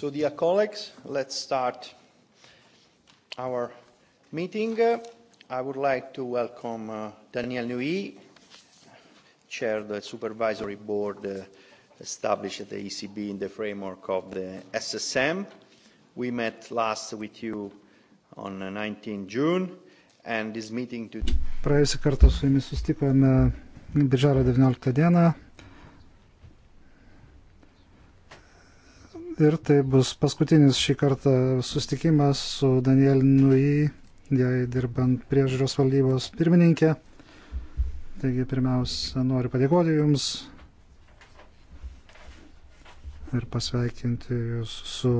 So, dear colleagues, let's start our meeting. Uh, I would like to welcome uh, Daniel Nui, Chair of the Supervisory Board uh, established at the ECB in the framework of the SSM. We met last with you on uh, 19 June, and this meeting today. Praėjusį kartą su jumis sustikome uh, birželio 19 dieną Ir tai bus paskutinis šį kartą sustikimas su Daniel Nui, jai dirbant priežiūros valdybos pirmininkė. Taigi pirmiausia, noriu padėkoti Jums ir pasveikinti Jūs su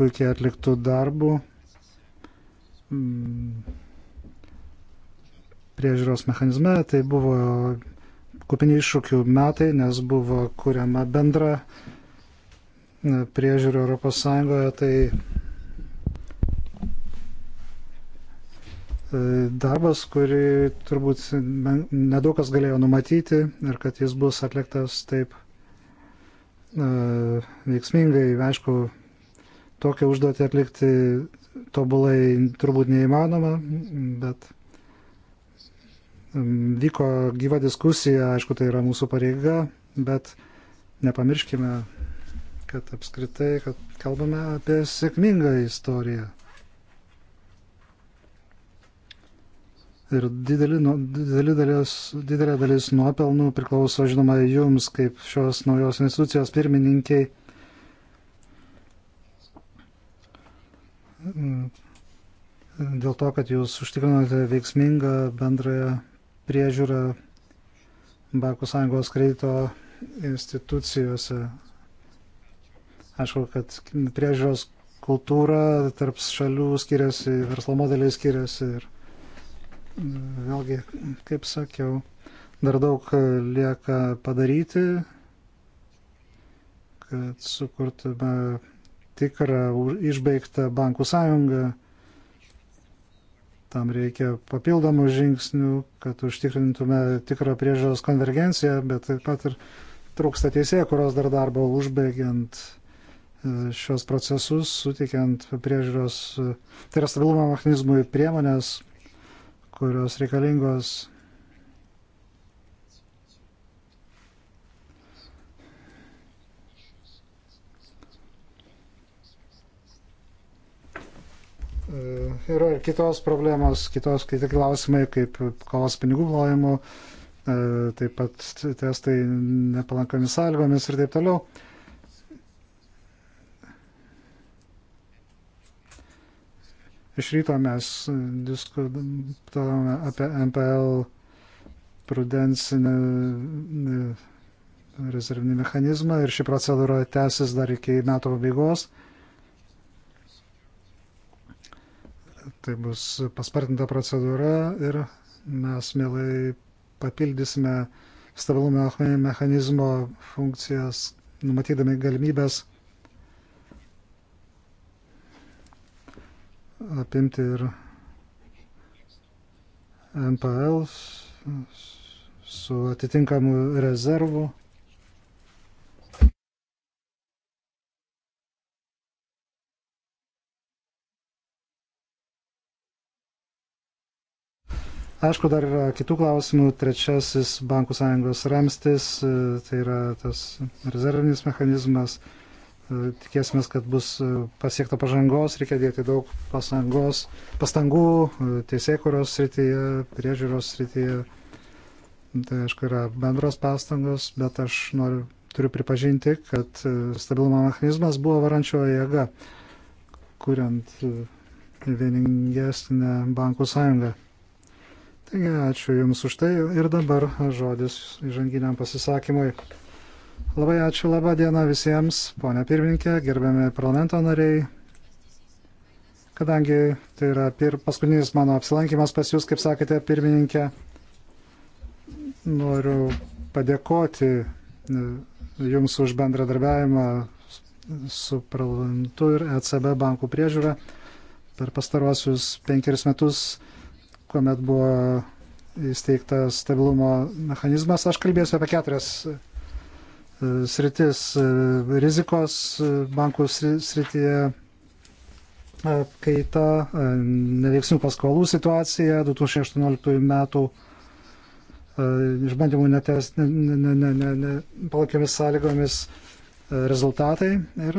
puikiai atliktų darbų mm, priežiūros mechanizme. Tai buvo kupini iššūkių metai, nes buvo kuriama bendra priežiūrą Europos Sąjungoje, tai e, darbas, kurį turbūt nedaug kas galėjo numatyti ir kad jis bus atliktas taip e, veiksmingai, aišku, tokią užduotį atlikti tobulai turbūt neįmanoma, bet vyko gyva diskusija, aišku, tai yra mūsų pareiga, bet nepamirškime kad apskritai, kad kalbame apie sėkmingą istoriją. Ir didelį, nu, didelį dalis, didelė dalis nuopelnų priklauso, žinoma, jums, kaip šios naujos institucijos pirmininkiai. Dėl to, kad jūs užtikrinote veiksmingą bendrąją priežiūrą Bankų sąjungos kredito institucijose Aišku, kad priežiūros kultūra tarp šalių skiriasi, verslo modeliai skiriasi ir mm, vėlgi, kaip sakiau, dar daug lieka padaryti, kad sukurtume tikrą išbaigtą bankų sąjungą. Tam reikia papildomų žingsnių, kad užtikrintume tikrą priežiūros konvergenciją, bet taip pat ir trūksta teisėjų, kurios dar darbo užbaigiant šios procesus, suteikiant priežiūros, tai yra stabilumo mechanizmui priemonės, kurios reikalingos e, Yra ir kitos problemos, kitos kiti klausimai, kaip kovos pinigų plovimu, e, taip pat testai nepalankomis sąlygomis ir taip toliau. Iš ryto mes diskutavome apie MPL prudencinį e, rezervinį mechanizmą ir ši procedūra tęsis dar iki metų pabaigos. Tai bus paspartinta procedūra ir mes mielai papildysime stabilumo mechanizmo funkcijas, numatydami galimybės apimti ir MPL su atitinkamu rezervu. Aišku, dar yra kitų klausimų. Trečiasis bankų sąjungos ramstis, e, tai yra tas rezervinis mechanizmas tikėsime, kad bus e, pasiekta pažangos, reikia dėti daug pasangos, pastangų e, teisėkuros srityje, priežiūros srityje. Tai aišku, yra bendros pastangos, bet aš noriu, turiu pripažinti, kad e, stabilumo mechanizmas buvo varančioji jėga, kuriant vieningesnę bankų sąjungą. Taigi, ačiū Jums už tai ir dabar žodis įžanginiam pasisakymui. Labai ačiū, laba diena visiems, ponia pirmininkė, gerbiami parlamento nariai. Kadangi tai yra pir, paskutinis mano apsilankimas pas jūs, kaip sakėte, pirmininkė, noriu padėkoti e, Jums už bendradarbiavimą su parlamentu ir ECB bankų priežiūra per pastaruosius penkerius metus, kuomet buvo įsteigtas stabilumo mechanizmas. Aš kalbėsiu apie keturias sritis e, rizikos e, bankų srityje e, kaita, neveiksnių paskolų situacija 2018 metų išbandymų nepalankiomis sąlygomis rezultatai ir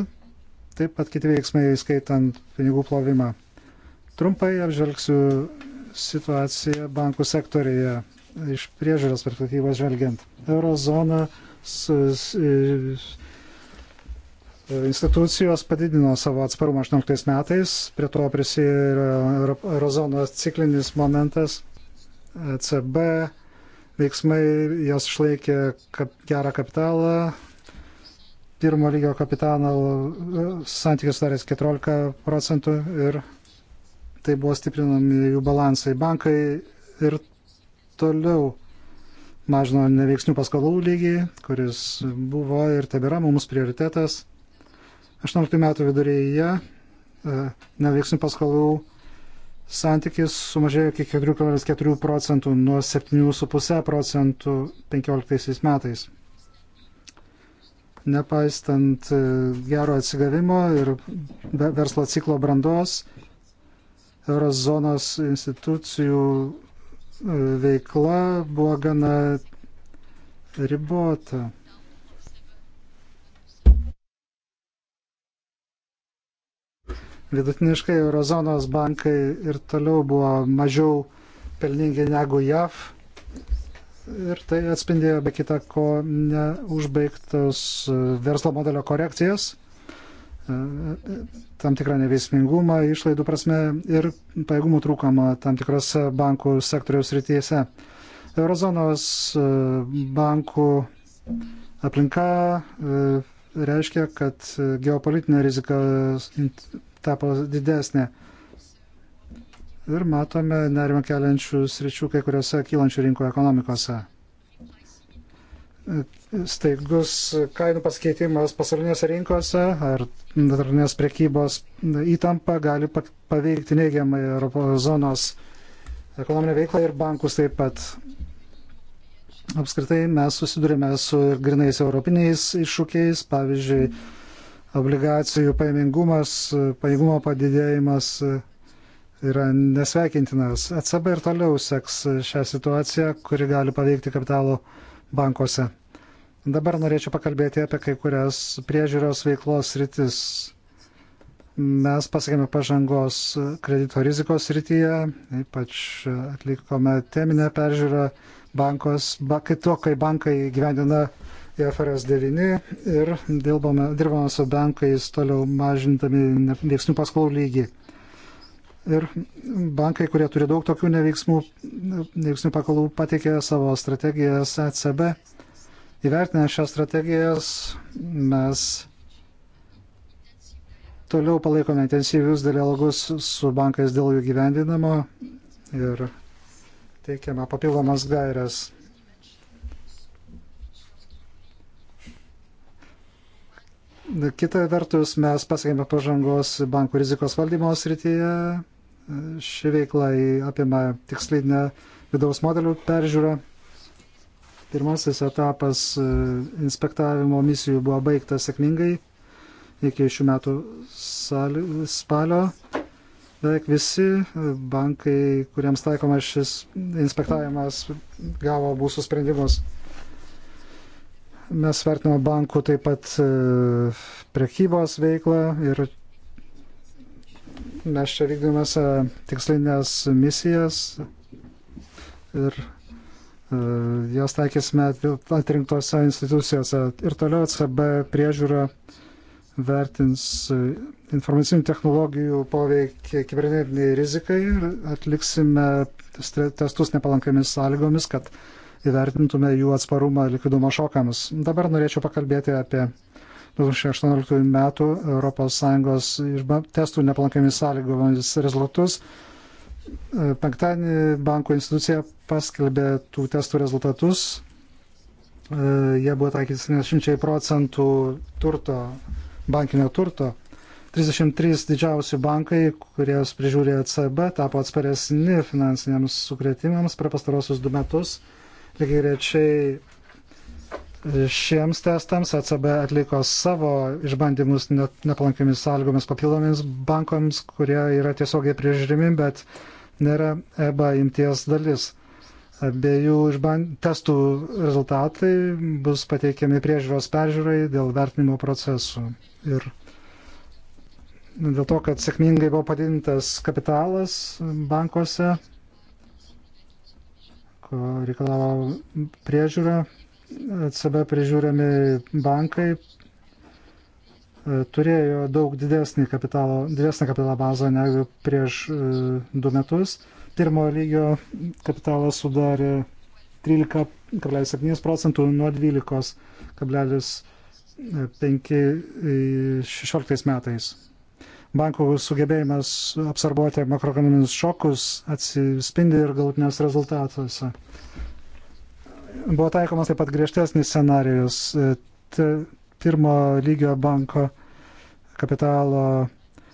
taip pat kiti veiksmai, skaitant pinigų plovimą. Trumpai apžvelgsiu situaciją bankų sektorėje iš priežiūros perspektyvos žvelgiant. Eurozona E, institucijos padidino savo atsparumą 18 metais, prie to prisijungia eurozonos ciklinis momentas, ECB veiksmai, jos išlaikė kap, gerą kapitalą, pirmo lygio kapitalo e, santykis darės 14 procentų ir tai buvo stiprinami jų balansai. Bankai ir toliau mažino neveiksnių paskolų lygį, kuris buvo ir tebėra mums prioritetas. 18 metų viduryje e, neveiksnių paskolų santykis sumažėjo iki 4,4 procentų nuo 7,5 procentų 15 metais. Nepaistant e, gero atsigavimo ir verslo ciklo brandos, eurozonos institucijų veikla buvo gana ribota. Vidutiniškai Eurozonos bankai ir toliau buvo mažiau pelningi negu JAV. Ir tai atspindėjo be kita ko neužbaigtos verslo modelio korekcijas tam tikrą neveiksmingumą išlaidų prasme ir pajėgumų trūkumą tam tikrose bankų sektoriaus rytyse. Eurozonos e, bankų aplinka e, reiškia, kad geopolitinė rizika tapo didesnė. Ir matome nerimą keliančių sričių kai kuriuose kylančių rinkų ekonomikose staigus kainų pasikeitimas pasaulinėse rinkose ar darinės priekybos įtampa gali paveikti neigiamai Europos zonos ekonominę veiklą ir bankus taip pat. Apskritai mes susidurime su grinais europiniais iššūkiais, pavyzdžiui, obligacijų paimingumas, pajėgumo padidėjimas yra nesveikintinas. ECB ir toliau seks šią situaciją, kuri gali paveikti kapitalo bankuose. Dabar norėčiau pakalbėti apie kai kurias priežiūros veiklos rytis. Mes pasiekėme pažangos kredito rizikos rytyje, ypač atlikome teminę peržiūrą bankos, ba, kai to, kai bankai gyvendina IFRS 9 ir dirbame, dirbame su bankais toliau mažintami neveiksnių paskolų lygį. Ir bankai, kurie turi daug tokių neveiksmų, neveiksmų pakalų, pateikė savo strategijas ECB. Įvertinę šias strategijas mes toliau palaikome intensyvius dialogus su bankais dėl jų gyvendinamo ir teikiame papildomas gairias. Kita vertus, mes pasiekėme pažangos bankų rizikos valdymo srityje Ši veikla apima tikslinę vidaus modelių peržiūrą. Pirmasis etapas e, inspektavimo misijų buvo baigtas sėkmingai iki šių metų spalio. Beveik visi e, bankai, kuriems taikomas šis inspektavimas, gavo mūsų sprendimus. Mes vertiname bankų taip pat e, prekybos veiklą ir mes čia vykdome tikslinės misijas ir e, jas taikysime atrinktose institucijose. Ir toliau ECB priežiūra vertins e, informacinių technologijų poveikį kibernetiniai rizikai ir atliksime testus nepalankiamis sąlygomis, kad įvertintume jų atsparumą likvidumo šokams. Dabar norėčiau pakalbėti apie 2018 metų ES testų nepalankiamis sąlygomis rezultatus. E, penktadienį banko institucija paskelbė tų testų rezultatus. E, jie buvo taikyti 70 procentų turto, bankinio turto. 33 didžiausių bankai, kurios prižiūrė ECB, tapo atsparesni finansiniams sukretimams per pastarosius du metus. Lygiai rečiai Šiems testams ECB atliko savo išbandymus nepalankiomis sąlygomis papildomis bankams, kurie yra tiesiogiai priežiūrimi, bet nėra EBA imties dalis. Abiejų išband... testų rezultatai bus pateikiami priežiūros peržiūrai dėl vertinimo procesų. Ir dėl to, kad sėkmingai buvo padidintas kapitalas bankuose, ko reikalavo priežiūra, ECB prižiūrimi bankai e, turėjo daug didesnį kapitalo, didesnį kapitalo bazą negu prieš e, du metus. Pirmo lygio kapitalas sudarė 13,7 procentų nuo 12,5 16 metais. Bankų sugebėjimas apsarboti makroekonominius šokus atsispindi ir galutiniuose rezultatuose. Buvo taikomas taip pat griežtesnis scenarius e, pirmo lygio banko kapitalo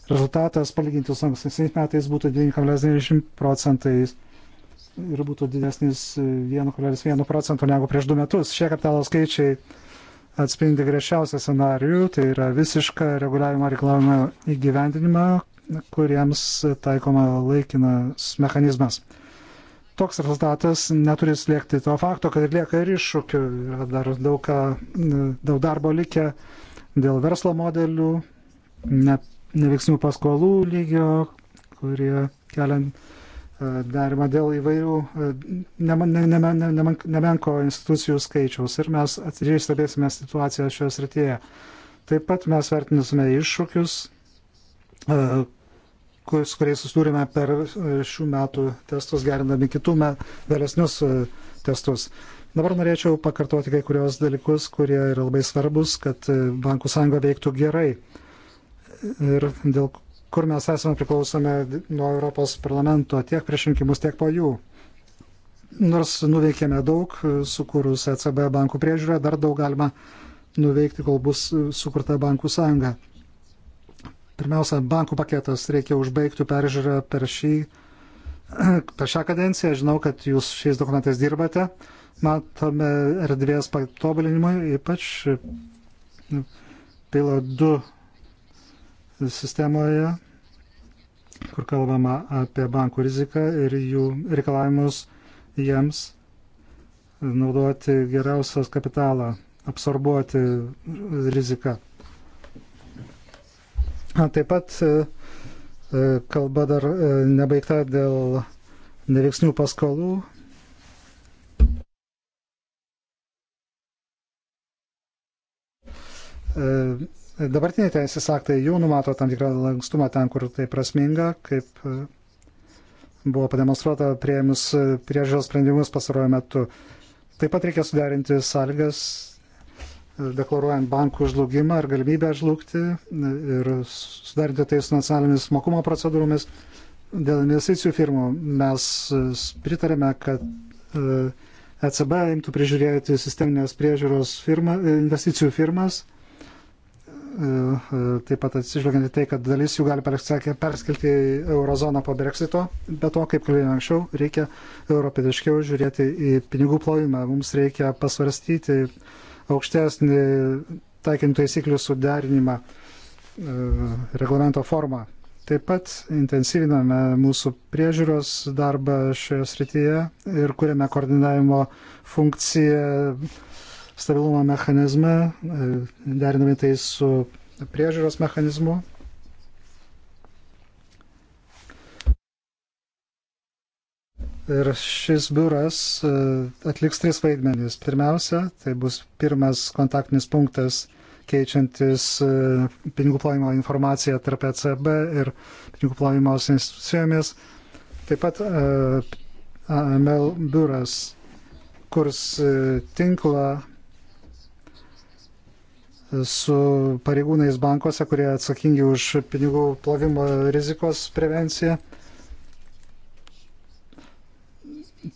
rezultatas palyginti su ankstesniais metais būtų 9,90 procentai ir būtų didesnis 1,1 e, procentų negu prieš du metus. Šie kapitalo skaičiai atspindi griežčiausią scenarijų, tai yra visišką reguliavimo reikalavimą įgyvendinimą, kuriems taikoma laikinas mechanizmas. Toks rezultatas neturi slėgti to fakto, kad ir lieka ir iššūkių, yra dar daug, ką, daug darbo likę dėl verslo modelių, ne, neveiksnių paskolų lygio, kurie keliant e, darima dėl įvairių e, nemenko ne, ne, ne, institucijų skaičiaus ir mes atidžiai stebėsime situaciją šioje srityje. Taip pat mes vertinsime iššūkius, e, su kuriais susidūrėme per e, šių metų testus, gerindami kitų metų vėlesnius e, testus. Dabar norėčiau pakartoti kai kurios dalykus, kurie yra labai svarbus, kad e, bankų sąjunga veiktų gerai. Ir dėl kur mes esame priklausome nuo Europos parlamento tiek prieš rinkimus, tiek po jų. Nors nuveikėme daug, sukūrus ECB bankų priežiūrą, dar daug galima nuveikti, kol bus sukurta bankų sąjunga. Pirmiausia, bankų paketas reikia užbaigti peržiūrą per, šį, per šią kadenciją. Žinau, kad jūs šiais dokumentais dirbate. Matome erdvės patobulinimui, ypač pila 2 sistemoje, kur kalbama apie bankų riziką ir jų reikalavimus jiems naudoti geriausias kapitalą, absorbuoti riziką. Taip pat e, e, kalba dar e, nebaigta dėl neveiksnių paskolų. Dabartiniai teisės aktai jau numato tam tikrą lankstumą ten, kur tai prasminga, kaip buvo pademonstruota prieimus priežiūros sprendimus pasarojo metu. Taip pat reikia suderinti sąlygas deklaruojant bankų žlugimą ar galimybę žlugti ir sudarinti tai su nacionalinėmis mokumo procedūromis. Dėl investicijų firmų mes pritarėme, kad ECB e imtų prižiūrėti sisteminės priežiūros firma, investicijų firmas, e, e, taip pat atsižvelgiant į tai, kad dalis jų gali perskelti eurozoną po breksito, bet to, kaip kalbėjome anksčiau, reikia europietiškiau žiūrėti į pinigų plovimą, mums reikia pasvarstyti, aukštesnį taikintų taisyklių sudarinimą e, reglamento formą. Taip pat intensyviname mūsų priežiūros darbą šioje srityje ir kuriame koordinavimo funkciją stabilumo mechanizme, e, derinami tai su priežiūros mechanizmu Ir šis biuras e, atliks tris vaidmenys. Pirmiausia, tai bus pirmas kontaktinis punktas keičiantis e, pinigų plovimo informaciją tarp ECB ir pinigų plovimo institucijomis. Taip pat e, AML biuras kurs tinklą su pareigūnais bankuose, kurie atsakingi už pinigų plovimo rizikos prevenciją.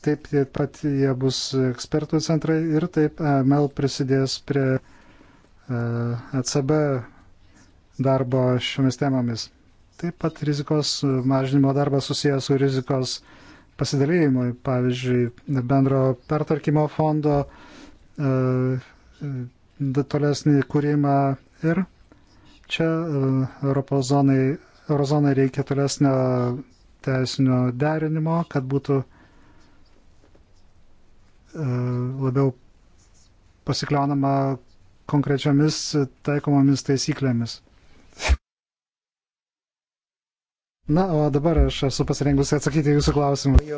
Taip pat jie bus ekspertų centrai ir taip e, ML prisidės prie ECB e darbo šiomis temomis. Taip pat rizikos mažinimo darbas susijęs su rizikos pasidalėjimui, pavyzdžiui, bendro pertvarkymo fondo e, tolesnį kūrimą ir čia Europos zonai, Eurozonai reikia tolesnio teisinio derinimo, kad būtų E, labiau pasikliaunama konkrečiomis taikomomis taisyklėmis. Na, o dabar aš esu pasirengusi atsakyti jūsų klausimus. Uh,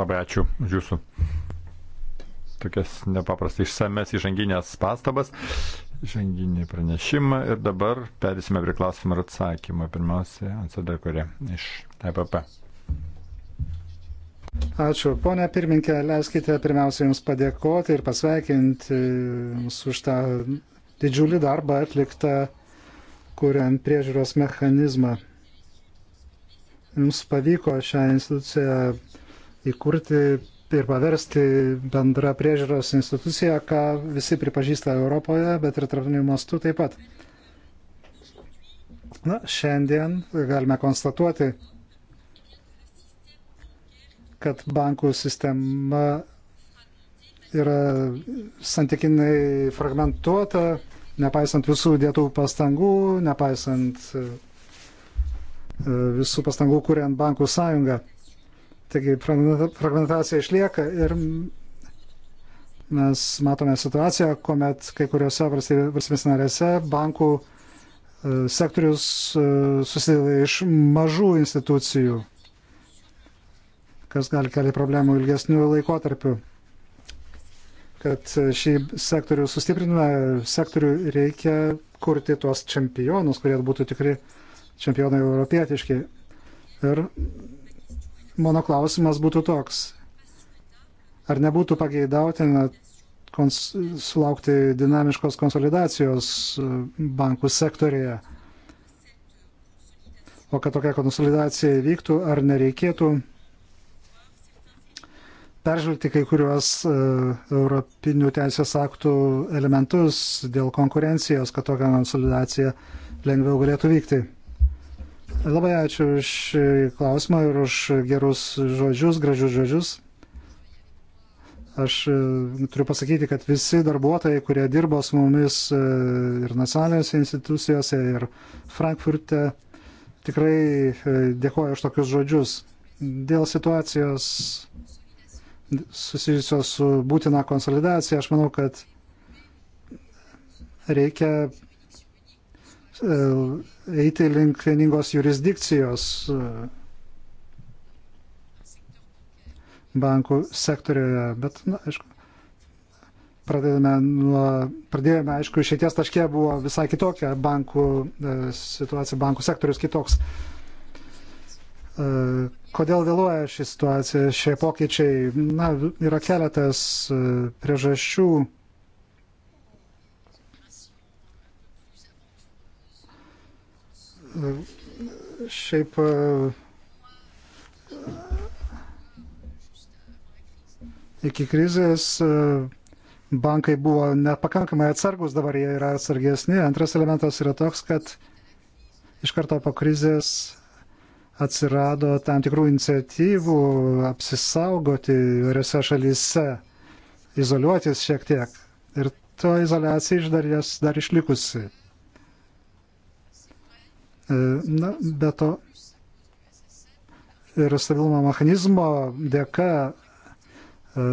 Labai ačiū už jūsų tokias nepaprastai išsames įžanginės pastabas, įžanginį pranešimą ir dabar perėsime prie klausimų ir atsakymą. Pirmiausia, Ansadar Korė iš EPP. Ačiū. Pone pirminkė, leiskite pirmiausia Jums padėkoti ir pasveikinti Jums už tą didžiulį darbą atliktą, kuriant priežiūros mechanizmą. Jums pavyko šią instituciją įkurti ir paversti bendrą priežiūros instituciją, ką visi pripažįsta Europoje, bet ir tarptautiniu mastu taip pat. Na, šiandien galime konstatuoti, kad bankų sistema yra santykinai fragmentuota, nepaisant visų dėtų pastangų, nepaisant e, e, visų pastangų kuriant bankų sąjungą. Taigi fragmentacija išlieka ir mes matome situaciją, kuomet kai kuriuose valstybės narėse bankų e, sektorius susideda iš mažų institucijų kas gali kelti problemų ilgesnių laikotarpių. Kad e, šį sektorių sustiprinime, sektorių reikia kurti tuos čempionus, kurie būtų tikri čempionai europietiški. Ir mano klausimas būtų toks. Ar nebūtų pageidautina kons, sulaukti dinamiškos konsolidacijos e, bankų sektorėje? O kad tokia konsolidacija vyktų, ar nereikėtų peržvelgti kai kuriuos e, europinių teisės aktų elementus dėl konkurencijos, kad tokia konsolidacija lengviau galėtų vykti. Labai ačiū už klausimą ir už gerus žodžius, gražius žodžius. Aš e, turiu pasakyti, kad visi darbuotojai, kurie dirbo su mumis e, ir nacionalinėse institucijose, ir Frankfurte, tikrai dėkoju už tokius žodžius. Dėl situacijos susijusios su būtina konsolidacija, aš manau, kad reikia e, eiti link vieningos jurisdikcijos e, bankų sektorijoje, bet, na, aišku, pradėjome, nuo, pradėjome, aišku, išeities taškė buvo visai kitokia, bankų e, situacija, bankų sektorius kitoks. Kodėl vėluoja ši situacija, šie pokyčiai? Na, yra keletas e, priežasčių. E, šiaip e, iki krizės bankai buvo nepakankamai atsargus, dabar jie yra atsargesni. Antras elementas yra toks, kad iš karto po krizės atsirado tam tikrų iniciatyvų apsisaugoti įvairiose šalyse, izoliuotis šiek tiek. Ir to izolacija iš dalies dar išlikusi. E, na, be to ir stabilumo mechanizmo dėka e,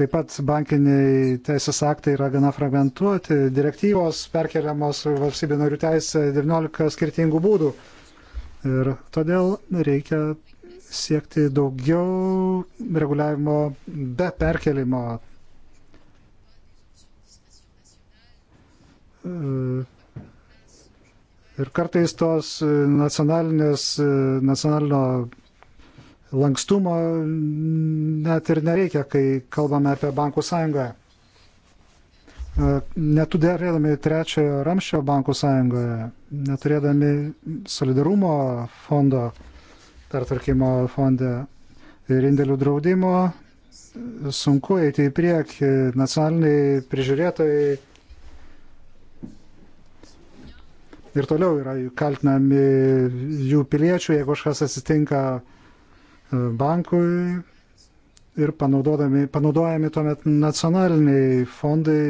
taip pat bankiniai teisės aktai yra gana fragmentuoti, direktyvos perkeliamos valstybė narių teisė 19 skirtingų būdų. Ir todėl reikia siekti daugiau reguliavimo be perkelimo. Ir kartais tos nacionalinio lankstumo net ir nereikia, kai kalbame apie bankų sąjungą. E, neturėdami trečiojo ramščio bankų sąjungoje, neturėdami solidarumo fondo, pertvarkymo fonde ir indėlių draudimo, sunku eiti į priekį, nacionaliniai prižiūrėtojai ir toliau yra kaltinami jų piliečių, jeigu kažkas atsitinka e, bankui, ir panaudojami tuomet nacionaliniai fondai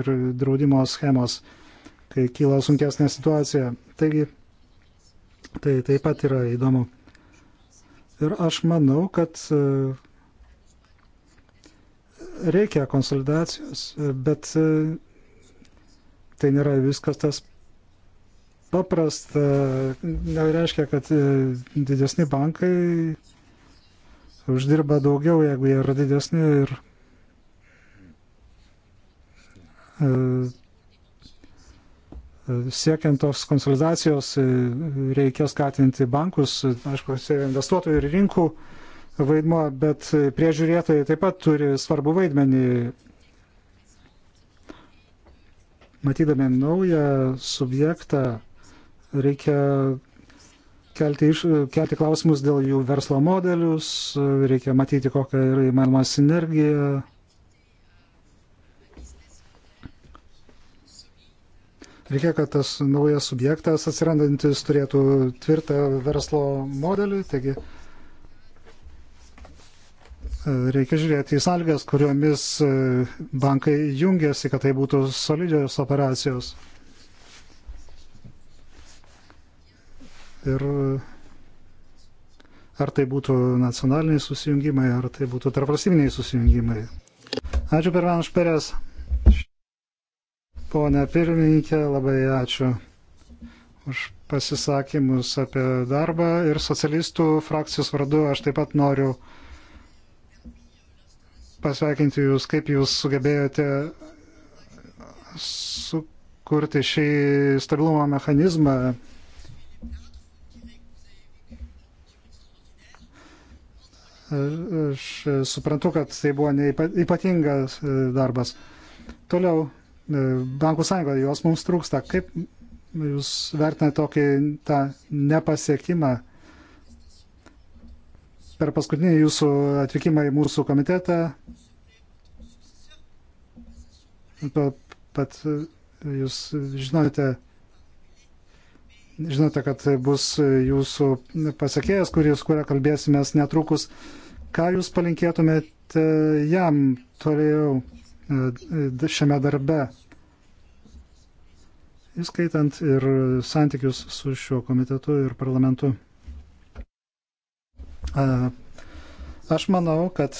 ir draudimo schemos, kai kyla sunkesnė situacija. Taigi, tai taip pat yra įdomu. Ir aš manau, kad e, reikia konsolidacijos, e, bet e, tai nėra viskas tas paprasta. Nereiškia, kad didesni bankai uždirba daugiau, jeigu jie yra didesni ir e, e, siekiant tos konsolidacijos e, reikia skatinti bankus, aišku, investuotojų ir rinkų vaidmuo, bet priežiūrėtojai taip pat turi svarbu vaidmenį. Matydami naują subjektą reikia kelti, iš, kelti klausimus dėl jų verslo modelius, reikia matyti, kokia yra įmanoma sinergija. Reikia, kad tas naujas subjektas atsirandantis turėtų tvirtą verslo modelį, taigi e, reikia žiūrėti į sąlygas, kuriomis e, bankai jungiasi, kad tai būtų solidžios operacijos. Ir ar tai būtų nacionaliniai susijungimai, ar tai būtų tarpvalstybiniai susijungimai. Ačiū per Vanš Perės. Pone pirmininkė, labai ačiū už pasisakymus apie darbą ir socialistų frakcijos vardu aš taip pat noriu pasveikinti Jūs, kaip Jūs sugebėjote sukurti šį stabilumo mechanizmą Aš suprantu, kad tai buvo ypatingas e, darbas. Toliau, e, bankų sąjunga, jos mums trūksta. Kaip jūs vertinate tokį tą nepasiekimą per paskutinį jūsų atvykimą į mūsų komitetą? Pat e, jūs žinote, žinote, kad bus jūsų pasiekėjas, kuris, kurio kalbėsimės netrukus. Uh, Ką Jūs palinkėtumėte jam toliau e, šiame darbe, įskaitant ir santykius su šiuo komitetu ir parlamentu? E, aš manau, kad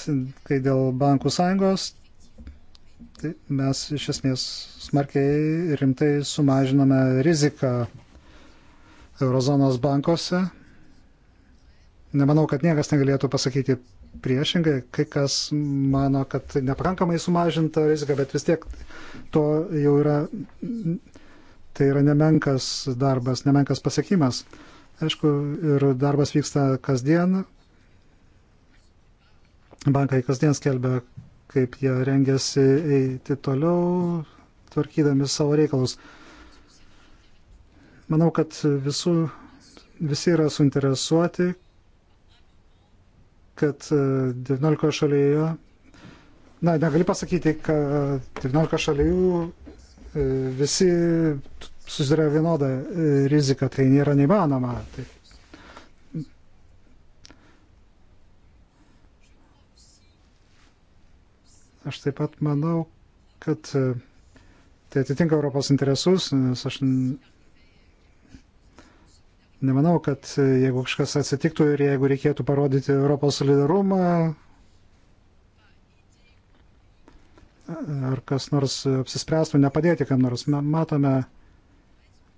kai dėl bankų sąjungos, tai mes iš esmės smarkiai rimtai sumažiname riziką eurozonos bankuose. Nemanau, kad niekas negalėtų pasakyti priešingai, kai kas mano, kad nepakankamai sumažinta rizika, bet vis tiek to jau yra, tai yra nemenkas darbas, nemenkas pasiekimas. Aišku, ir darbas vyksta kasdien. Bankai kasdien skelbia, kaip jie rengiasi eiti toliau, tvarkydami savo reikalus. Manau, kad visų, visi yra suinteresuoti, kad 19 e, šalyje, na, negali pasakyti, kad 19 šalių e, visi susiduria vienodą e, riziką, tai nėra neįmanoma. Tai aš taip pat manau, kad tai atitinka Europos interesus, nes aš Nemanau, kad e, jeigu kažkas atsitiktų ir jeigu reikėtų parodyti Europos solidarumą, ar kas nors apsispręstų nepadėti kam nors. Matome,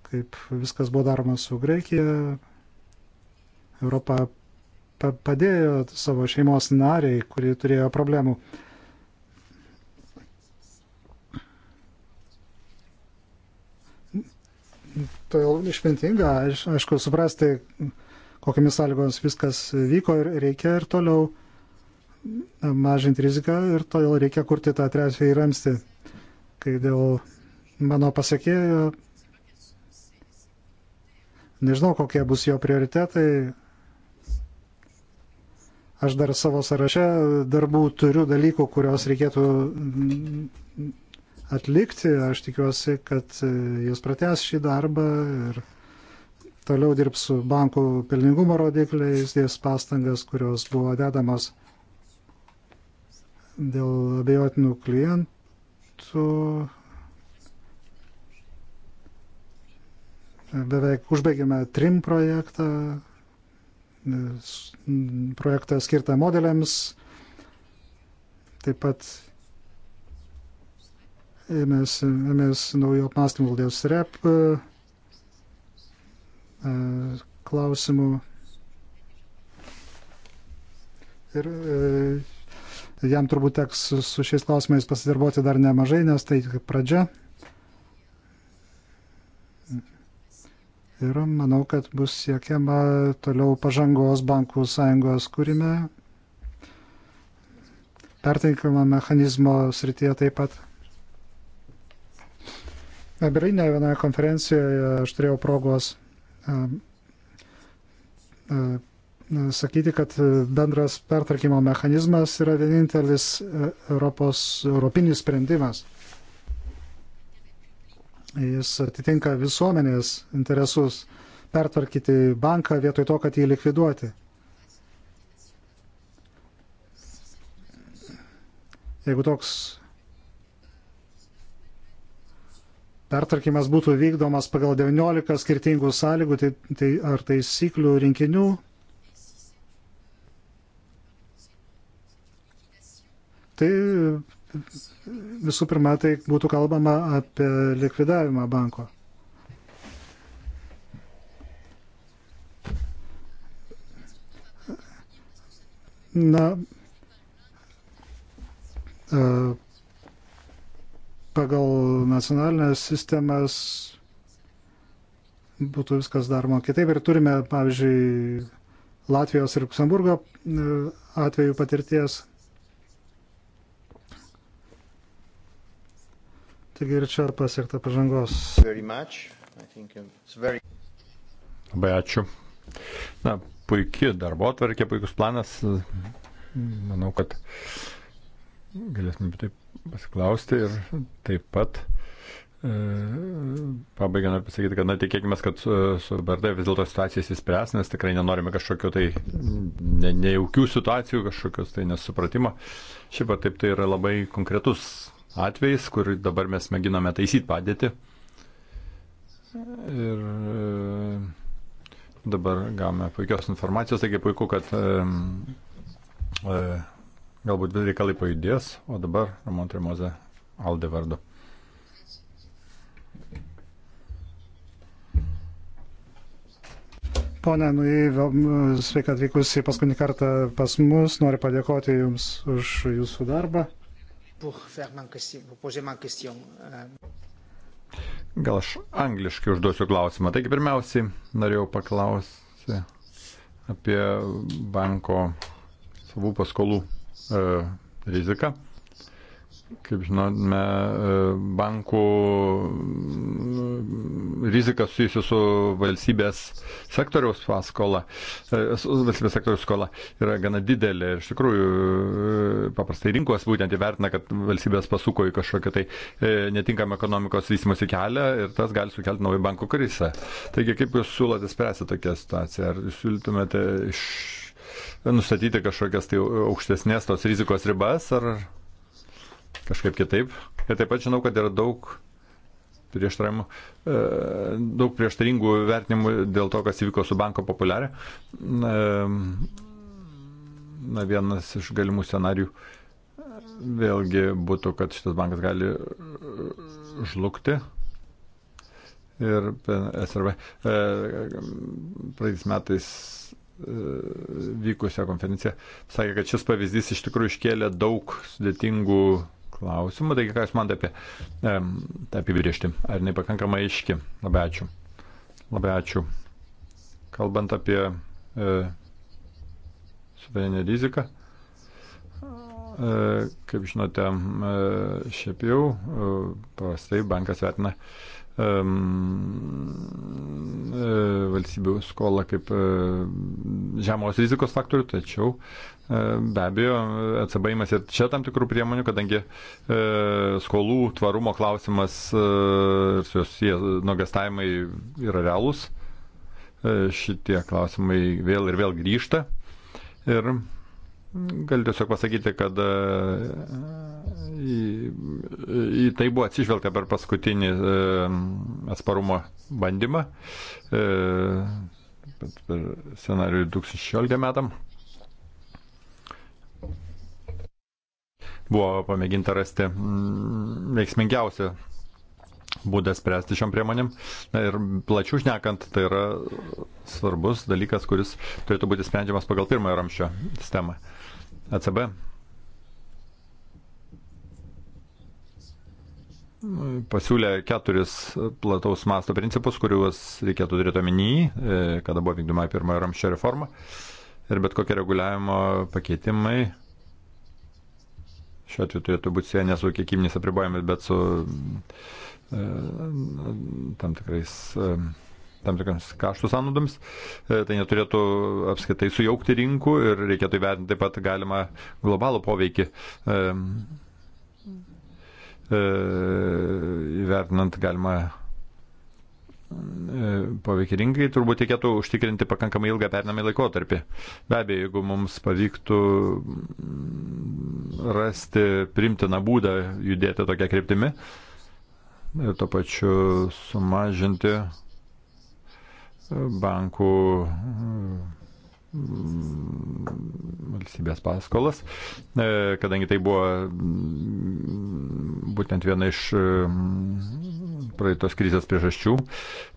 kaip viskas buvo daroma su Graikija. Europa padėjo savo šeimos nariai, kurie turėjo problemų. tai išmintinga, aišku, suprasti, kokiamis sąlygomis viskas vyko ir reikia ir toliau mažinti riziką ir todėl reikia kurti tą trečiąjį ramstį. Kai dėl mano pasakėjo, nežinau, kokie bus jo prioritetai. Aš dar savo sąraše darbų turiu dalykų, kuriuos reikėtų atlikti. Aš tikiuosi, kad e, jis pratęs šį darbą ir toliau dirbs su bankų pelningumo rodikliais, dės pastangas, kurios buvo dedamos dėl abejotinų klientų. Beveik užbaigėme trim projektą, e, projektą skirtą modeliams, taip pat ėmės, ėmės naujo apmąstymo dėl SREP e, e, klausimų. Ir e, jam turbūt teks su šiais klausimais pasidarboti dar nemažai, nes tai tik pradžia. Ir manau, kad bus siekiama toliau pažangos bankų sąjungos kūrime, perteikiamo mechanizmo srityje taip pat. Berlyne vienoje konferencijoje aš turėjau progos sakyti, kad bendras pertvarkymo mechanizmas yra vienintelis e, Europos, europinis sprendimas. Jis atitinka visuomenės interesus pertvarkyti banką vietoj to, kad jį likviduoti. Jeigu toks pertarkimas būtų vykdomas pagal 19 skirtingų sąlygų tai, tai, ar taisyklių rinkinių. Tai visų pirma, tai būtų kalbama apie likvidavimą banko. Na, uh, pagal nacionalinės sistemas būtų viskas daroma kitaip. Ir turime, pavyzdžiui, Latvijos ir Luksemburgo e, atveju patirties. Taigi ir čia pasiekta pažangos. Very... Labai ačiū. Na, puikia darbo atvarkė, puikus planas. Manau, kad uh, galėsime apie tai pasiklausti ir taip pat e, pabaigą noriu pasakyti, kad na, tikėkime, kad su, su BRD vis dėlto situacija įsispręs, nes tikrai nenorime kažkokio tai ne, nejaukių situacijų, kažkokios tai nesupratimo. Šiaip ar taip tai yra labai konkretus atvejis, kur dabar mes mėginame taisyti padėtį. Ir e, dabar gavome puikios informacijos, taigi puiku, kad e, e, Galbūt reikalai pajudės, o dabar Ramon Tremoze Alde vardu. Pone Nuėjai, sveika atvykusi paskutinį kartą pas mus. Noriu padėkoti Jums už Jūsų darbą. Euh. Gal aš angliškai užduosiu klausimą. Taigi pirmiausiai norėjau paklausti apie banko savų paskolų E, rizika. Kaip žinome, e, bankų rizika susijusi su valstybės sektoriaus paskola, e, valstybės sektoriaus skola yra gana didelė ir iš tikrųjų paprastai rinkos būtent įvertina, kad valstybės pasuko į kažkokią tai netinkamą ekonomikos vystimosi kelią ir tas gali sukelti naują bankų krizę. Taigi kaip jūs siūlote spręsti tokią situaciją? Ar jūs siūlytumėte iš nustatyti kažkokias tai aukštesnės tos rizikos ribas ar kažkaip kitaip. Ir taip pat žinau, kad yra daug prieštaravimų, e, daug prieštaringų vertinimų dėl to, kas įvyko su banko populiarė. E, na, vienas iš galimų scenarių e, vėlgi būtų, kad šitas bankas gali žlugti. Ir SRV praeitais metais vykusią konferenciją, sakė, kad šis pavyzdys iš tikrųjų iškėlė daug sudėtingų klausimų. Taigi, ką Jūs man apie tą apibriežti? Ar nepakankamai aiški? Labai ačiū. Labai ačiū. Kalbant apie e, suverenę riziką, e, kaip žinote, e, šiaip jau e, prastai bankas vertina e, Ehm, e, valstybių skolą kaip e, žemos rizikos faktorių, tačiau e, be abejo ECB imasi čia tam tikrų priemonių, kadangi skolų tvarumo klausimas ir su jos nuogastavimai yra realūs. Šitie klausimai vėl ir vėl grįžta. Ir Galiu tiesiog pasakyti, kad e, į, į tai buvo atsižvelgta per paskutinį e, atsparumo bandymą, e, per scenarių 2016 metam. Buvo pamėginta rasti mm, veiksmingiausią būdą spręsti šiom priemonėm. Na, ir plačių šnekant, tai yra svarbus dalykas, kuris turėtų būti sprendžiamas pagal pirmojo ramščio sistemą. E, ECB pasiūlė keturis plataus masto principus, kuriuos reikėtų turėti omeny, e, kada buvo vykdoma pirmojo ramščio reforma. Ir bet kokie reguliavimo pakeitimai šiuo atveju turėtų būti sieję ne su kiekybiniais apribojimais, bet su e, tam tikrais e, tam tikrams kaštų sąnaudoms. E, tai neturėtų apskaitai sujaukti rinkų ir reikėtų įvertinti taip pat galima globalų poveikį e, e, įvertinant galima poveikį rinkai, turbūt reikėtų užtikrinti pakankamai ilgą pernamį laikotarpį. Be abejo, jeigu mums pavyktų mm, rasti primtiną būdą judėti tokia kryptimi ir to pačiu sumažinti bankų valstybės paskolas, e, kadangi tai buvo būtent viena iš e, praeitos krizės priežasčių.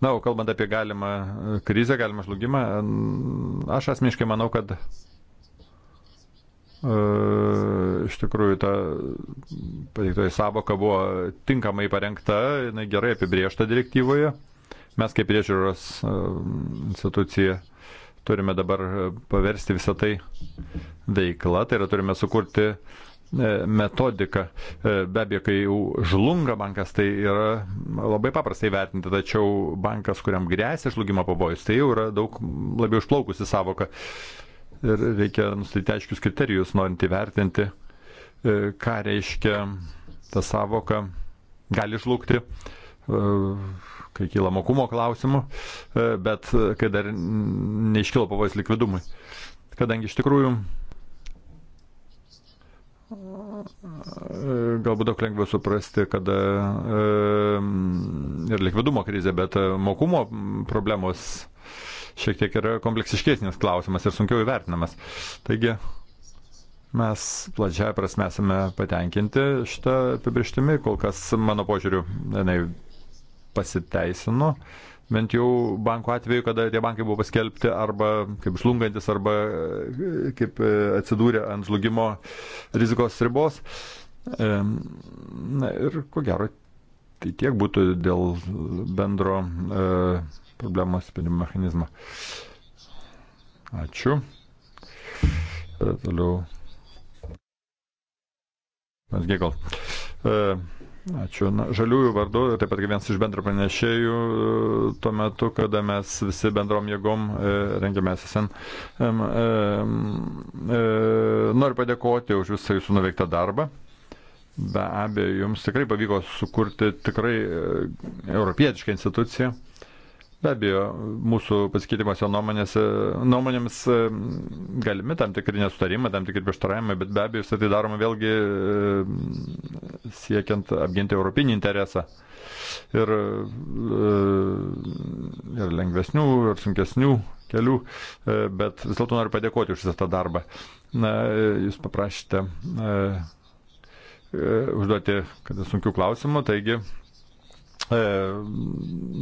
Na, o kalbant apie galimą e, krizę, galimą žlugimą, aš asmeniškai manau, kad iš tikrųjų ta pateiktoji savoka buvo tinkamai parengta, jinai gerai apibriešta direktyvoje. Mes kaip priežiūros e, institucija turime dabar e, paversti visą tai veiklą, tai yra turime sukurti e, metodika. Be abejo, kai jau žlunga bankas, tai yra labai paprastai vertinti, tačiau bankas, kuriam grėsia žlugimo pavojus, tai jau yra daug labiau išplaukusi savoka. Ir reikia nustatyti aiškius kriterijus, norint įvertinti, ką reiškia ta savoka gali žlugti, kai kyla mokumo klausimų, e, bet e, kai dar neiškilo pavojus likvidumui. Kadangi iš tikrųjų e, galbūt daug lengviau suprasti, kada ir likvidumo krizė, bet mokumo problemos šiek tiek yra kompleksiškesnis klausimas ir sunkiau įvertinamas. Taigi, Mes plačiaja prasme esame patenkinti šitą apibrieštimi, kol kas mano požiūriu, jinai pasiteisino, bent jau bankų atveju, kada tie bankai buvo paskelbti arba kaip žlungantis, arba e, kaip e, atsidūrė ant žlugimo rizikos ribos. Na ir ko gero, tai tiek būtų dėl bendro e, problemos sprendimo mechanizmo. Ačiū. Toliau. Mes gėgal. Uh, Ačiū. Na, žaliųjų vardu, taip pat vienas iš bendro pranešėjų, e, tuo metu, kada mes visi bendrom jėgom e, rengiamės SN. E, e, noriu padėkoti už visą jūsų nuveiktą darbą. Be abejo, jums tikrai pavyko sukurti tikrai e, europietišką instituciją. Be abejo, mūsų pasikeitimas jo nuomonėmis e, galimi tam tikri nesutarimai, tam tikri prieštaravimai, bet be abejo, visą tai daroma vėlgi e, siekiant apginti europinį interesą. Ir, e, ir lengvesnių, ir sunkesnių kelių, bet vis dėlto noriu padėkoti už visą tą darbą. Na, jūs paprašėte užduoti, kad sunkių klausimų, taigi E,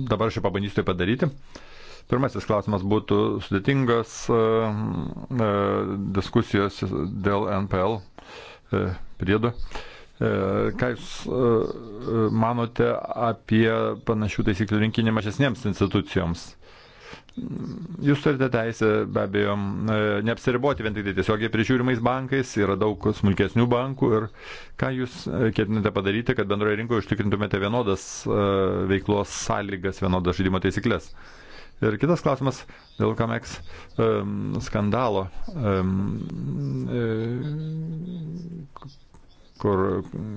dabar aš jau pabandysiu tai padaryti. Pirmasis klausimas būtų sudėtingas e, e, diskusijos dėl NPL priedo. Ką Jūs manote apie panašių taisyklių rinkinį mažesniems institucijoms? Jūs turite teisę be abejo e, neapsiriboti vien tik tai tiesiogiai prižiūrimais bankais, yra daug smulkesnių bankų ir ką jūs e, ketinate padaryti, kad bendroje rinkoje užtikrintumėte vienodas e, veiklos sąlygas, vienodas žaidimo taisyklės. Ir kitas klausimas dėl Kamex um, skandalo, um, kur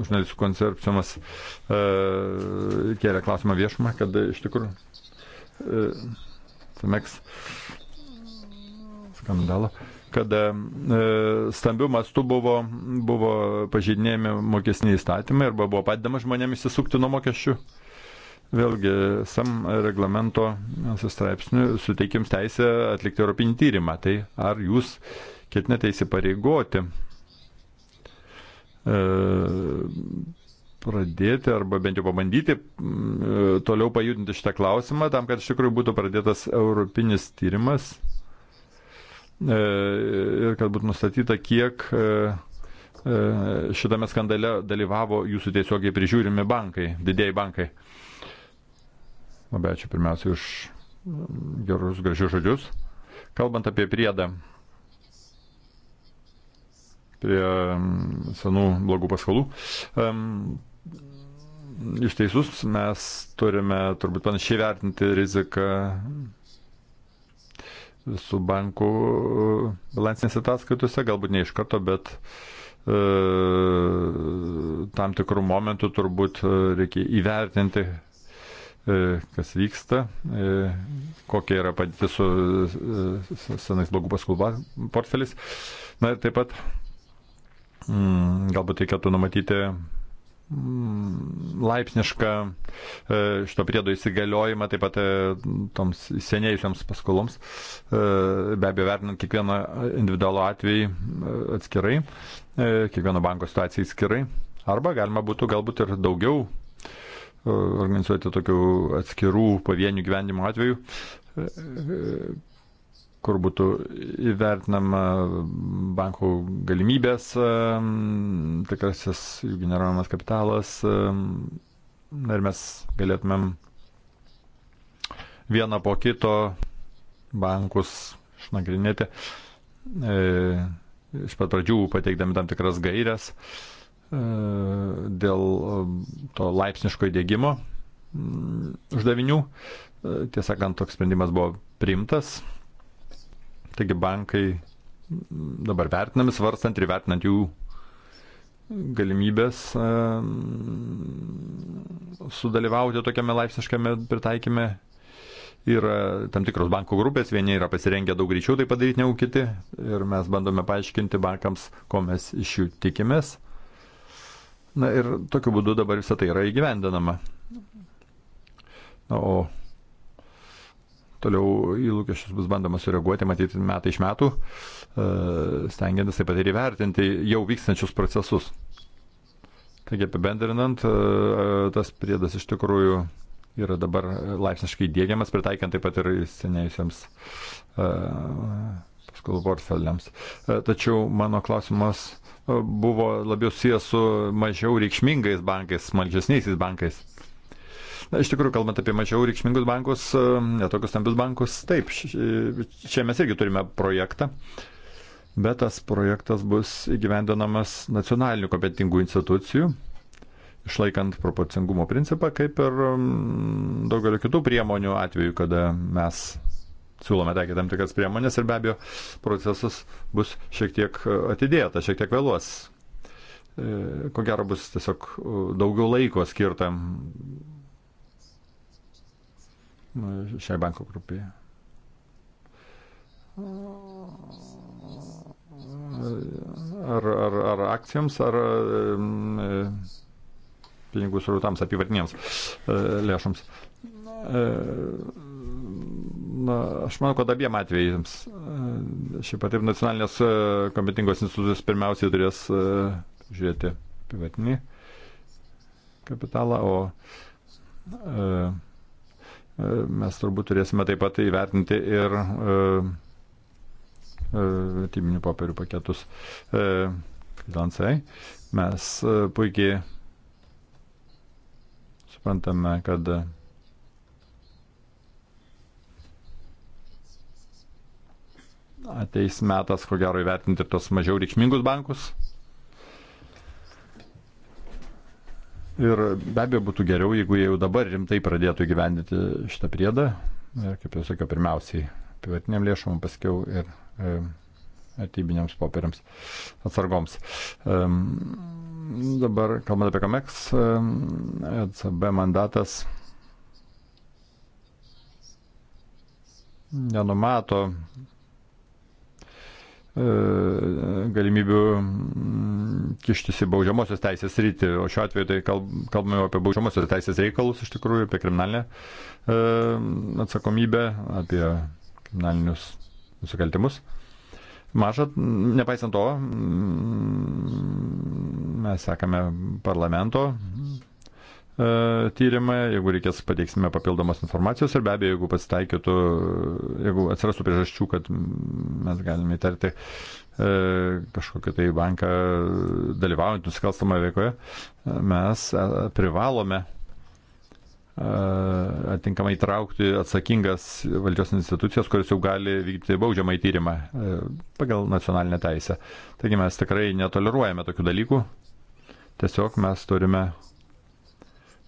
žurnalistų koncerpcijomas uh, kėlė klausimą viešumą, kad iš tikrųjų. Uh, Meks skandalą, kad e, stambių mastų buvo, buvo pažydinėjami mokesniai įstatymai arba buvo padedama žmonėms įsisukti nuo mokesčių. Vėlgi, sam reglamento straipsnių suteikiams teisę atlikti europinį tyrimą. Tai ar jūs ketinate įsipareigoti e, pradėti arba bent jau pabandyti mm, e, toliau pajudinti šitą klausimą, tam, kad iš tikrųjų būtų pradėtas europinis tyrimas e, ir kad būtų nustatyta, kiek e, šitame skandale dalyvavo jūsų tiesiogiai prižiūrimi bankai, didėjai bankai. Labai ačiū pirmiausia už mm, gerus, gražius žodžius. Kalbant apie priedą prie mm, senų blogų paskolų. Iš teisus mes turime turbūt panašiai vertinti riziką su banku balansinėse ataskaitose, galbūt ne iš karto, bet e, tam tikrų momentų turbūt e, reikia įvertinti, e, kas vyksta, e, kokia yra padėtis su e, senais blogų paskolų portfelis. Na ir taip pat mm, galbūt reikėtų numatyti Mm, laipsnišką e, šito priedo įsigaliojimą, taip pat e, toms senėjusiams paskoloms, e, be abejo vertinant kiekvieną individualų atvejį atskirai, kiekvieno banko situaciją atskirai. Arba galima būtų galbūt ir daugiau organizuoti tokių atskirų pavienių gyvenimo atvejų, kur būtų įvertinama bankų galimybės, tikrasis jų generuojamas kapitalas ir mes galėtumėm vieną po kito bankus išnagrinėti, e, iš pat pradžių pateikdami tam tikras gairias e, dėl to laipsniško įdėgymo mm, uždavinių. E, tiesą sakant, toks sprendimas buvo priimtas Taigi bankai dabar vertinami svarstant ir vertinant jų galimybės ehm, sudalyvauti tokiame laipsniškame pritaikymė. Yra e, tam tikros bankų grupės, vieni yra pasirengę daug greičiau tai padaryti negu kiti ir mes bandome paaiškinti bankams, ko mes iš jų tikimės. Na ir tokiu būdu dabar visą tai yra įgyvendinama. Na, o Toliau į lūkesčius bus bandoma sureaguoti, matyti metai iš metų, e, stengiantis taip pat ir įvertinti jau vykstančius procesus. Taigi apibendrinant, e, tas priedas iš tikrųjų yra dabar laipsniškai dėgiamas, pritaikant taip pat ir senėjusiems e, paskolų portfeliams. Tačiau mano klausimas buvo labiau susijęs su mažiau reikšmingais bankais, smulkesniais bankais. Na, iš tikrųjų, kalbant apie mažiau reikšmingus bankus, e, netokius stambius bankus, taip, čia mes irgi turime projektą, bet tas projektas bus įgyvendinamas nacionalinių kompetingų institucijų, išlaikant proporcingumo principą, kaip ir daugelio kitų priemonių atveju, kada mes siūlome taikyti tam tikras priemonės ir be abejo procesas bus šiek tiek atidėta, šiek tiek vėluos. E, ko gero bus tiesiog e, daugiau laiko skirtam šiai banko grupiai. Ar, ar, ar akcijams, ar pinigų srautams apyvartiniams e, lėšoms. E, na, aš manau, kad abiem atvejams e, šiaip pat ir nacionalinės kompetingos institucijos pirmiausiai turės žiūrėti privatinį kapitalą, o mes turbūt turėsime taip pat įvertinti ir vertybinių e, popierių paketus e, finansai. Mes e, puikiai suprantame, kad ateis metas, ko gero, įvertinti ir tos mažiau reikšmingus bankus, Ir be abejo būtų geriau, jeigu jie jau dabar rimtai pradėtų gyvendinti šitą priedą. Ir kaip jau sakiau, pirmiausiai privatiniam lėšom, paskiau ir e, atybiniams popieriams, atsargoms. E, dabar, kalbant apie COMEX, e, ECB mandatas nenumato E, galimybių mm, kištis į baudžiamosios teisės rytį, o šiuo atveju tai kalbame apie baudžiamosios teisės reikalus iš tikrųjų, apie kriminalinę e, atsakomybę, apie kriminalinius nusikaltimus. Maža, nepaisant to, mm, mes sekame parlamento E, tyrimą, jeigu reikės pateiksime papildomos informacijos ir be abejo, jeigu pasitaikytų, jeigu atsirastų priežasčių, kad mes galime įtarti e, kažkokią tai banką dalyvaujant nusikalstamą veikoje, mes e, privalome atinkamai įtraukti atsakingas valdžios institucijas, kurios jau gali vykdyti baudžiamą į tyrimą pagal nacionalinę teisę. Taigi mes tikrai netoleruojame tokių dalykų, tiesiog mes turime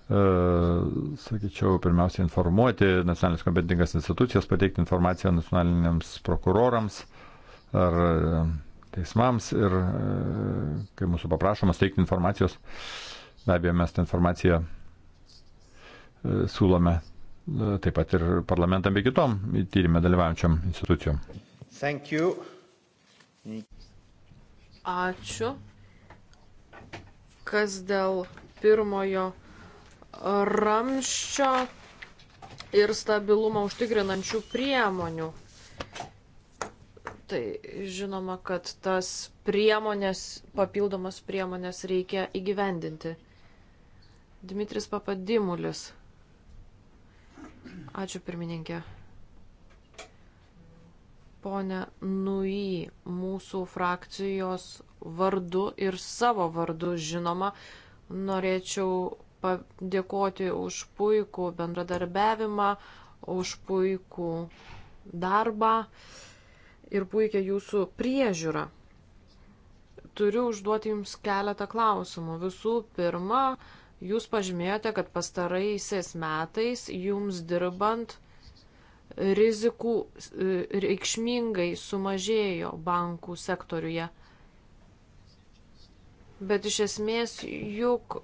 sakyčiau, pirmiausia, informuoti nacionalinės kompetingas institucijas, pateikti informaciją nacionaliniams prokurorams ar e, teismams ir, e, kai mūsų paprašomas teikti informacijos, be abejo, mes tą informaciją e, siūlome taip pat ir parlamentam bei kitom tyrimė dalyvaujančiam institucijom. Ačiū. Kas dėl pirmojo ramščio ir stabilumą užtikrinančių priemonių. Tai žinoma, kad tas priemonės, papildomas priemonės reikia įgyvendinti. Dimitris Papadimulis. Ačiū pirmininkė. Pone Nui, mūsų frakcijos vardu ir savo vardu, žinoma, norėčiau padėkoti už puikų bendradarbiavimą, už puikų darbą ir puikia jūsų priežiūra. Turiu užduoti jums keletą klausimų. Visų pirma, jūs pažymėjote, kad pastaraisiais metais jums dirbant rizikų e, reikšmingai sumažėjo bankų sektoriuje. Bet iš esmės juk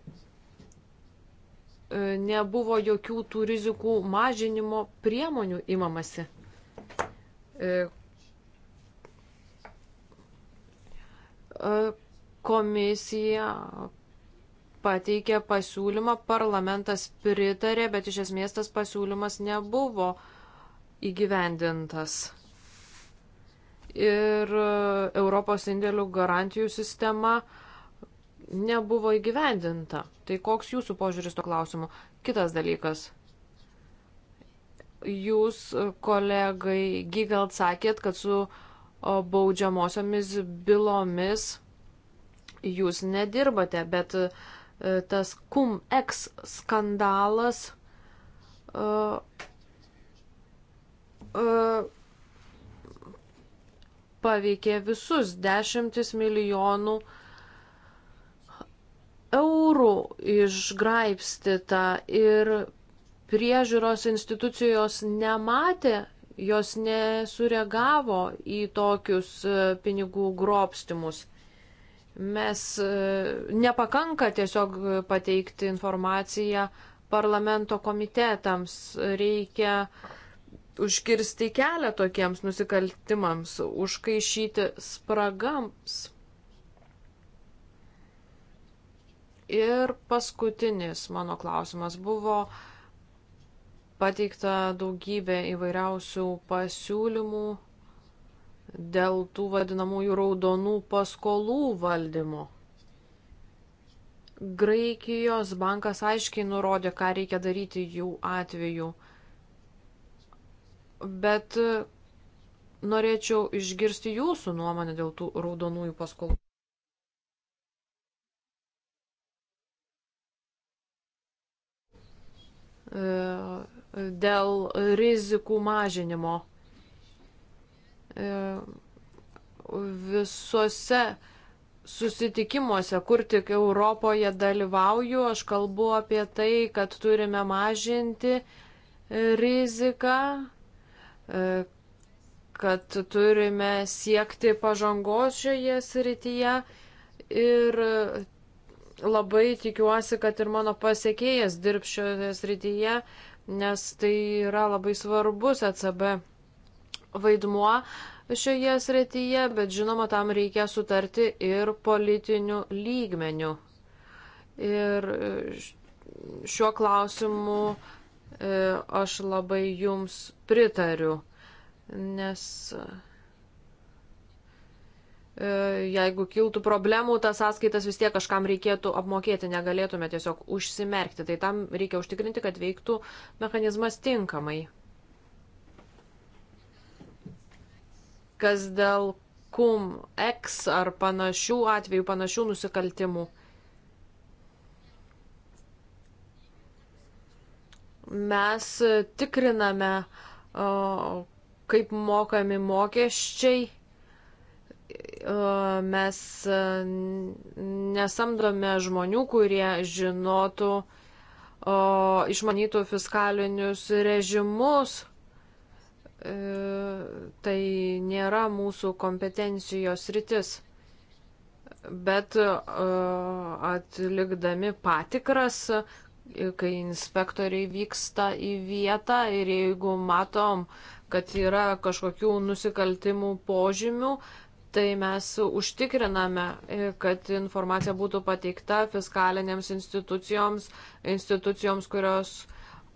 E, nebuvo jokių tų rizikų mažinimo priemonių imamasi. E, e, komisija pateikė pasiūlymą, parlamentas pritarė, bet iš esmės tas pasiūlymas nebuvo įgyvendintas. Ir Europos indėlių garantijų sistema uh, nebuvo įgyvendinta. Tai koks jūsų požiūris to klausimu? Kitas dalykas. Jūs, kolegai Gigalt, sakėt, kad su baudžiamosiomis bylomis jūs nedirbate, bet e, tas cum ex skandalas uh, uh, paveikė visus dešimtis milijonų uh, eurų išgraipstita ir priežiūros institucijos nematė, jos nesureagavo į tokius e, pinigų grobstimus. Mes e, nepakanka tiesiog pateikti informaciją parlamento komitetams, reikia užkirsti kelią tokiems nusikaltimams, užkaišyti spragams Ir paskutinis mano klausimas buvo pateikta daugybė įvairiausių pasiūlymų dėl tų vadinamųjų raudonų paskolų valdymo. Graikijos bankas aiškiai nurodė, ką reikia daryti jų atveju. Bet norėčiau išgirsti jūsų nuomonę dėl tų raudonųjų paskolų. E, dėl rizikų mažinimo. E, Visose susitikimuose, kur tik Europoje dalyvauju, aš kalbu apie tai, kad turime mažinti e, riziką, kad turime siekti pažangos šioje srityje ir labai tikiuosi, kad ir mano pasiekėjas dirbs šioje srityje, nes tai yra labai svarbus ECB vaidmuo šioje srityje, bet žinoma, tam reikia sutarti ir politinių lygmenių. Ir e, šiuo klausimu e, aš labai jums pritariu, nes E, jeigu kiltų problemų, tas sąskaitas vis tiek kažkam reikėtų apmokėti, negalėtume tiesiog užsimerkti. Tai tam reikia užtikrinti, kad veiktų mechanizmas tinkamai. Kas dėl kum, eks ar panašių atvejų, panašių nusikaltimų. Mes tikriname, kaip mokami mokesčiai mes e, nesamdome žmonių, kurie žinotų, o, išmanytų fiskalinius režimus. E, tai nėra mūsų kompetencijos rytis. Bet e, atlikdami patikras, e, kai inspektoriai vyksta į vietą ir jeigu matom, kad yra kažkokių nusikaltimų požymių, e, tai mes užtikriname, e, kad informacija būtų pateikta fiskalinėms institucijoms, institucijoms, kurios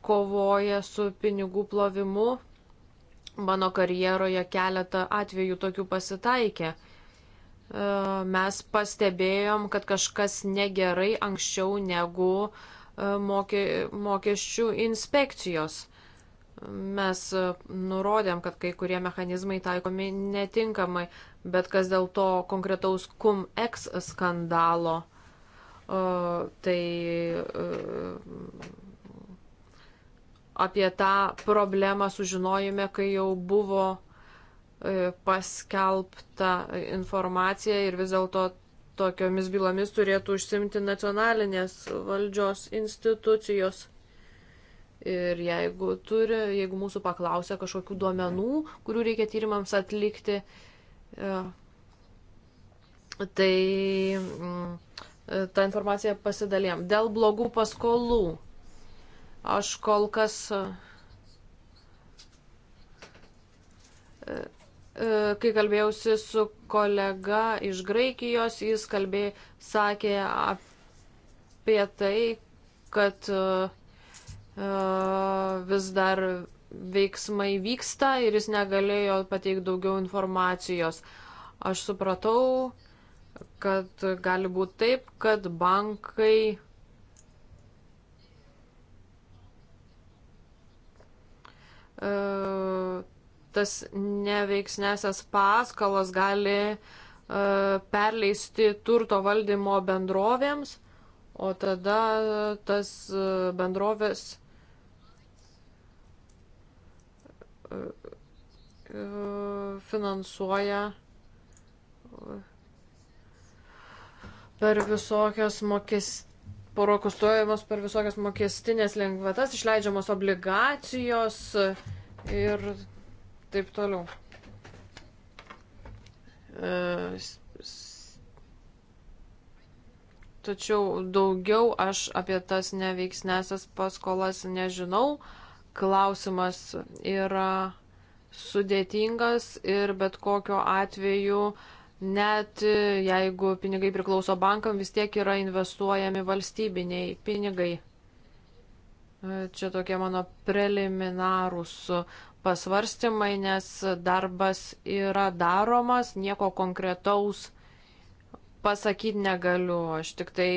kovoja su pinigų plovimu. Mano karjeroje keletą atvejų tokių pasitaikė. E, mes pastebėjom, kad kažkas negerai anksčiau negu e, mokė, mokesčių inspekcijos mes nurodėm, kad kai kurie mechanizmai taikomi netinkamai. Bet kas dėl to konkretaus CumEx skandalo, e, tai e, apie tą problemą sužinojome, kai jau buvo e, paskelbta informacija ir vis dėlto tokiomis bylomis turėtų užsimti nacionalinės valdžios institucijos. Ir jeigu turi, jeigu mūsų paklausia kažkokių duomenų, kurių reikia tyrimams atlikti, E, tai mm, e, tą informaciją pasidalėm. Dėl blogų paskolų. Aš kol kas e, kai kalbėjausi su kolega iš Graikijos, jis kalbė, sakė apie tai, kad vis dar veiksmai vyksta ir jis negalėjo pateikti daugiau informacijos. Aš supratau, kad gali būti taip, kad bankai e, tas neveiksnesias paskalas gali e, perleisti turto valdymo bendrovėms, o tada tas e, bendrovės finansuoja per visokias mokestis parokustuojamos per visokias mokestinės lengvatas, išleidžiamos obligacijos ir taip toliau. E, tačiau daugiau aš apie tas neveiksnesias paskolas nežinau. Uh, klausimas yra sudėtingas ir bet kokiu atveju, net jeigu pinigai priklauso bankam, vis tiek yra investuojami valstybiniai pinigai. Čia tokie mano preliminarūs pasvarstymai, nes darbas yra daromas, nieko konkretaus pasakyti negaliu. Aš tik tai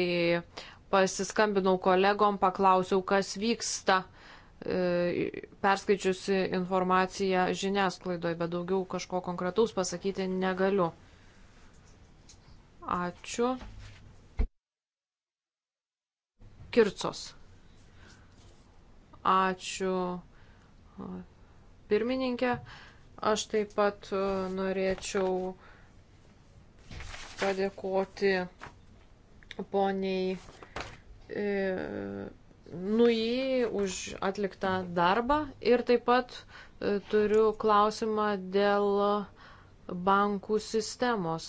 pasiskambinau kolegom, paklausiau, kas vyksta uh, E, perskaičiusi informaciją žiniasklaidoje, bet daugiau kažko konkretaus pasakyti negaliu. Ačiū. Kircos. Ačiū. E, pirmininkė, aš taip pat e, norėčiau padėkoti poniai. E, NUI už atliktą darbą ir taip pat e, turiu klausimą dėl bankų sistemos.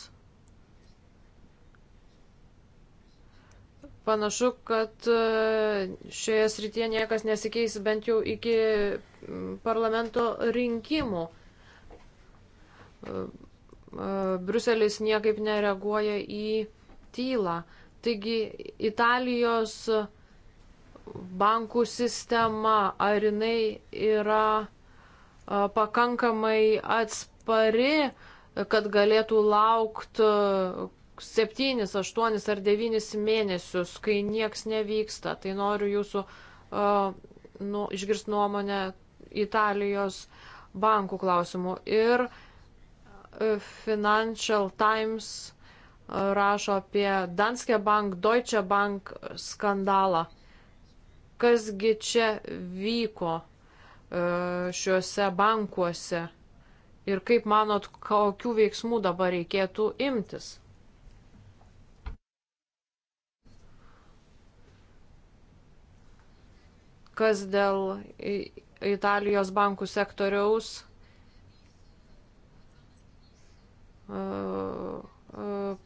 Panašu, kad e, šioje srityje niekas nesikeis bent jau iki parlamento rinkimų. E, Bruselis niekaip nereaguoja į tylą. Taigi Italijos uh, bankų sistema, ar jinai yra pakankamai atspari, kad galėtų laukti 7, 8 ar 9 mėnesius, kai nieks nevyksta. Tai noriu jūsų nu, išgirsti nuomonę Italijos bankų klausimų. Ir e, Financial Times rašo apie Danske Bank, Deutsche Bank skandalą kasgi čia vyko e, šiuose bankuose ir kaip manot, kokių veiksmų dabar reikėtų imtis? Kas dėl Italijos bankų sektoriaus e, e,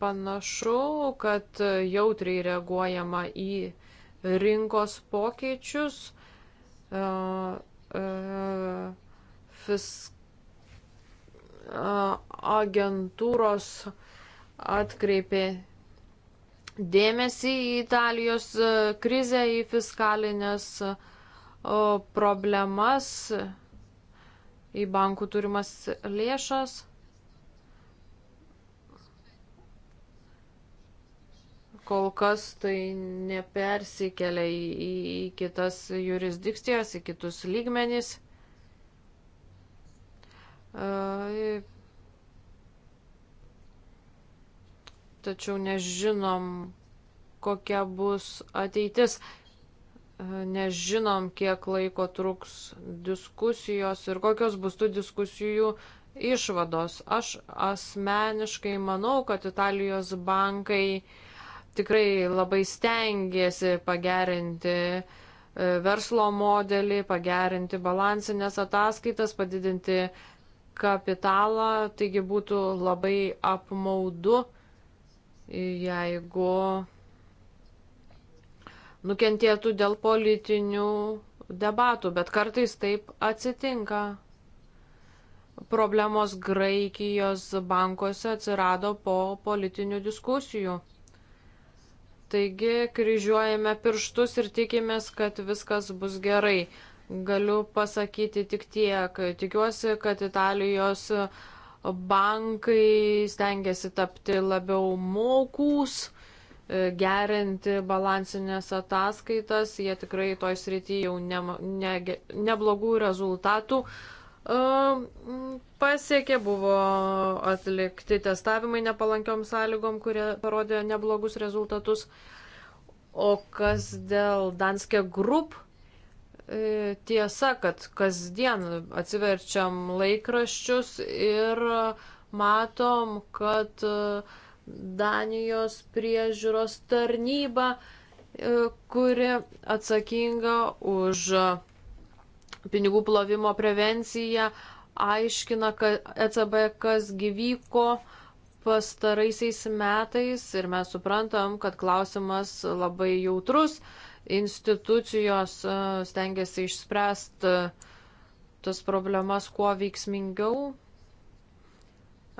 panašu, kad jautriai reaguojama į rinkos pokyčius, e, e, fisk e, agentūros atkreipė dėmesį į Italijos krizę, į fiskalinės problemas, į bankų turimas lėšas. kol kas tai nepersikelia į, į, į kitas jurisdikcijas, į kitus lygmenys. Tačiau nežinom, kokia bus ateitis. Nežinom, kiek laiko truks diskusijos ir kokios bus tų diskusijų išvados. Aš asmeniškai manau, kad Italijos bankai uh, tikrai labai stengiasi pagerinti e, verslo modelį, pagerinti balansinės ataskaitas, padidinti kapitalą, taigi būtų labai apmaudu, jeigu nukentėtų dėl politinių debatų, bet kartais taip atsitinka problemos Graikijos bankuose atsirado po politinių diskusijų. Taigi kryžiuojame pirštus ir tikimės, kad viskas bus gerai. Galiu pasakyti tik tiek. Tikiuosi, kad Italijos bankai stengiasi tapti labiau mokūs e, gerinti balansinės ataskaitas, jie tikrai toj srity jau ne, ne, neblogų rezultatų pasiekė, buvo atlikti testavimai nepalankiom sąlygom, kurie parodė neblogus rezultatus. O kas dėl Danske Group, e, tiesa, kad kasdien atsiverčiam laikraščius ir matom, kad e, Danijos priežiūros tarnyba, e, kuri atsakinga už pinigų plovimo prevencija aiškina kad ECB, kas gyvyko pastaraisiais metais ir mes suprantam, kad klausimas labai jautrus. Institucijos e, stengiasi išspręsti e, tas problemas kuo veiksmingiau.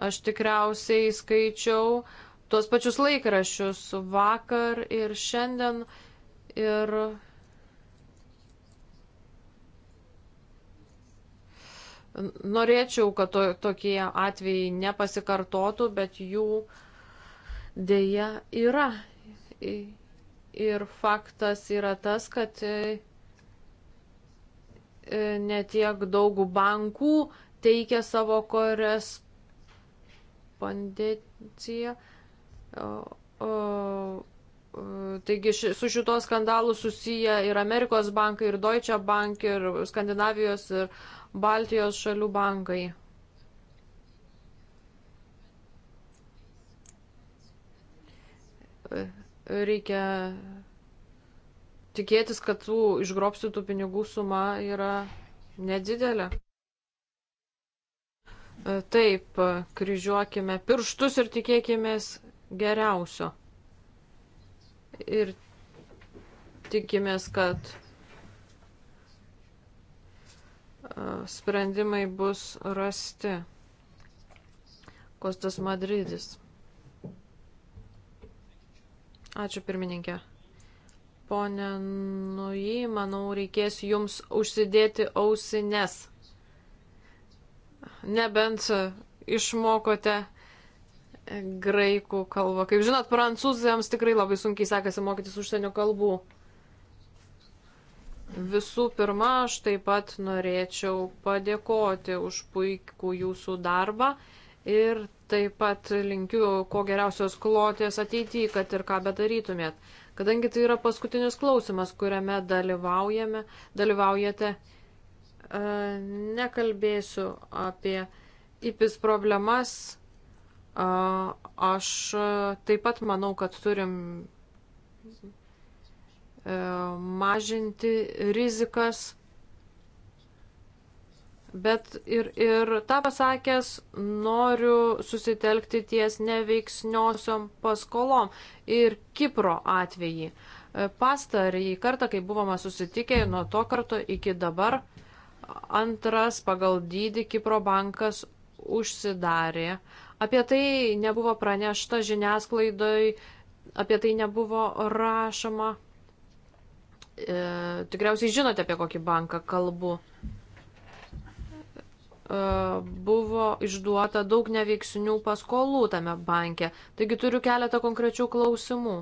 Aš tikriausiai skaičiau tuos pačius laikraščius vakar ir šiandien ir Norėčiau, kad to, tokie atvejai nepasikartotų, bet jų dėja yra. Ir faktas yra tas, kad e, e, netiek daug bankų teikia savo korespondenciją. Taigi su šituo skandalu susiję ir Amerikos bankai, ir Deutsche Bank, ir Skandinavijos, ir uh, Baltijos šalių bankai. Reikia tikėtis, kad tų išgrobstytų pinigų suma yra nedidelė. Taip, kryžiuokime pirštus ir tikėkime geriausio. Ir tikimės, kad sprendimai bus rasti. Kostas Madridis. Ačiū pirmininkė. Pone Nui, manau, reikės jums užsidėti ausines. Nebent išmokote graikų kalbą. Kaip žinot, prancūzams tikrai labai sunkiai sekasi mokytis užsienio kalbų. Visų pirma, aš taip pat norėčiau padėkoti už puikų jūsų darbą ir taip pat linkiu kuo geriausios klotės ateityje, kad ir ką bedarytumėt. Kadangi tai yra paskutinis klausimas, kuriame dalyvaujame, dalyvaujate, e, nekalbėsiu apie įpis problemas. E, aš taip pat manau, kad turim E, mažinti rizikas. Bet ir, ir tą pasakęs, noriu susitelkti ties neveiksniosiom paskolom ir Kipro atvejį. E, pastarąjį kartą, kai buvome susitikę, nuo to karto iki dabar antras pagal dydį Kipro bankas užsidarė. Apie tai nebuvo pranešta žiniasklaidoj, apie tai nebuvo rašoma. E, tikriausiai žinote, apie kokį banką kalbu. E, buvo išduota daug neveiksnių paskolų tame banke. Taigi turiu keletą konkrečių klausimų.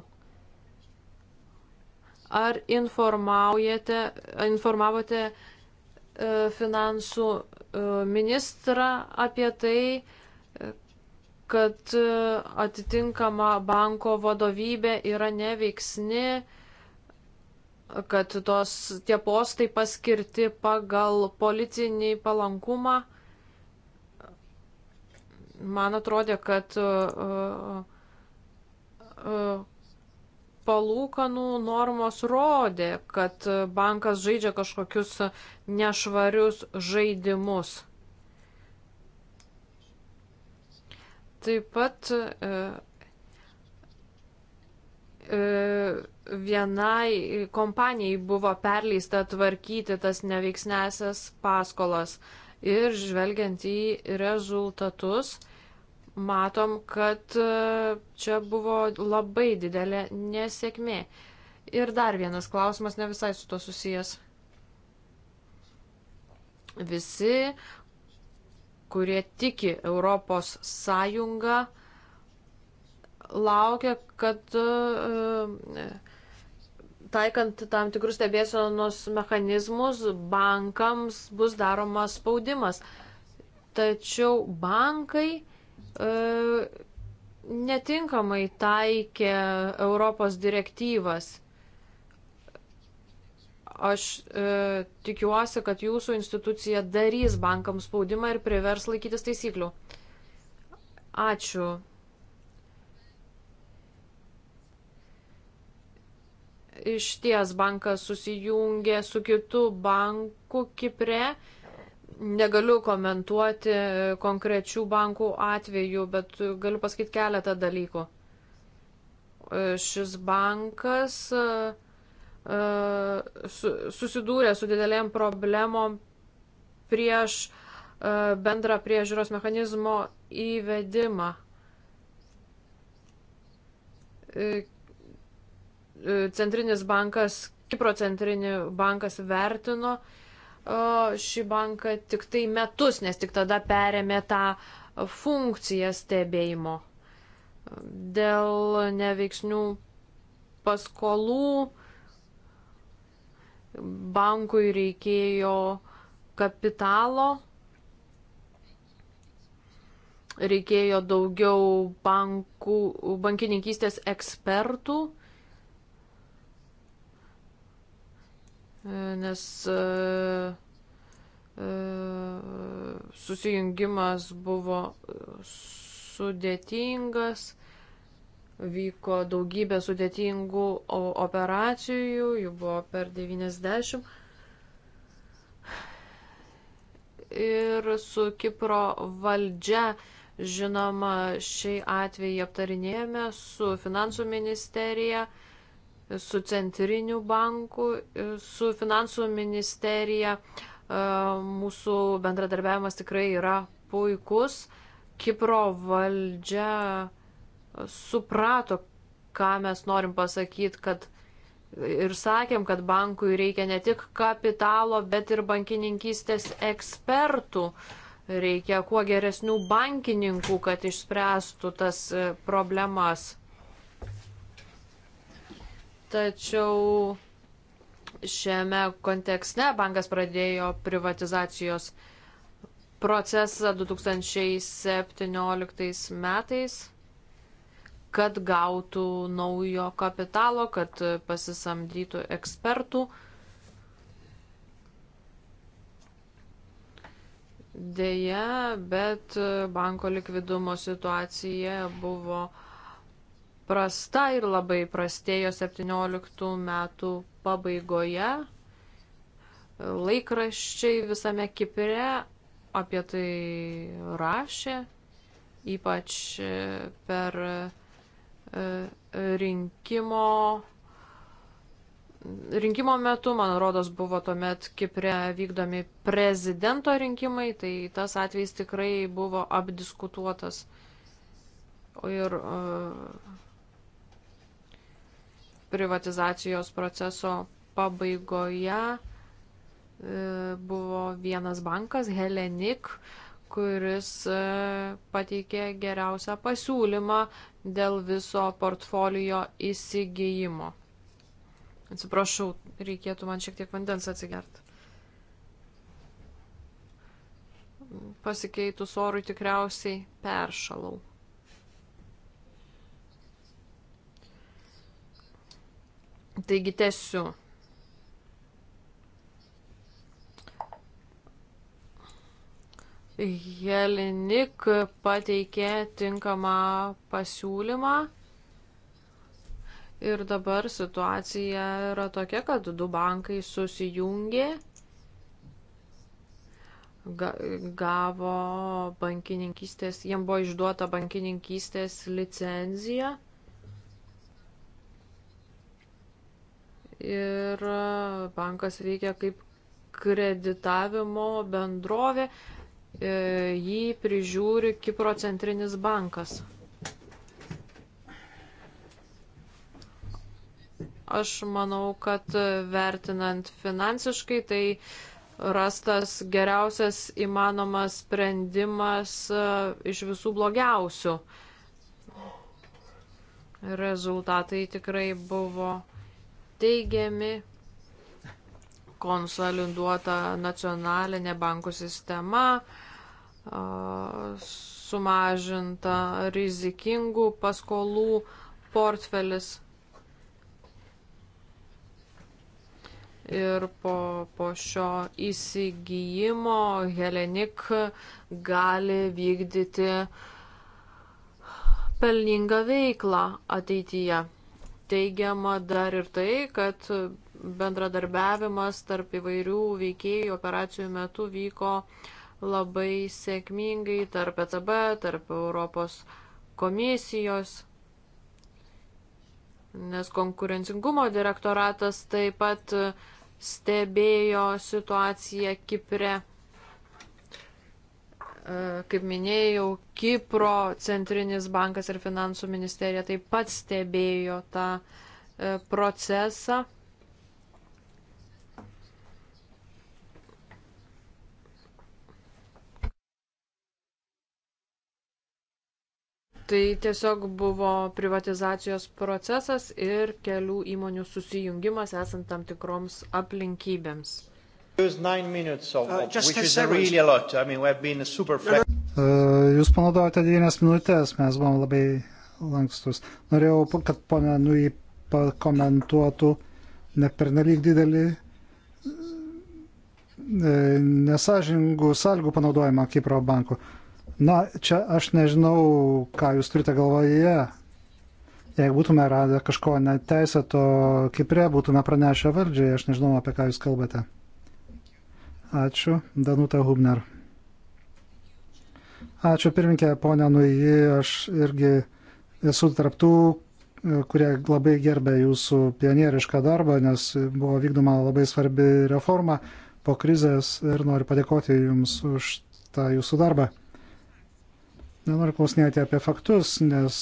Ar informavote e, finansų e, ministrą apie tai, e, kad e, atitinkama banko vadovybė yra neveiksni? kad tos tie postai paskirti pagal politinį palankumą. Man atrodė, kad uh, uh, uh palūkanų normos rodė, kad bankas žaidžia kažkokius nešvarius žaidimus. Taip pat e, e, vienai kompanijai buvo perleista tvarkyti tas neveiksnesias paskolas. Ir žvelgiant į rezultatus, matom, kad e, čia buvo labai didelė nesėkmė. Ir dar vienas klausimas, ne visai su to susijęs. Visi, kurie tiki Europos Sąjungą, laukia, kad uh, taikant tam tikrus stebėsenos mechanizmus, bankams bus daromas spaudimas. Tačiau bankai e, netinkamai taikė Europos direktyvas. Aš e, tikiuosi, kad jūsų institucija darys bankams spaudimą ir privers laikytis taisyklių. Ačiū. iš ties bankas susijungė su kitu banku Kipre. Negaliu komentuoti konkrečių bankų atvejų, bet galiu pasakyti keletą dalykų. Šis bankas e, e, susidūrė su didelėm problemom prieš e, bendrą priežiūros mechanizmo įvedimą centrinis bankas, Kipro centrinį bankas vertino šį banką tik tai metus, nes tik tada perėmė tą funkciją stebėjimo. Dėl neveiksnių paskolų bankui reikėjo kapitalo, reikėjo daugiau bankų, bankininkystės ekspertų nes e, e, susijungimas buvo sudėtingas, vyko daugybė sudėtingų operacijų, jų buvo per 90. Ir su Kipro valdžia, žinoma, šiai atvejį aptarinėjome su finansų ministerija su centriniu banku, su finansų ministerija. E, mūsų bendradarbiavimas tikrai yra puikus. Kipro valdžia suprato, ką mes norim pasakyti, kad ir sakėm, kad bankui reikia ne tik kapitalo, bet ir bankininkystės ekspertų. Reikia kuo geresnių bankininkų, kad išspręstų tas e, problemas. Tačiau šiame kontekste bankas pradėjo privatizacijos procesą 2017 metais, kad gautų naujo kapitalo, kad pasisamdytų ekspertų. Deja, bet banko likvidumo situacija buvo uh, prasta ir labai prastėjo 17 metų pabaigoje. Laikraščiai visame Kipre apie tai rašė, ypač e, per e, rinkimo rinkimo metu, man rodos, buvo tuomet Kipre vykdomi prezidento rinkimai, tai tas atvejs tikrai buvo apdiskutuotas. Ir uh, privatizacijos proceso pabaigoje e, buvo vienas bankas, Helenik, kuris e, pateikė geriausią pasiūlymą dėl viso portfolio įsigijimo. Atsiprašau, reikėtų man šiek tiek vandens atsigerti. Pasikeitus orui tikriausiai peršalau. Taigi tęsiu. Helenik pateikė tinkamą pasiūlymą. Ir dabar situacija yra tokia, kad du bankai susijungė, gavo bankininkystės, jiem buvo išduota bankininkystės licenzija. ir e, bankas veikia kaip kreditavimo bendrovė, e, jį prižiūri Kipro centrinis bankas. Aš manau, kad vertinant finansiškai, tai rastas geriausias įmanomas sprendimas e, iš visų blogiausių. Rezultatai tikrai buvo steigiami konsoliduota nacionalinė bankų sistema, sumažinta rizikingų paskolų portfelis. Ir po, po šio įsigijimo Helenik gali vykdyti pelningą veiklą ateityje teigiama dar ir tai, kad bendradarbiavimas tarp įvairių veikėjų operacijų metu vyko labai sėkmingai tarp ECB, tarp Europos komisijos, nes konkurencingumo direktoratas taip pat stebėjo situaciją Kipre kaip minėjau, Kipro centrinis bankas ir finansų ministerija taip pat stebėjo tą e, procesą. Tai tiesiog buvo privatizacijos procesas ir kelių įmonių susijungimas esant tam tikroms aplinkybėms. Jūs panaudojate 9 minutės, mes buvom labai lankstus. Norėjau, kad ponia Nui pakomentuotų ne pernelyg didelį e, nesažingų sąlygų panaudojimą Kipro bankų. Na, čia aš nežinau, ką jūs turite galvoje. Jei būtume radę kažko neteisėto Kiprė, būtume pranešę valdžiai, aš nežinau, apie ką jūs kalbate. Ačiū, Danuta Hubner. Ačiū pirminkė, ponia Nuji, aš irgi esu tarptų, e, kurie labai gerbė jūsų pionierišką darbą, nes buvo vykdoma labai svarbi reforma po krizės ir noriu padėkoti jums už tą jūsų darbą. Nenoriu klausinėti apie faktus, nes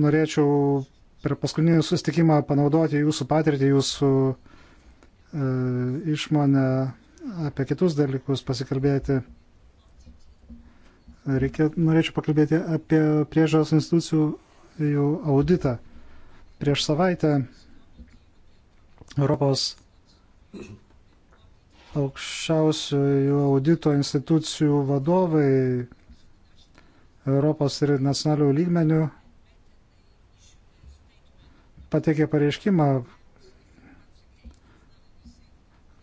norėčiau per paskutinį susitikimą panaudoti jūsų patirtį, jūsų uh, E, išmonę, apie kitus dalykus pasikalbėti. Reikia, norėčiau pakalbėti apie priežiūros institucijų jų auditą. Prieš savaitę Europos aukščiausiųjų audito institucijų vadovai Europos ir nacionalių lygmenių pateikė pareiškimą,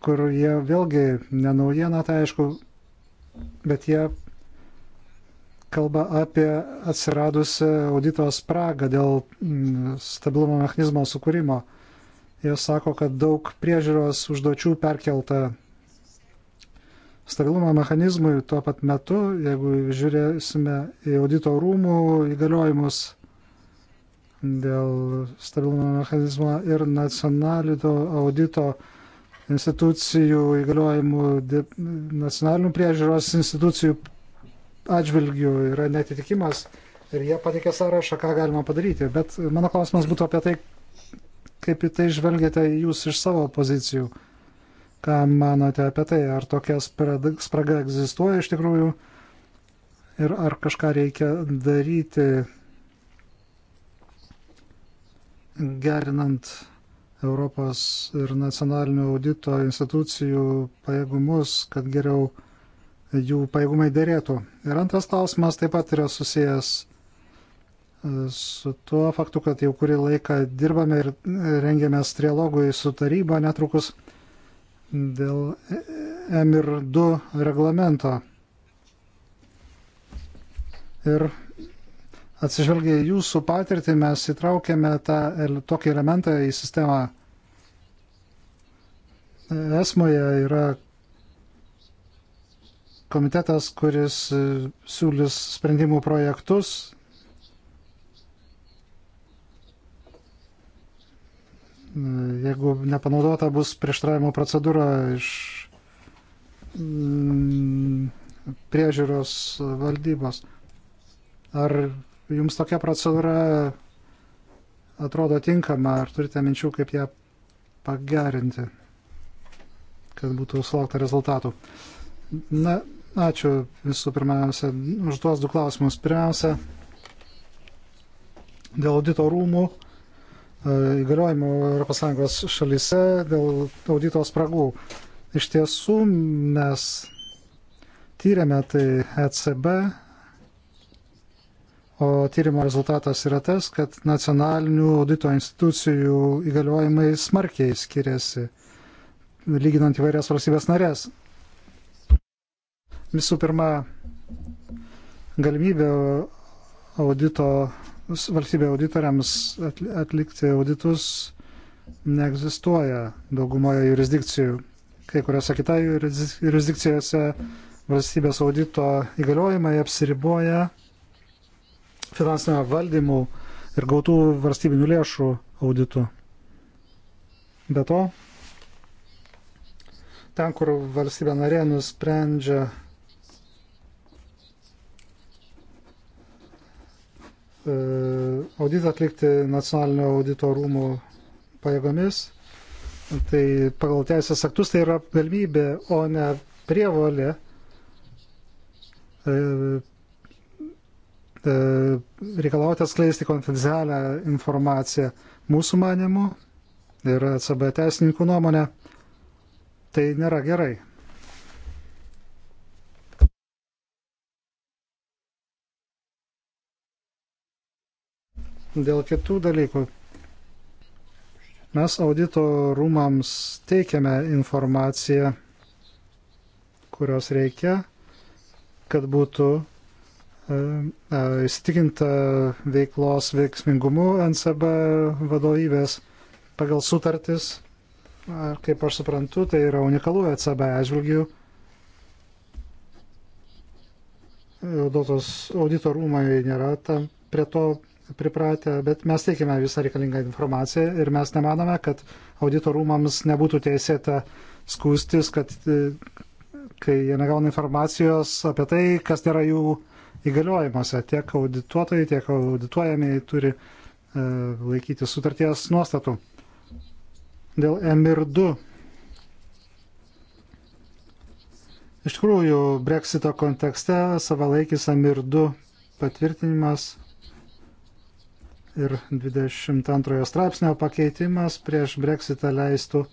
kur jie vėlgi nenaujiena, tai aišku, bet jie kalba apie atsiradusią audito spragą dėl mm, stabilumo mechanizmo sukūrimo. Jie sako, kad daug priežiūros užduočių perkelta stabilumo mechanizmui tuo pat metu, jeigu žiūrėsime į audito rūmų įgaliojimus dėl stabilumo mechanizmo ir nacionalinio audito institucijų įgaliojimų nacionalinių priežiūros institucijų atžvilgių yra netitikimas ir jie patikė sąrašą, ką galima padaryti. Bet mano klausimas būtų apie tai, kaip į tai žvelgiate jūs iš savo pozicijų. Ką manote apie tai, ar tokia spraga egzistuoja iš tikrųjų ir ar kažką reikia daryti gerinant Europos ir nacionalinių audito institucijų pajėgumus, kad geriau jų pajėgumai dėrėtų. Ir antras klausimas taip pat yra susijęs e, su tuo faktu, kad jau kurį laiką dirbame ir rengiamės trialogui su taryba netrukus dėl e MIR 2 reglamento. Ir Atsižvelgiai jūsų patirtį mes įtraukėme tą, tokį elementą į sistemą. Esmoje yra komitetas, kuris e, siūlis sprendimų projektus. E, jeigu nepanaudota bus prieštaravimo procedūra iš mm, priežiūros valdybos. Ar jums tokia procedūra atrodo tinkama? Ar turite minčių, kaip ją pagerinti, kad būtų sulaukta rezultatų? Na, ačiū visų pirmiausia už tuos du klausimus. Pirmiausia, dėl audito rūmų e, įgaliojimų ES šalyse, dėl audito spragų. Iš tiesų mes tyrėme tai ECB O tyrimo rezultatas yra tas, kad nacionalinių audito institucijų įgaliojimai smarkiai skiriasi, lyginant įvairias valstybės narės. Visų pirma, galimybė audito, valstybė auditoriams atlikti auditus neegzistuoja daugumoje jurisdikcijų. Kai kuriuose kitai jurisdikcijose valstybės audito įgaliojimai apsiriboja finansinio valdymų ir gautų varstybinių lėšų auditu. Be to, ten, kur valstybė narė nusprendžia e, auditą atlikti nacionalinio audito rūmų pajėgomis, tai pagal teisės aktus tai yra galimybė, o ne prievolė e, E, reikalauti atskleisti konfidencialią informaciją mūsų manimu ir e CB teisininkų nuomonė, tai nėra gerai. Dėl kitų dalykų. Mes audito rūmams teikiame informaciją, kurios reikia, kad būtų įstikinta veiklos veiksmingumu NCB vadovybės pagal sutartis. Kaip aš suprantu, tai yra unikalų ECB atžvilgių. Audotos auditorumai nėra tam prie to pripratę, bet mes teikime visą reikalingą informaciją ir mes nemanome, kad auditorumams nebūtų teisėta skūstis, kad e, kai jie negauna informacijos apie tai, kas nėra jų uh, įgaliojimuose. Tiek audituotojai, tiek audituojamiai turi e, laikyti sutarties nuostatų. Dėl EMIR 2. Iš tikrųjų, breksito kontekste savalaikis EMIR 2 patvirtinimas ir 22 straipsnio pakeitimas prieš breksitą leistų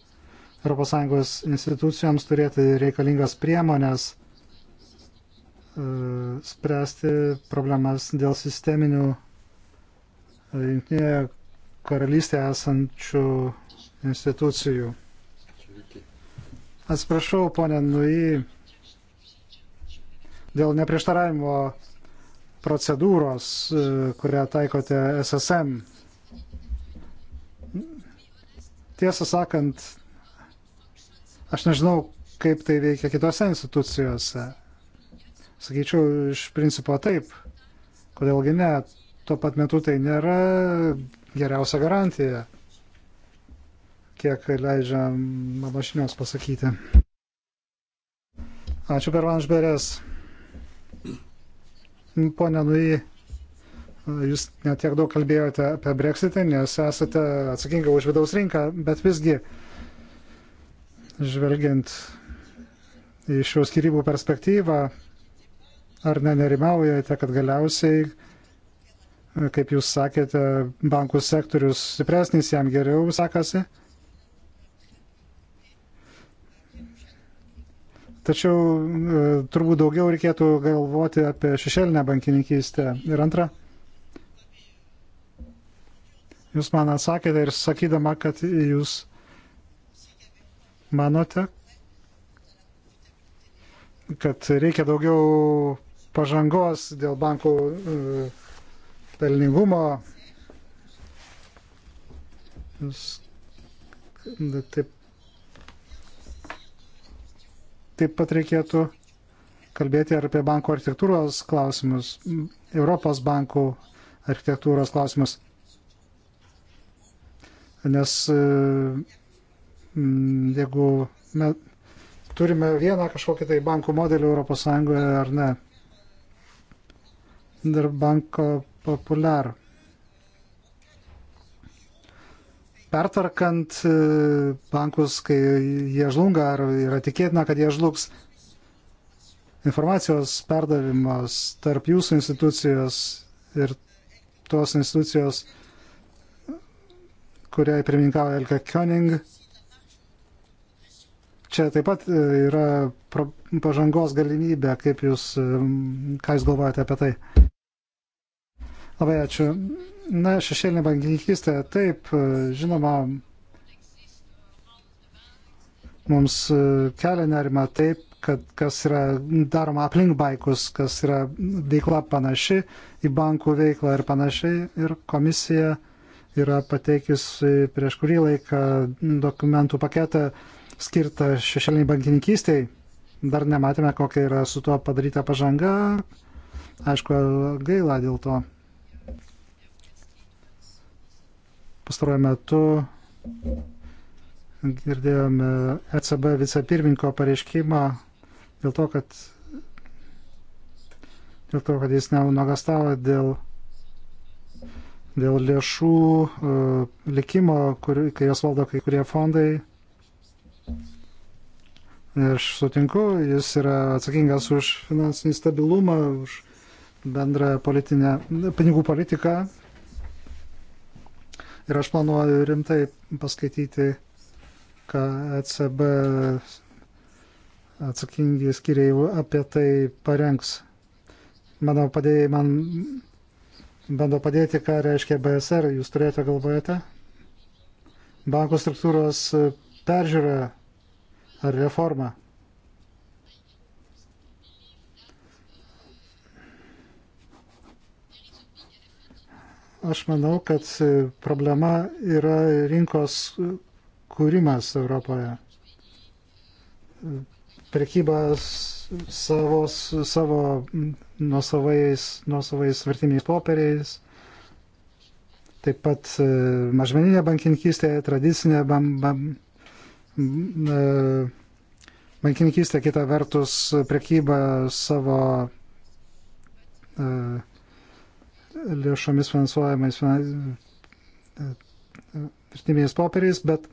ES institucijoms turėti reikalingas priemonės E, spręsti problemas dėl sisteminių e, jungtinėje karalystėje esančių institucijų. Atsiprašau, ponė Nui, dėl neprieštaravimo procedūros, e, kurią taikote SSM. Tiesą sakant, aš nežinau, kaip tai veikia kitose institucijose. Sakyčiau, iš principo taip. Kodėlgi ne, tuo pat metu tai nėra geriausia garantija, kiek leidžia mano žinios pasakyti. Ačiū per Vanžberės. Pone Nui, jūs netiek daug kalbėjote apie Brexitą, nes esate atsakinga už vidaus rinką, bet visgi, žvelgiant iš šios skirybų perspektyvą, Ar nenerimaujate, kad galiausiai, kaip jūs sakėte, bankų sektorius stipresnis jam geriau sekasi? Tačiau e, turbūt daugiau reikėtų galvoti apie šešėlinę bankininkystę. Ir antra, jūs man atsakėte ir sakydama, kad jūs manote, kad reikia daugiau pažangos dėl bankų e, pelningumo. Taip, taip pat reikėtų kalbėti ir apie bankų architektūros klausimus, Europos bankų architektūros klausimus. Nes e, jeigu turime vieną kažkokį tai bankų modelį ES ar ne, del Banko Popular. Pertvarkant e, bankus, kai jie žlunga ar yra tikėtina, kad jie žlugs, informacijos perdavimas tarp jūsų institucijos ir tos institucijos, kuriai pirmininkavo Elke Koenig. Čia taip pat e, yra pažangos galimybė, kaip jūs, e, ką jūs galvojate apie tai. Labai ačiū. Na, šešėlinė bankininkystė, taip, žinoma, mums e, kelia nerima taip, kad kas yra daroma aplink baikus, kas yra veikla panaši į bankų veiklą ir panašiai. Ir komisija yra pateikis prieš kurį laiką dokumentų paketą skirtą šešėliniai bankininkystiai. Dar nematėme, kokia yra su tuo padaryta pažanga. Aišku, gaila dėl to. Pastaruoju metu girdėjome ECB vicepirminko pareiškimą dėl to, kad, dėl to, kad jis nenugastavo dėl, dėl lėšų uh, likimo, kur, kai jos valdo kai kurie fondai. Aš sutinku, jis yra atsakingas už finansinį stabilumą, už bendrą politinę, pinigų politiką Ir aš planuoju rimtai paskaityti, ką ECB atsakingi skiriai apie tai parengs. Mano padėjai man bando padėti, ką reiškia BSR, jūs turėjote galvojate? Bankų struktūros peržiūra ar reforma? Aš manau, kad problema yra rinkos kūrimas Europoje. Prekybas savos, savo nuosavais, nuosavais vertimiais popieriais, taip pat e, mažmeninė bankininkystė, tradicinė bam, bam, e, bankininkystė, kita vertus prekyba savo uh, lėšomis finansuojamais vertybiniais popieriais, bet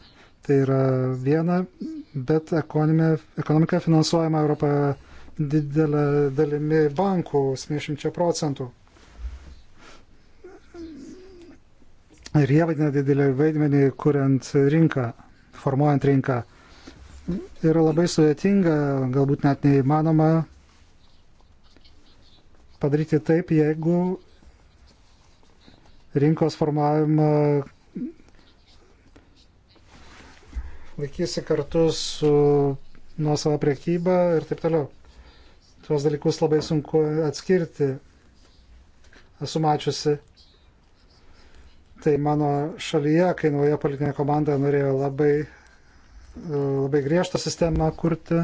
tai yra viena, bet ekonomika finansuojama Europoje didelė dalimi bankų, 70 procentų. Ir jie vadina didelį vaidmenį, kuriant rinką, formuojant rinką. Yra labai sudėtinga, galbūt net neįmanoma padaryti taip, jeigu rinkos formavimą laikysi kartu su nuosava priekyba ir taip toliau. Tuos dalykus labai sunku atskirti. Esu mačiusi. Tai mano šalyje, kai nauja politinė komanda norėjo labai, labai griežtą sistemą kurti,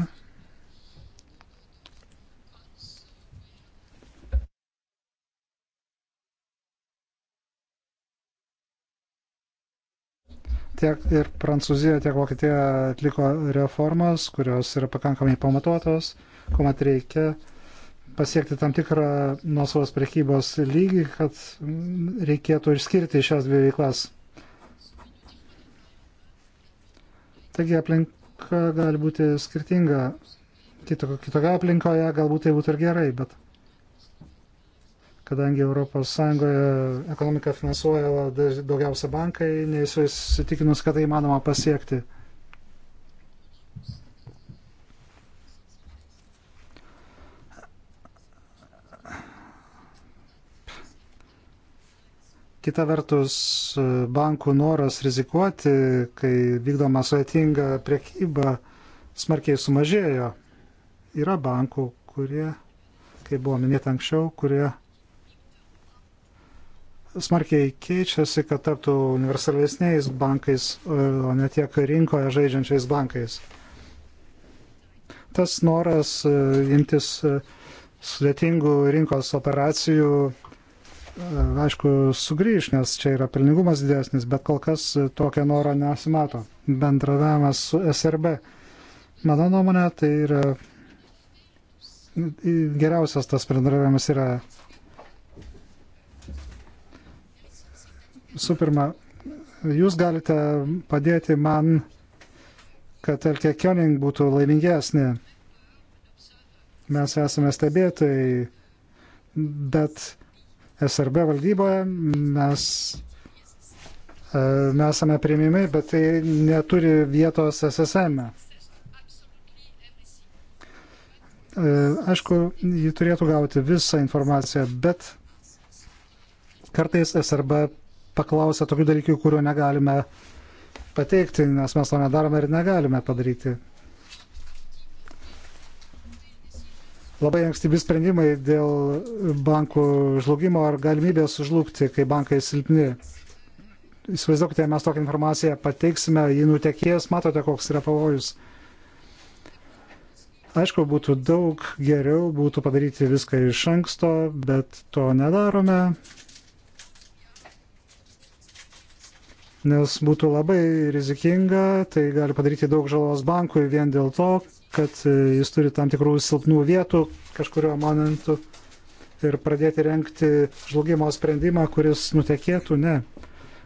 Tiek ir Prancūzija, tiek Vokietija atliko reformas, kurios yra pakankamai pamatuotos, kuomet reikia pasiekti tam tikrą nuosavos prekybos lygį, kad reikėtų išskirti šias dvi veiklas. Taigi aplinka gali būti skirtinga. Kitokia aplinkoje galbūt tai būtų ir gerai, bet kadangi ES ekonomiką finansuoja daugiausia bankai, nesu įsitikinus, kad tai įmanoma pasiekti. Kita vertus, bankų noras rizikuoti, kai vykdoma sudėtinga priekyba, smarkiai sumažėjo. Yra bankų, kurie, kaip buvo minėta anksčiau, kurie smarkiai keičiasi, kad taptų universalesniais bankais, o ne tiek rinkoje žaidžiančiais bankais. Tas noras e, imtis e, sudėtingų rinkos operacijų, e, aišku, sugrįž, nes čia yra pelningumas didesnis, bet kol kas tokio noro nesimato. Bendradavimas su SRB. Mano nuomonė, tai yra geriausias tas bendradavimas yra Su pirma, jūs galite padėti man, kad Elke Kioning būtų laimingesnė. Mes esame stebėtojai, bet SRB valdyboje mes e, mes esame priimimi, bet tai neturi vietos SSM. E, aišku, ji turėtų gauti visą informaciją, bet kartais SRB paklausė tokių dalykų, kurių negalime pateikti, nes mes to nedarome ir negalime padaryti. Labai ankstyvi sprendimai dėl bankų žlugimo ar galimybės žlugti, kai bankai silpni. Įsivaizduokite, mes tokią informaciją pateiksime, jį nutekės, matote, koks yra pavojus. Aišku, būtų daug geriau, būtų padaryti viską iš anksto, bet to nedarome. nes būtų labai rizikinga, tai gali padaryti daug žalos bankui vien dėl to, kad e, jis turi tam tikrų silpnų vietų kažkurio momentu ir pradėti renkti žlugimo sprendimą, kuris nutekėtų, ne.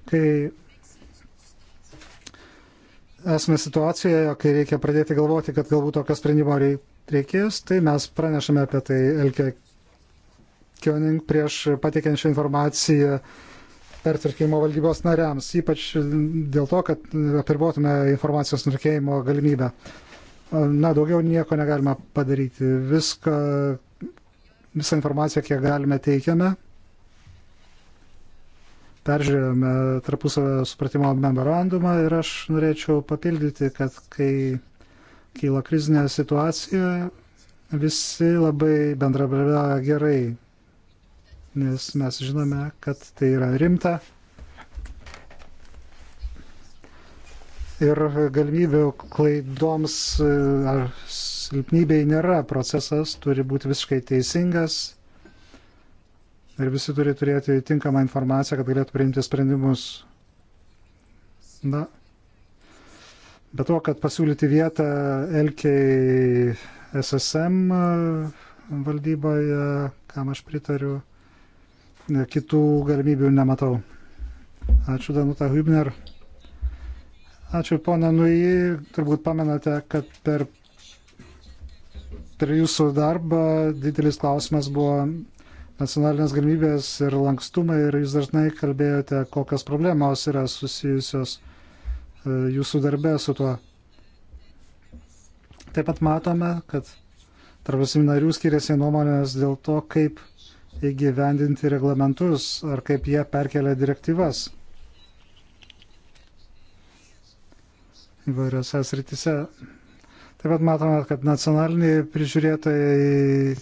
Kai esame situacijoje, kai reikia pradėti galvoti, kad galbūt tokio sprendimo reikės, tai mes pranešame apie tai Elke Kioning prieš pateikiant šią informaciją pertvarkymo valdybos nariams, ypač dėl to, kad apribotume informacijos nutikėjimo galimybę. Na, daugiau nieko negalima padaryti. Viską, visą informaciją, kiek galime, teikiame. Peržiūrėjome tarpusavio supratimo memorandumą ir aš norėčiau papildyti, kad kai kyla krizinė situacija, visi labai bendradarbiavę gerai nes mes žinome, kad tai yra rimta. Ir galimybių klaidoms e, ar silpnybei nėra. Procesas turi būti visiškai teisingas ir visi turi turėti tinkamą informaciją, kad galėtų priimti sprendimus. Na, be to, kad pasiūlyti vietą Elkiai SSM e, valdyboje, kam aš pritariu, Kitų galimybių nematau. Ačiū Danuta Hübner. Ačiū ponia Nui, turbūt pamenate, kad per, per jūsų darbą didelis klausimas buvo nacionalinės galimybės ir lankstumai ir jūs dažnai kalbėjote, kokios problemos yra susijusios e, jūsų darbė su tuo. Taip pat matome, kad tarp seminarių skiriasi nuomonės dėl to, kaip įgyvendinti reglamentus ar kaip jie perkelia direktyvas įvairiose srityse. Taip pat matome, kad nacionaliniai prižiūrėtojai,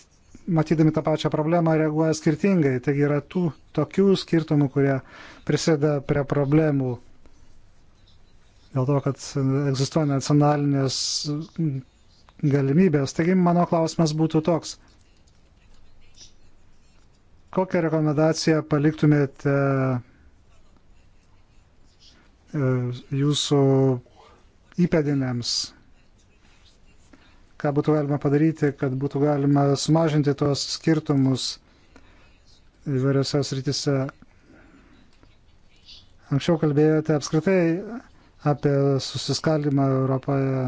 matydami tą pačią problemą, reaguoja skirtingai. Taigi yra tų tokių skirtumų, kurie prisėda prie problemų. Dėl to, kad egzistuoja nacionalinės galimybės. Taigi mano klausimas būtų toks. Kokią rekomendaciją paliktumėte e, jūsų įpėdinėms? Ką būtų galima padaryti, kad būtų galima sumažinti tuos skirtumus įvairiose srityse? Anksčiau kalbėjote apskritai apie susiskaldimą Europoje.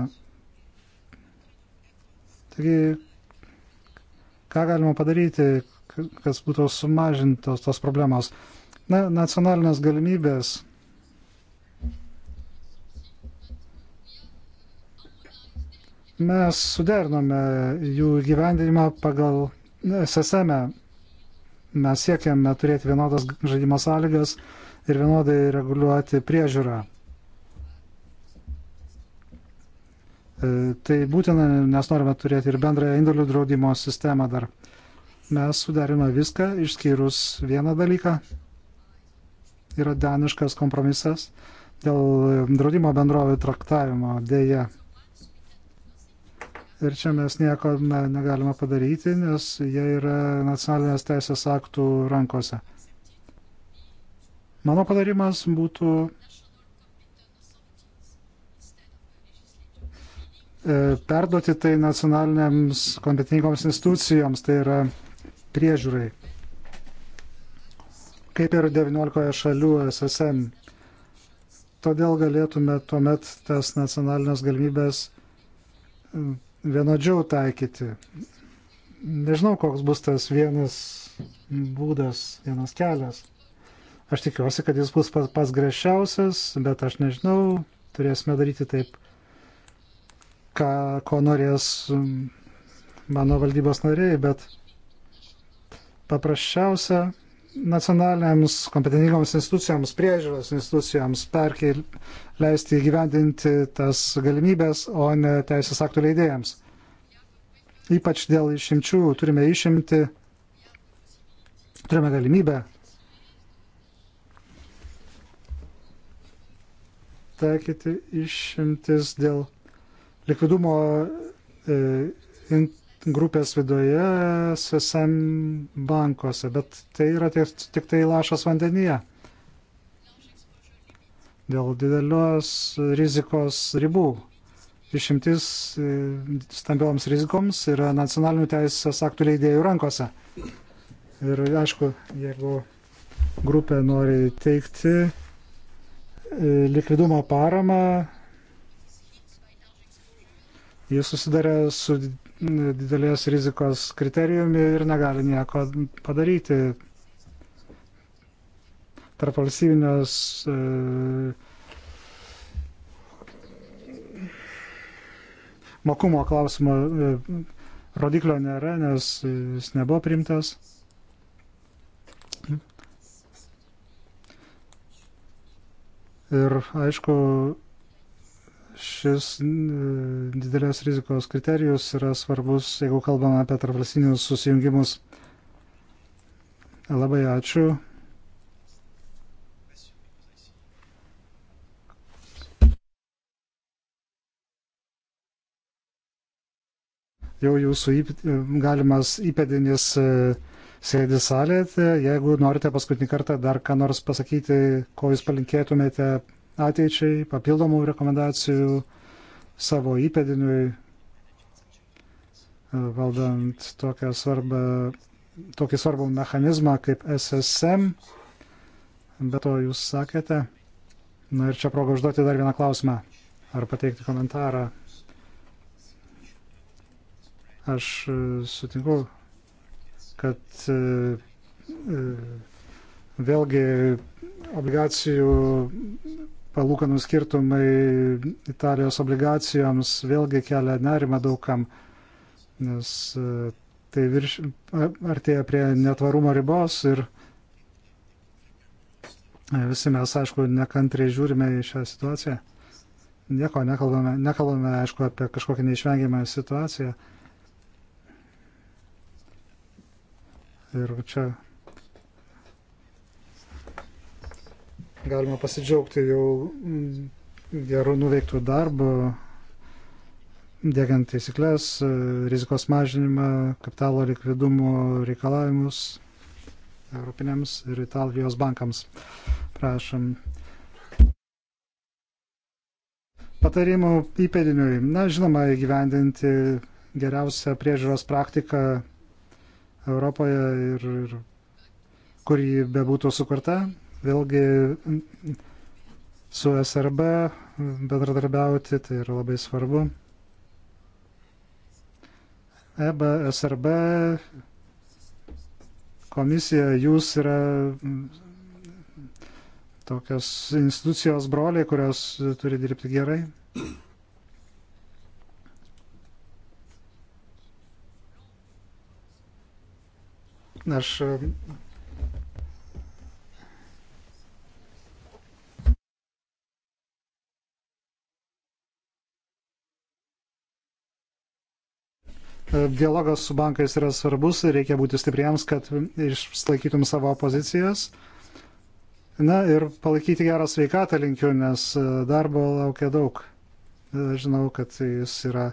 Taigi, ką galima padaryti, kas būtų sumažintos tos problemos. Na, nacionalinės galimybės. Mes suderinome jų gyvendinimą pagal SSM. E. Mes siekiame turėti vienodas žaidimo sąlygas ir vienodai reguliuoti priežiūrą. E, tai būtina, nes norime turėti ir bendrąją indėlių draudimo sistemą dar mes sudarėme viską, išskyrus vieną dalyką. Yra daniškas kompromisas dėl draudimo bendrovių traktavimo dėja. Ir čia mes nieko ne, negalime padaryti, nes jie yra nacionalinės teisės aktų rankose. Mano padarimas būtų e, perduoti tai nacionaliniams kompetingoms institucijoms, tai yra priežiūrai. Kaip ir 19 šalių SSM. Todėl galėtume tuomet tas nacionalinės galimybės vienodžiau taikyti. Nežinau, koks bus tas vienas būdas, vienas kelias. Aš tikiuosi, kad jis bus pas, pas grėžčiausias, bet aš nežinau, turėsime daryti taip, ką, ko norės mano valdybos nariai, bet Paprasčiausia nacionaliniams kompetentingoms institucijoms, priežiūros institucijoms perkel, leisti įgyvendinti tas galimybės, o ne teisės aktų leidėjams. Ypač dėl išimčių turime išimti, turime galimybę taikyti išimtis dėl likvidumo e, in, grupės viduje SSM bankuose, bet tai yra tik, tik tai lašas vandenyje. Dėl didelios rizikos ribų. Išimtis e, stambioms rizikoms yra nacionalinių teisės aktų leidėjų rankose. Ir aišku, jeigu grupė nori teikti e, likvidumo paramą, jis susidarė su didelės rizikos kriterijumi ir negali nieko padaryti. Tarp valstybinės e, mokumo klausimo e, rodiklio nėra, nes jis nebuvo primtas. Ir aišku, šis didelės rizikos kriterijus yra svarbus, jeigu kalbame apie tarpvalstinius susijungimus. Labai ačiū. Jau jūsų įp, galimas įpėdinis e, sėdi salėje. Jeigu norite paskutinį kartą dar ką nors pasakyti, ko jūs palinkėtumėte ateičiai, papildomų rekomendacijų savo įpėdiniui, e, valdant tokią svarbą, tokį svarbų mechanizmą kaip SSM. Be to jūs sakėte. Na ir čia proga užduoti dar vieną klausimą ar pateikti komentarą. Aš e, sutinku, kad e, vėlgi obligacijų palūkanų skirtumai Italijos obligacijoms vėlgi kelia nerimą daugam, nes e, tai virš, artėja prie netvarumo ribos ir e, visi mes, aišku, nekantriai žiūrime į šią situaciją. Nieko nekalbame, nekalbame, aišku, apie kažkokią neišvengiamą situaciją. Ir čia Galima pasidžiaugti jau mm, gerų nuveiktų darbų, dėgiant teisiklės, rizikos mažinimą, kapitalo likvidumo reikalavimus Europinėms ir Italijos bankams. Prašom. Patarimų įpėdiniui. Na, žinoma, įgyvendinti geriausią priežiūros praktiką Europoje ir, ir kur ji bebūtų sukurta vėlgi su SRB bendradarbiauti, tai yra labai svarbu. EBA, SRB, komisija, jūs yra tokios institucijos broliai, kurios turi dirbti gerai. Aš E, dialogas su bankais yra svarbus ir reikia būti stipriems, kad išlaikytum savo pozicijas. Na ir palaikyti gerą sveikatą linkiu, nes e, darbo laukia daug. E, žinau, kad jis yra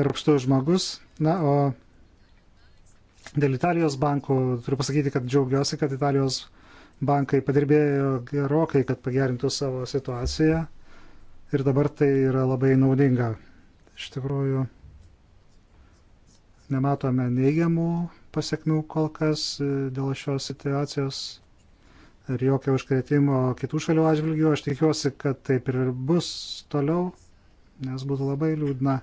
darbštus žmogus. Na, o dėl Italijos bankų turiu pasakyti, kad džiaugiuosi, kad Italijos bankai padirbėjo gerokai, kad pagerintų savo situaciją. Ir dabar tai yra labai naudinga. Iš tikrųjų nematome neigiamų pasiekmių kol kas e, dėl šios situacijos ir jokio užkretimo kitų šalių atžvilgių. Aš tikiuosi, kad taip ir bus toliau, nes būtų labai liūdna,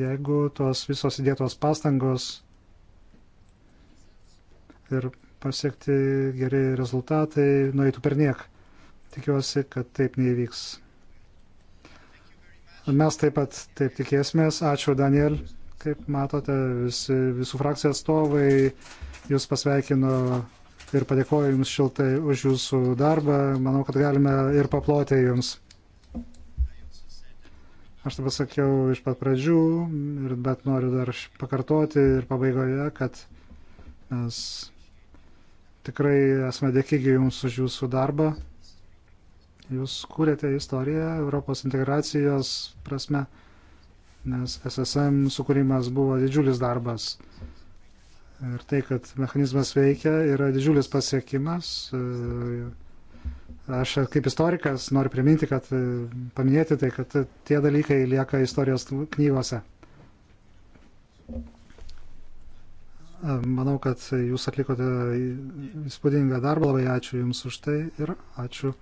jeigu tos visos įdėtos pastangos ir pasiekti geri rezultatai nueitų per niek. Tikiuosi, kad taip neįvyks. Mes taip pat taip tikėsimės. Ačiū, Daniel. Kaip matote, visi, visų frakcijų atstovai jūs pasveikino ir padėkoju jums šiltai už jūsų darbą. Manau, kad galime ir paploti jums. Aš tai pasakiau iš pat pradžių, bet noriu dar pakartoti ir pabaigoje, kad mes tikrai esame dėkingi jums už jūsų darbą. Jūs kūrėte istoriją Europos integracijos prasme nes SSM sukūrimas buvo didžiulis darbas. Ir tai, kad mechanizmas veikia, yra didžiulis pasiekimas. Aš kaip istorikas noriu priminti, kad paminėti tai, kad tie dalykai lieka istorijos knygose. Manau, kad jūs atlikote įspūdingą darbą, labai ačiū Jums už tai ir ačiū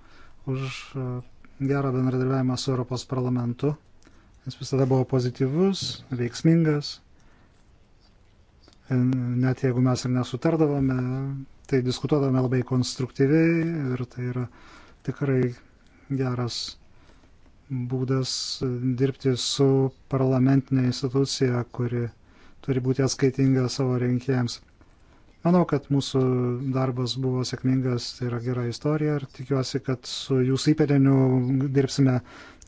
už gerą bendradarbiavimą su Europos parlamentu. Jis visada buvo pozityvus, veiksmingas. Net jeigu mes ir nesutardavome, tai diskutuodavome labai konstruktyviai ir tai yra tikrai geras būdas dirbti su parlamentinė institucija, kuri turi būti atskaitinga savo rinkėjams. Manau, kad mūsų darbas buvo sėkmingas, tai yra gera istorija ir tikiuosi, kad su jūsų įpėdiniu dirbsime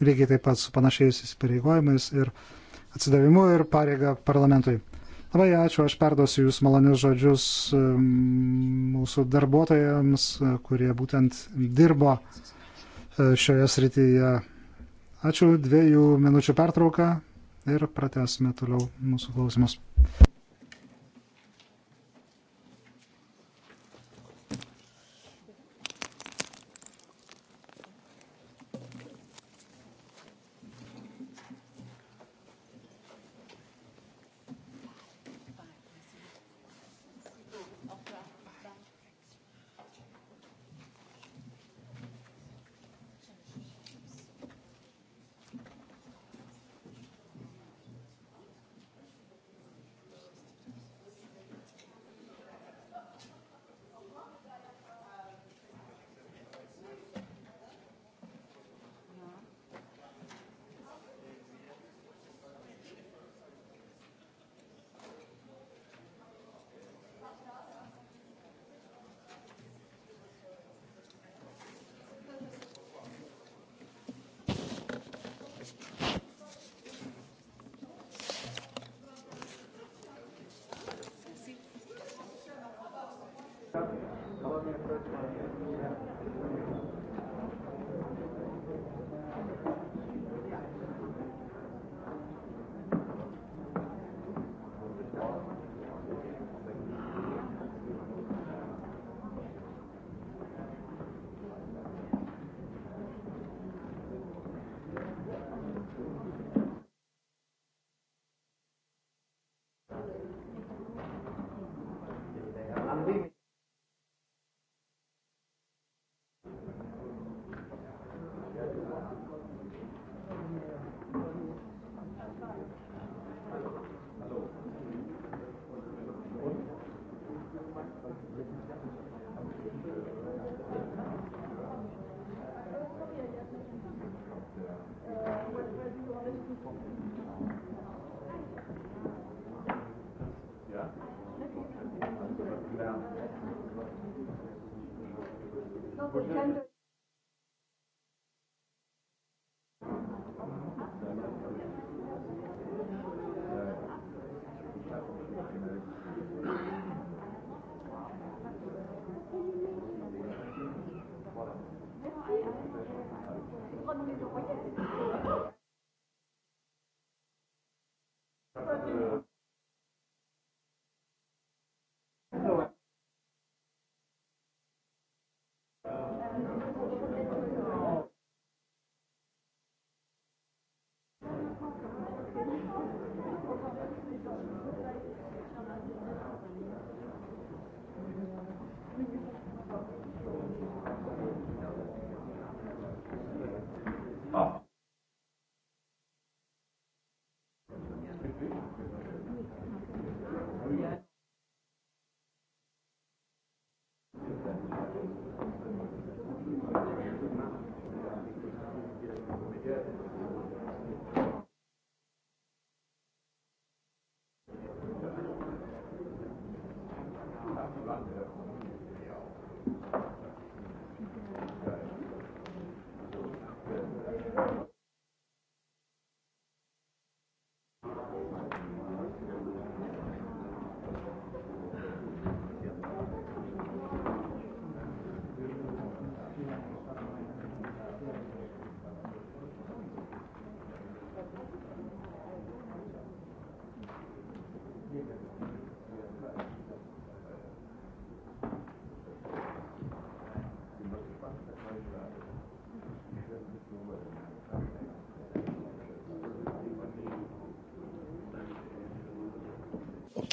lygiai taip pat su panašiais įsipareigojimais ir atsidavimu ir pareiga parlamentui. Labai ačiū, aš perduosiu jūs malonius žodžius um, mūsų darbuotojams, kurie būtent dirbo uh, šioje srityje. Ačiū, dviejų minučių pertrauką ir pratęsime toliau mūsų klausimus.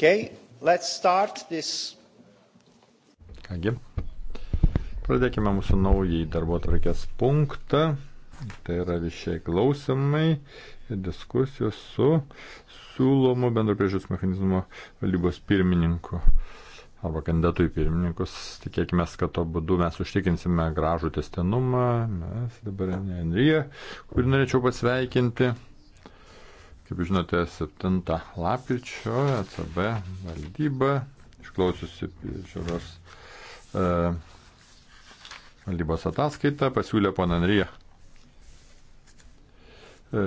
Okay, let's start this. Kągi, pradėkime mūsų naujai darbo tvarkės punktą. Tai yra viešiai klausimai ir diskusijos su siūlomu bendro priežiūros mechanizmo valdybos pirmininku arba kandidatų į pirmininkus. Tikėkime, kad to būdu mes užtikrinsime gražų testinumą. Mes dabar Enryje, kurį norėčiau pasveikinti. Kaip žinote, 7 lapkričio ECB valdyba, išklausiusi žiūros e, valdybos ataskaitą, pasiūlė pana Andrija e,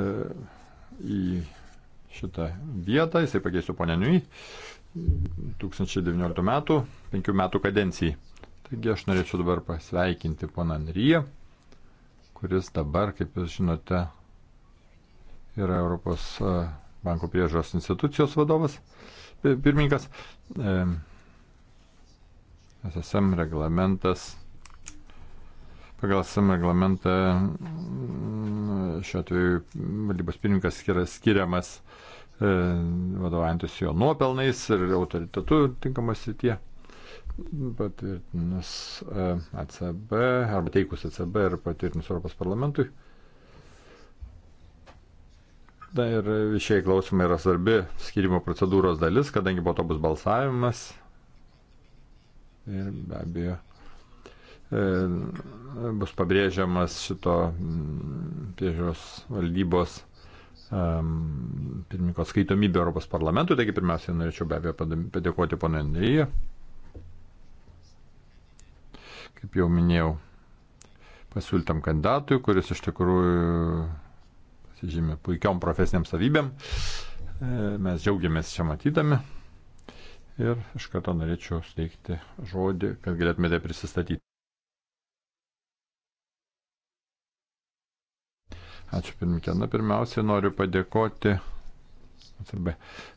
į šitą vietą, jisai pakeistų pana Nui 2019 metų, 5 metų kadencijai. Taigi aš norėčiau dabar pasveikinti pana Andriją, kuris dabar, kaip jūs žinote, yra Europos e, banko priežos institucijos vadovas, pirmininkas. E, SSM reglamentas. Pagal SSM reglamentą mm, šiuo atveju valdybos pirmininkas yra skiriamas e, vadovaujantis jo nuopelnais ir autoritetu tinkamas srityje. Patvirtinus ACB arba teikus ACB ir patvirtinus Europos parlamentui Na ir šie klausimai yra svarbi skirimo procedūros dalis, kadangi po to bus balsavimas. Ir be abejo e, bus pabrėžiamas šito mm, priežiūros valdybos um, pirmininko skaitomybė Europos parlamentui. Taigi pirmiausia, norėčiau be abejo padėkoti ponui Andrijai. Kaip jau minėjau, pasiūlytam kandidatui, kuris iš tikrųjų pasižymė puikiom profesiniam savybėm. E, mes džiaugiamės čia matydami. Ir iš karto norėčiau steigti žodį, kad galėtumėte prisistatyti. Ačiū pirmininkė. Na, pirmiausia, noriu padėkoti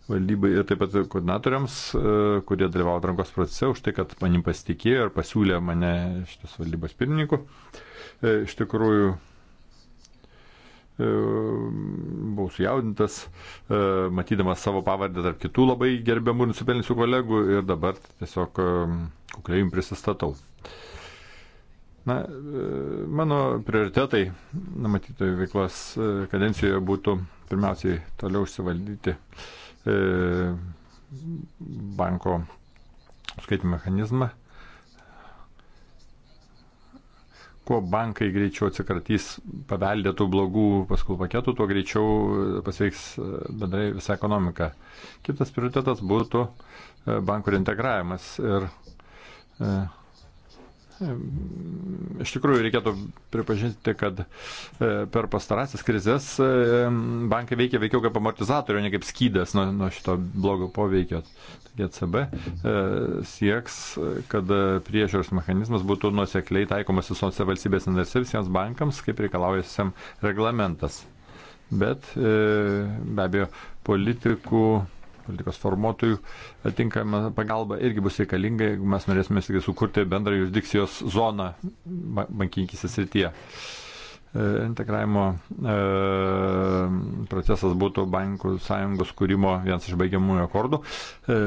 valdybai ir taip pat koordinatoriams, e, kurie dalyvavo atrankos procese, už tai, kad manim pasitikėjo ir pasiūlė mane šitas valdybos pirmininku. E, iš tikrųjų, Ehm, buvau sujaudintas, ehm, matydamas savo pavardę tarp kitų labai gerbiamų ir nusipelnusių kolegų ir dabar tiesiog ehm, kukliai jums prisistatau. Na, mano prioritetai, numatytojų veiklos kadencijoje būtų pirmiausiai toliau užsivaldyti banko skaitų mechanizmą, kuo bankai greičiau atsikratys paveldėtų blogų paskolų paketų, tuo greičiau e, pasveiks e, bendrai visą ekonomiką. Kitas prioritetas būtų e, bankų integravimas ir Iš tikrųjų, reikėtų pripažinti, kad e, per pastarąsias krizės e, bankai veikia veikiau kaip amortizatorių, ne kaip skydas nuo, nuo šito blogo poveikio. Taigi ECB e, sieks, kad priežiūros mechanizmas būtų nuosekliai taikomas visose valstybės narėse visiems bankams, kaip reikalauja visiems reglamentas. Bet be abejo, politikų politikos formuotojų e, tinkama pagalba irgi bus reikalinga, jeigu mes norėsime sukurti bendrą jurisdikcijos zoną bankininkysės srityje e, integravimo e, procesas būtų bankų sąjungos kūrimo vienas iš baigiamųjų akordų. E,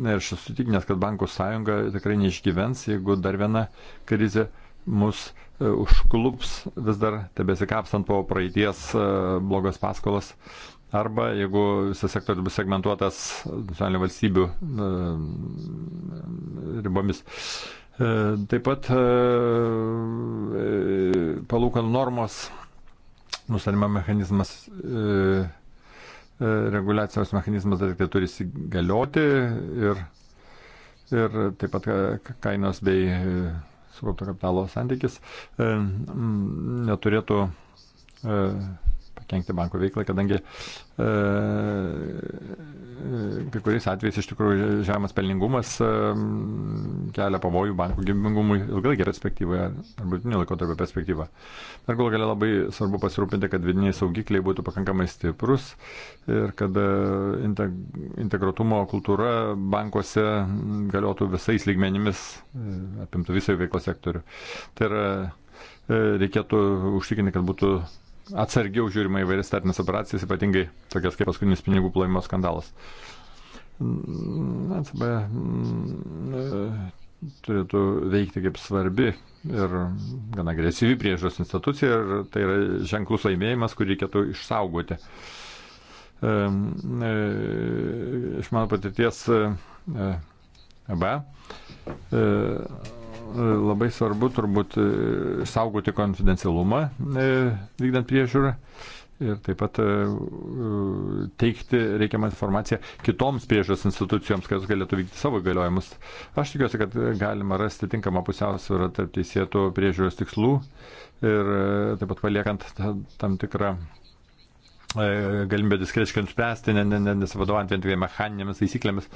ir aš esu tikinęs, kad bankų sąjunga tikrai neišgyvens, jeigu dar viena krizė mus e, užklups, vis dar tebesikapstant po praeities e, blogas paskolas. E, Arba jeigu visas sektorius bus segmentuotas nacionalinių valstybių e, ribomis. E, taip pat e, palūkanų normos nustatymo mechanizmas reguliacijos mechanizmas dar tik tai turi įsigalioti ir, ir taip pat kainos bei sukaupto kapitalo santykis neturėtų pakengti bankų veiklai, kadangi e, e, kai kuriais atvejais iš tikrųjų žemas pelningumas e, kelia pavojų bankų gyvybingumui ilgalaikį perspektyvą ar būtinį laikotarpio perspektyvą. Dar gal galia labai svarbu pasirūpinti, kad vidiniai saugikliai būtų pakankamai stiprus ir kad e, integ integruotumo kultūra bankuose galiotų visais lygmenimis, e, apimtų visą veiklos sektorių. Tai yra reikėtų užtikrinti, kad būtų atsargiau žiūrima įvairias tartinės operacijas, ypatingai tokias kaip paskutinis pinigų plovimo skandalas. ECB mm, e, turėtų veikti kaip svarbi ir gana agresyvi priežos institucija ir tai yra ženklus laimėjimas, kurį reikėtų išsaugoti. E, e, iš mano patirties EBA E, labai svarbu turbūt e, saugoti konfidencialumą e, vykdant priežiūrą ir taip pat teikti reikiamą informaciją kitoms priežos institucijoms, kad galėtų vykti savo galiojimus. Aš tikiuosi, kad galima rasti tinkamą pusiausvyrą tarp teisėtų priežiūros tikslų ir taip pat paliekant tam tikrą E, galimybę diskretiškai nuspręsti, ne, ne, ne, nesivadovaujant vien tik tai mechaninėmis taisyklėmis.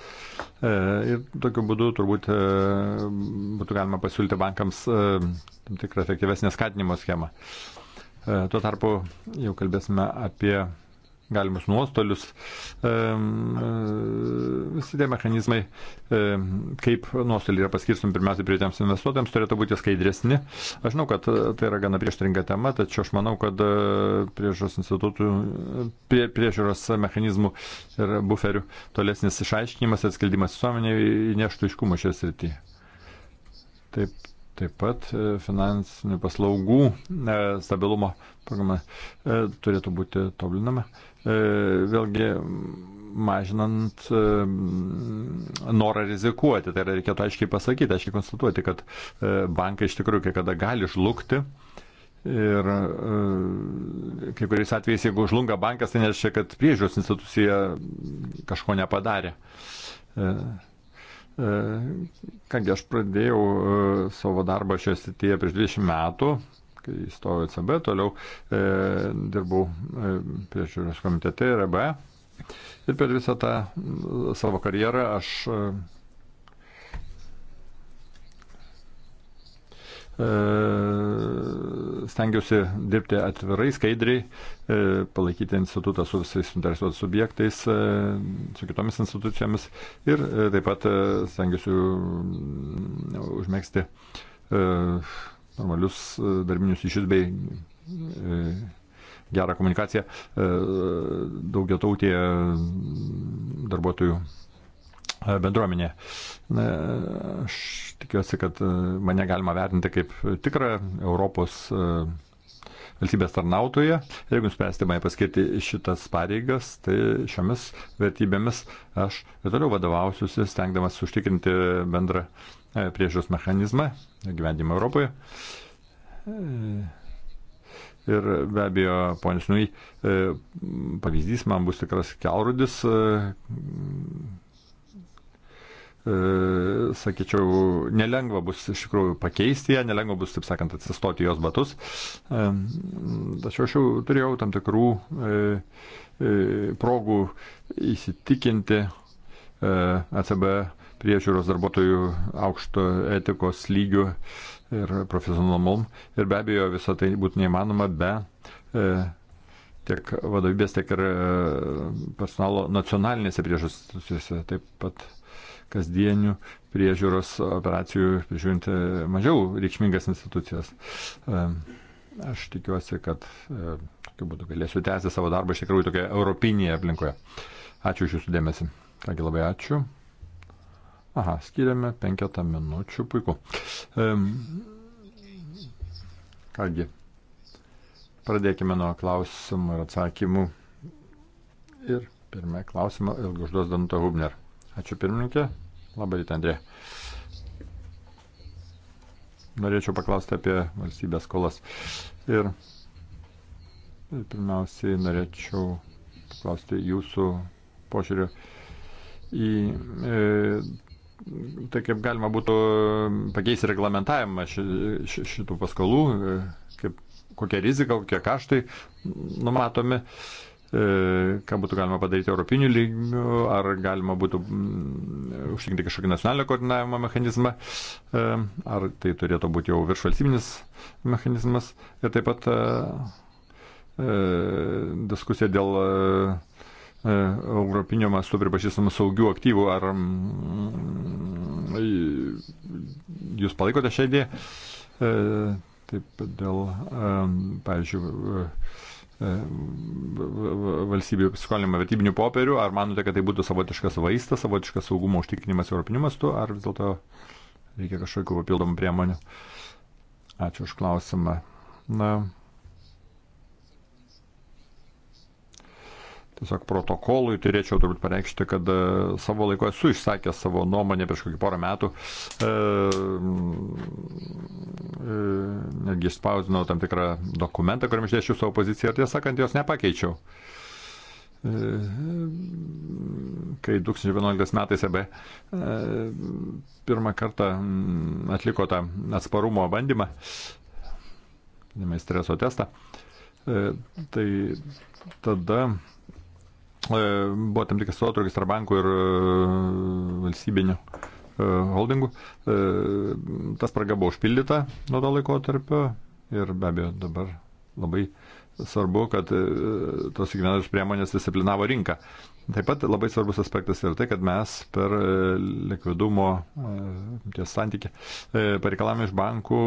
E, ir tokiu būdu turbūt e, būtų galima pasiūlyti bankams tam tikrą efektyvesnę skatinimo schemą. Tuo tarpu jau kalbėsime apie galimus nuostolius. E, visi tie mechanizmai, kaip nuostoliai yra paskirstumi pirmiausia prieitėms investuotojams, turėtų būti skaidresni. Aš žinau, kad e, tai yra gana prieštaringa tema, tačiau aš manau, kad e, priežiūros institutų, prie, priežiūros mechanizmų ir buferių tolesnis išaiškinimas, atskeldimas visuomeniai neštų iškumo šioje srityje. Taip taip pat finansinių paslaugų stabilumo programa turėtų būti tobulinama. E, vėlgi mažinant e, norą rizikuoti. Tai reikėtų aiškiai pasakyti, aiškiai konstatuoti, kad e, bankai iš tikrųjų kai kada gali žlugti. Ir kai kuriais atvejais, jeigu žlunga bankas, tai nereiškia, kad priežiūros institucija kažko nepadarė. Kągi aš pradėjau savo darbą šioje srityje prieš 20 metų, kai įstojau į CB, toliau e, dirbau e, priežiūros komitete ir EBA. E. Ir per visą tą savo karjerą aš e, e stengiuosi dirbti atvirai, skaidriai, e, palaikyti institutą su visais suinteresuotais subjektais, su kitomis institucijomis ir taip pat stengiuosi užmėgsti normalius e, darbinius ryšius bei e, gerą komunikaciją e, daugiatautėje darbuotojų bendruomenė. Aš tikiuosi, kad mane galima vertinti kaip tikrą Europos valstybės tarnautoje. Jeigu nuspręsite mane paskirti šitas pareigas, tai šiomis vertybėmis aš ir toliau vadovausiuosi, stengdamas užtikrinti bendrą E, priežiūros mechanizmą gyvendimą Europoje. E, ir be abejo, ponis Nui, e, pavyzdys man bus tikras kelrudis, sakyčiau, nelengva bus iš tikrųjų pakeisti ją, nelengva bus, taip sakant, atsistoti jos batus. Tačiau aš jau turėjau tam tikrų progų įsitikinti ECB priežiūros darbuotojų aukšto etikos lygių ir profesionalumom. Ir be abejo, visą tai būtų neįmanoma be e, tiek vadovybės, tiek ir e, personalo nacionalinėse priežastusiuose, taip pat kasdienių priežiūros operacijų prižiūrint e, mažiau reikšmingas institucijas. E, aš tikiuosi, kad tokiu būdu galėsiu tęsti savo darbą iš tikrųjų tokioje europinėje aplinkoje. Ačiū iš jūsų dėmesį. Kągi labai ačiū. Aha, skiriame penketą minučių, puiku. Um, kągi, pradėkime nuo klausimų ir atsakymų. Ir pirmą klausimą ilgai užduos Danuta Hubner. Ačiū pirmininkė, labai ryte Andrė. Norėčiau paklausti apie valstybės skolas. Ir, ir pirmiausiai norėčiau paklausti jūsų požiūrių į e, tai kaip galima būtų pakeisti reglamentavimą ši, ši, šitų paskolų, e, kaip, kokia rizika, kokie kaštai numatomi, e, ką būtų galima padaryti europinių lygmių, ar galima būtų mm, užtikrinti kažkokį nacionalinio koordinavimo mechanizmą, e, ar tai turėtų būti jau viršvalstybinis mechanizmas ir taip pat diskusija dėl E, europinio mastu pripažįstamų saugių aktyvų. Ar mm, jūs palaikote šią idėją? E, taip, dėl, e, pavyzdžiui, valstybių skolinimą vertybinių popierių, ar manote, kad tai būtų savotiškas vaistas, savotiškas saugumo užtikrinimas europiniu mastu, ar vis dėlto reikia kažkokių papildomų priemonių? Ačiū už klausimą. Na, tiesiog protokolui turėčiau turbūt pareikšti, kad e, savo laiko esu išsakęs savo nuomonę prieš kokį porą metų. E, e, netgi išspausdinau tam tikrą dokumentą, kuriam išdėšiu savo poziciją ir tiesą sakant, jos nepakeičiau. E, kai 2011 metais EB e, pirmą kartą atliko tą atsparumo bandymą, streso testą, e, tai tada E, buvo tam tikras atotrukis tarp bankų ir e, valstybinių e, holdingų. Tas spraga buvo užpildyta nuo to laiko tarpio ir be abejo dabar labai svarbu, kad tos įgyvendintos priemonės disciplinavo rinką. Taip pat labai svarbus aspektas yra tai, kad mes per likvidumo ties santykį pareikalavome iš bankų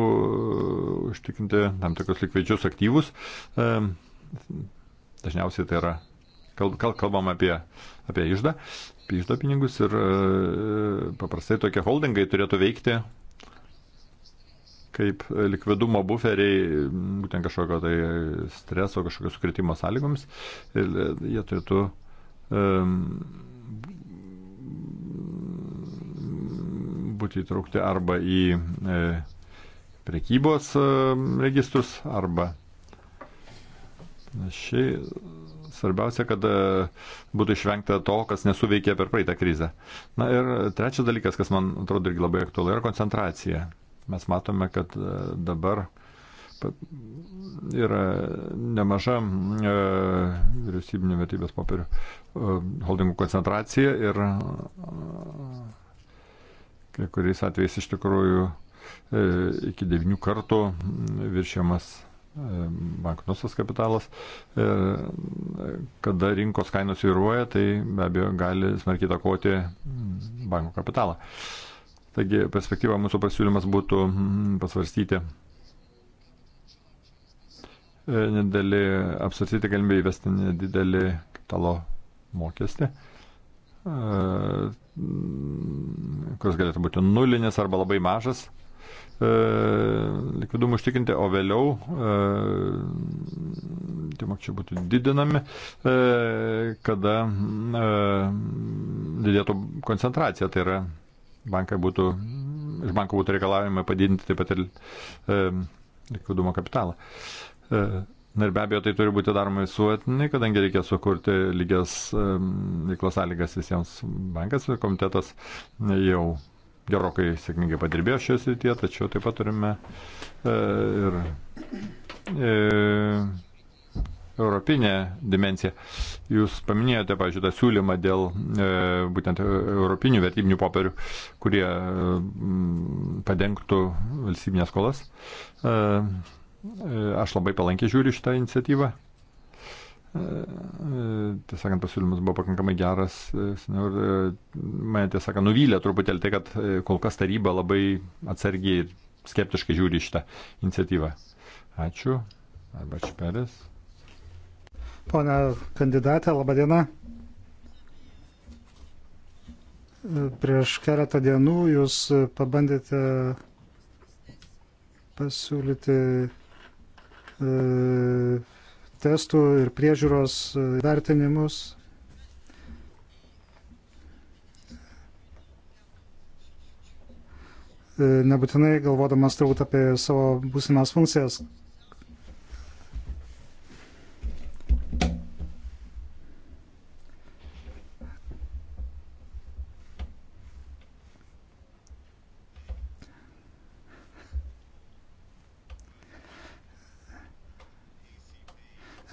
užtikrinti tam tikrus likvidžius aktyvus. Dažniausiai tai yra kalbam apie, apie išdą, apie išdą pinigus ir e, paprastai tokie holdingai turėtų veikti kaip likvidumo buferiai, būtent kažkokio tai streso, kažkokio sukretimo sąlygomis ir e, jie turėtų um, būti įtraukti arba į e, prekybos e, registrus, arba šiai Svarbiausia, kad e, būtų išvengta to, kas nesuveikė per praeitą krizę. Na ir trečias dalykas, kas man atrodo irgi labai aktualu, yra koncentracija. Mes matome, kad e, dabar yra nemaža e, vyriausybinio vertybės popierių holdingų koncentracija ir kai kuriais atvejais iš tikrųjų iki devinių kartų viršiamas banknusas kapitalas. Ir kada rinkos kainos įruoja, tai be abejo gali smarkiai takoti banko kapitalą. Taigi perspektyva mūsų pasiūlymas būtų mm, pasvarstyti e, nedidelį, apsvarstyti galimybę įvesti nedidelį kapitalo mokestį e, kuris galėtų būti nulinis arba labai mažas, E, likvidumų užtikrinti, o vėliau e, tie mokesčiai būtų didinami, e, kada didėtų koncentracija, tai yra bankai būtų, iš bankų būtų reikalavimai padidinti taip pat ir likvidumo kapitalą. Na ir be abejo, tai turi būti daroma visuotinai, kadangi reikia sukurti lygias veiklos sąlygas visiems bankas ir komitetas jau gerokai sėkmingai padirbėjo šioje srityje, tačiau taip pat turime e, ir e, europinė dimencija. Jūs paminėjote, pažiūrėjau, tą siūlymą dėl e, būtent europinių vertybinių popierių, kurie e, padengtų valstybinės skolas. E, e, aš labai palankiai žiūriu šitą iniciatyvą tiesą sakant, pasiūlymas buvo pakankamai geras ir e, e, mane tiesą sakant nuvylė truputėlį tai, kad e, kol kas taryba labai atsargiai ir skeptiškai žiūri šitą iniciatyvą. Ačiū. Arba Šperis. Pone kandidatė, laba diena. Prieš keletą dienų jūs pabandėte pasiūlyti e, testų ir priežiūros e, vertinimus. E, nebūtinai galvodamas turbūt apie savo būsimas funkcijas,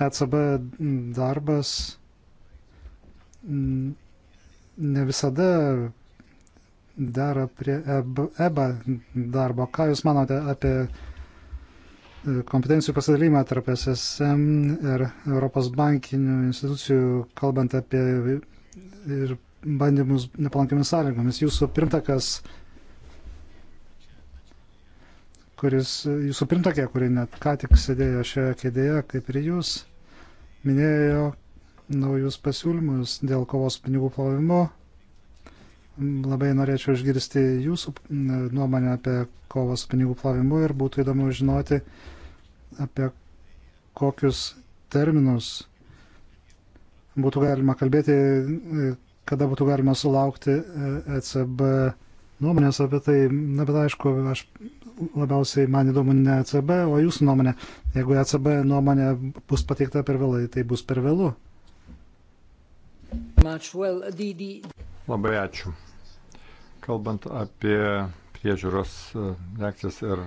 ECB darbas ne visada dera prie EBA e darbo. Ką Jūs manote apie e, kompetencijų pasidalymą tarp SSM ir Europos bankinių institucijų, kalbant apie ir bandymus nepalankiamis sąlygomis. Jūsų pirmtakas kuris jūsų pirmtakė, kuri net ką tik sėdėjo šioje kėdėje, kaip ir jūs, minėjo naujus pasiūlymus dėl kovos pinigų plovimo. Labai norėčiau išgirsti jūsų nuomonę apie kovos pinigų plovimu ir būtų įdomu žinoti, apie kokius terminus būtų galima kalbėti, kada būtų galima sulaukti ECB e, nuomonės apie tai, na bet aišku, aš labiausiai man įdomu ne ECB, o jūsų nuomonė. Jeigu ECB nuomonė bus pateikta per vėlai, tai bus per vėlų. Labai ačiū. Kalbant apie priežiūros e, reakcijas ir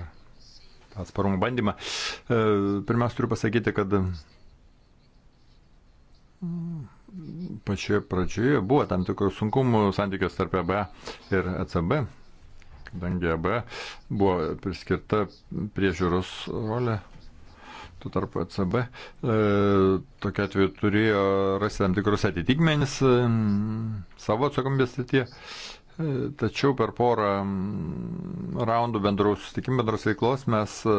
atsparumo bandymą, e, pirmiausia turiu pasakyti, kad mm, pačioje pradžioje buvo tam tikrų sunkumų santykios tarp EB ir ECB, kadangi EB buvo priskirta priežiūros rolė. Tuo tarpu ECB e, e tokia atveju turėjo rasti tam tikrus atitikmenis e, savo atsakomybės srityje. E, Tačiau per porą raundų bendrų susitikimų, bendros veiklos mes e,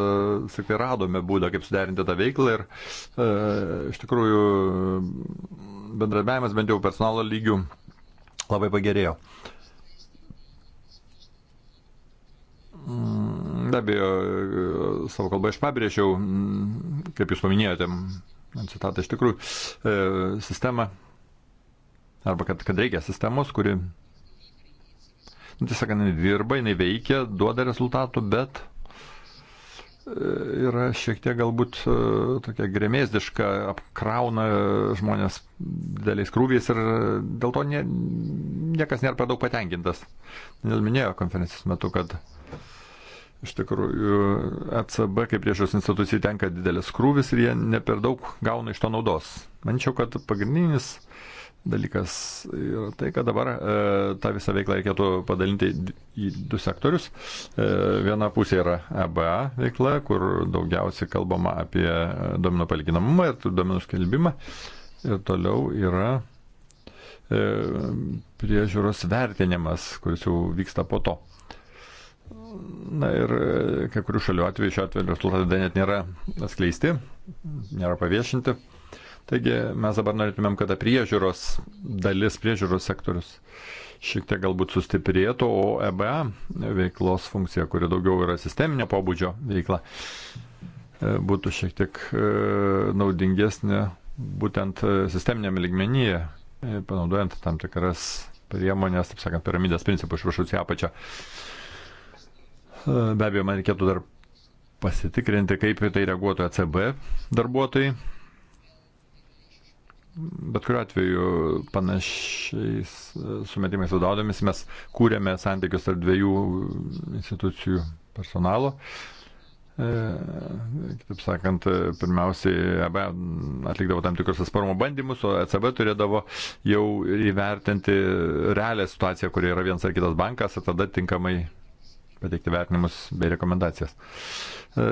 sakai, radome būdą, kaip suderinti tą veiklą ir e, iš tikrųjų bendradarbiavimas bent jau personalo lygių labai pagerėjo. Mm, be abejo, e, savo kalbą aš pabrėžiau, mm, kaip jūs paminėjote, citatą iš tikrųjų, e, sistemą, arba kad, kad reikia sistemos, kuri tiesiog jinai dirba, jinai veikia, duoda rezultatų, bet e, yra šiek tiek galbūt e, tokia grėmėsdiška, apkrauna žmonės dėliais krūviais ir dėl to nie, niekas nėra per daug patenkintas. Nes minėjo konferencijos metu, kad iš tikrųjų ECB kaip priežiūros institucijai tenka didelis krūvis ir jie ne per daug gauna iš to naudos. Mančiau, kad pagrindinis dalykas yra tai, kad dabar e, tą visą veiklą reikėtų padalinti į du sektorius. E, viena pusė yra EBA veikla, kur daugiausiai kalbama apie e, domino palikinamumą ir domenų skelbimą. Ir toliau yra e, priežiūros vertinimas, kuris jau vyksta po to. Na ir e, kai kurių šalių atveju šiuo atveju rezultatai net nėra atskleisti, nėra paviešinti. Taigi mes dabar norėtumėm, kad priežiūros dalis, priežiūros sektorius šiek tiek galbūt sustiprėtų, o EBA veiklos funkcija, kuri daugiau yra sisteminio pobūdžio veikla, e, būtų šiek tiek e, naudingesnė būtent e, sisteminiam ligmenyje, panaudojant tam tikras priemonės, taip sakant, piramidės principų iš viršaus į apačią. Be abejo, man reikėtų dar pasitikrinti, kaip į tai reaguotų ECB darbuotojai bet kuriuo atveju panašiais e, sumetimais vadovėmis mes kūrėme santykius tarp dviejų institucijų personalo. E, kitaip sakant, pirmiausiai EB atlikdavo tam tikrus atsparumo bandymus, o ECB turėdavo jau įvertinti realią situaciją, kurioje yra vienas ar kitas bankas, ir tada tinkamai pateikti vertinimus bei rekomendacijas. E,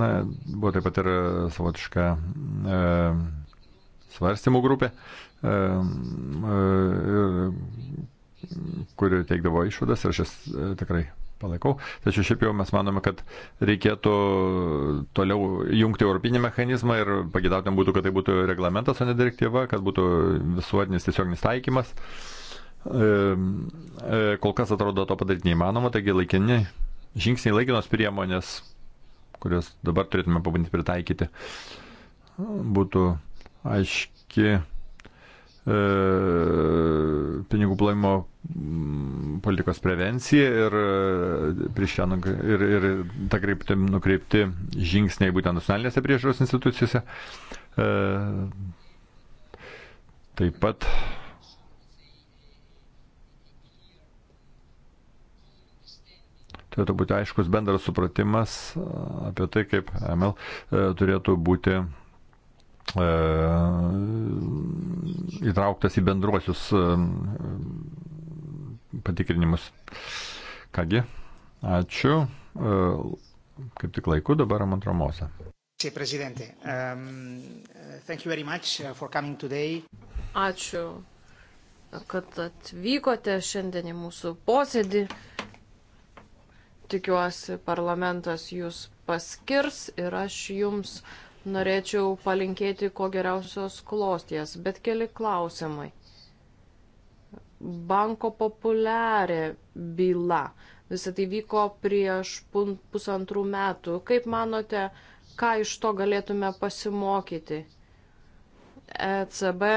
na, buvo taip pat ir savotiška svarstymų grupė, e, kuri teikdavo išvadas ir aš jas e, tikrai palaikau. Tačiau šiaip jau mes manome, kad reikėtų toliau jungti europinį mechanizmą ir pagėdautum būtų, kad tai būtų reglamentas, o ne direktyva, kad būtų visuotinis tiesioginis taikymas. E, kol kas atrodo to padaryti neįmanoma, taigi laikini žingsniai, laikinos priemonės, kurias dabar turėtume pabandyti pritaikyti, būtų aiški e, pinigų plovimo politikos prevencija ir, e, ją, ir, ir ta kreipti, nukreipti žingsniai būtent nacionalinėse priežiūros institucijose. E, taip pat turėtų būti aiškus bendras supratimas apie tai, kaip ML turėtų būti E, įtrauktas į bendruosius e, patikrinimus. Kągi, ačiū. E, kaip tik laiku dabar Montramosa. Uh, ačiū, kad atvykote šiandien į mūsų posėdį. Tikiuosi, parlamentas jūs paskirs ir aš jums norėčiau palinkėti ko geriausios klosties, bet keli klausimai. Banko populiarė byla. Visą tai vyko prieš pusantrų metų. Kaip manote, ką iš to galėtume pasimokyti? ECB e,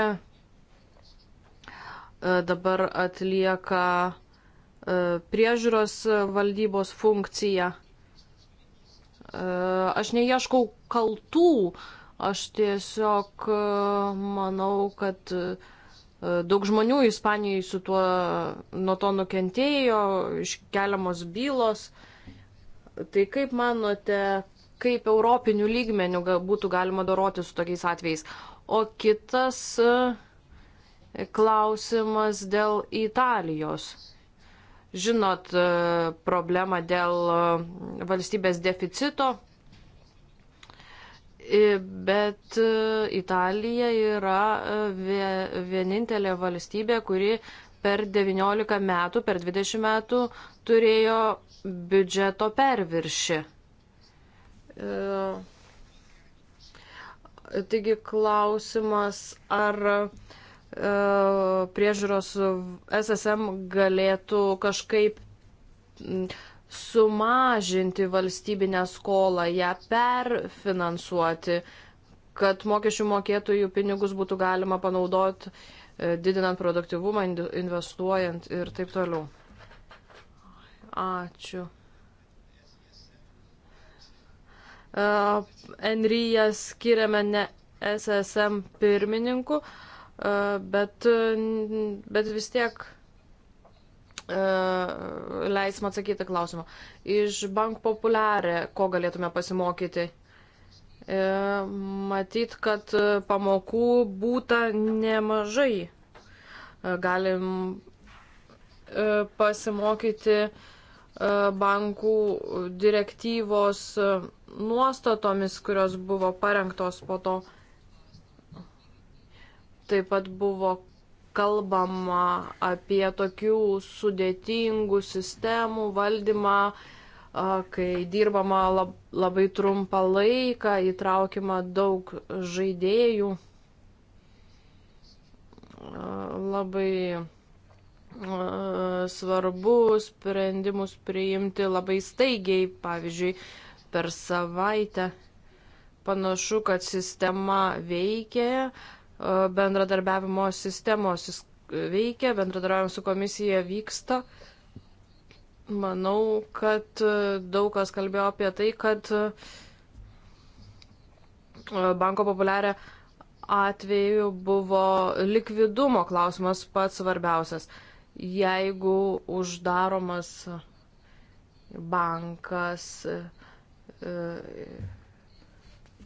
dabar atlieka e, priežiūros valdybos funkciją Aš neieškau kaltų, aš tiesiog e, manau, kad e, daug žmonių Ispanijai su tuo nuo to nukentėjo, iškeliamos bylos. Tai kaip manote, kaip europinių lygmenių būtų galima doroti su tokiais atvejais? O kitas e, klausimas dėl Italijos Žinot e, problemą dėl e, valstybės deficito, bet e, Italija yra vienintelė valstybė, kuri per 19 metų, per 20 metų turėjo biudžeto perviršį. Taigi klausimas, ar E, priežiūros SSM galėtų kažkaip sumažinti valstybinę skolą, ją perfinansuoti, kad mokesčių mokėtojų pinigus būtų galima panaudoti, e, didinant produktivumą, investuojant ir taip toliau. Ačiū. E, Enryje skiriame ne SSM pirmininku, uh, E, bet, bet vis tiek e, leisim atsakyti klausimą. Iš bank populiarė, ko galėtume pasimokyti? E, matyt, kad pamokų būta nemažai. Galim pasimokyti bankų direktyvos nuostatomis, kurios buvo parengtos po to Taip pat buvo kalbama apie tokių sudėtingų sistemų valdymą, kai dirbama labai trumpą laiką, įtraukima daug žaidėjų. Labai svarbu sprendimus priimti labai staigiai, pavyzdžiui, per savaitę. Panašu, kad sistema veikia, E, bendradarbiavimo sistemos veikia, bendradarbiavimas su komisija vyksta. Manau, kad e, daug kas kalbėjo apie tai, kad e, banko populiarė atveju buvo likvidumo klausimas pats svarbiausias. Jeigu uždaromas bankas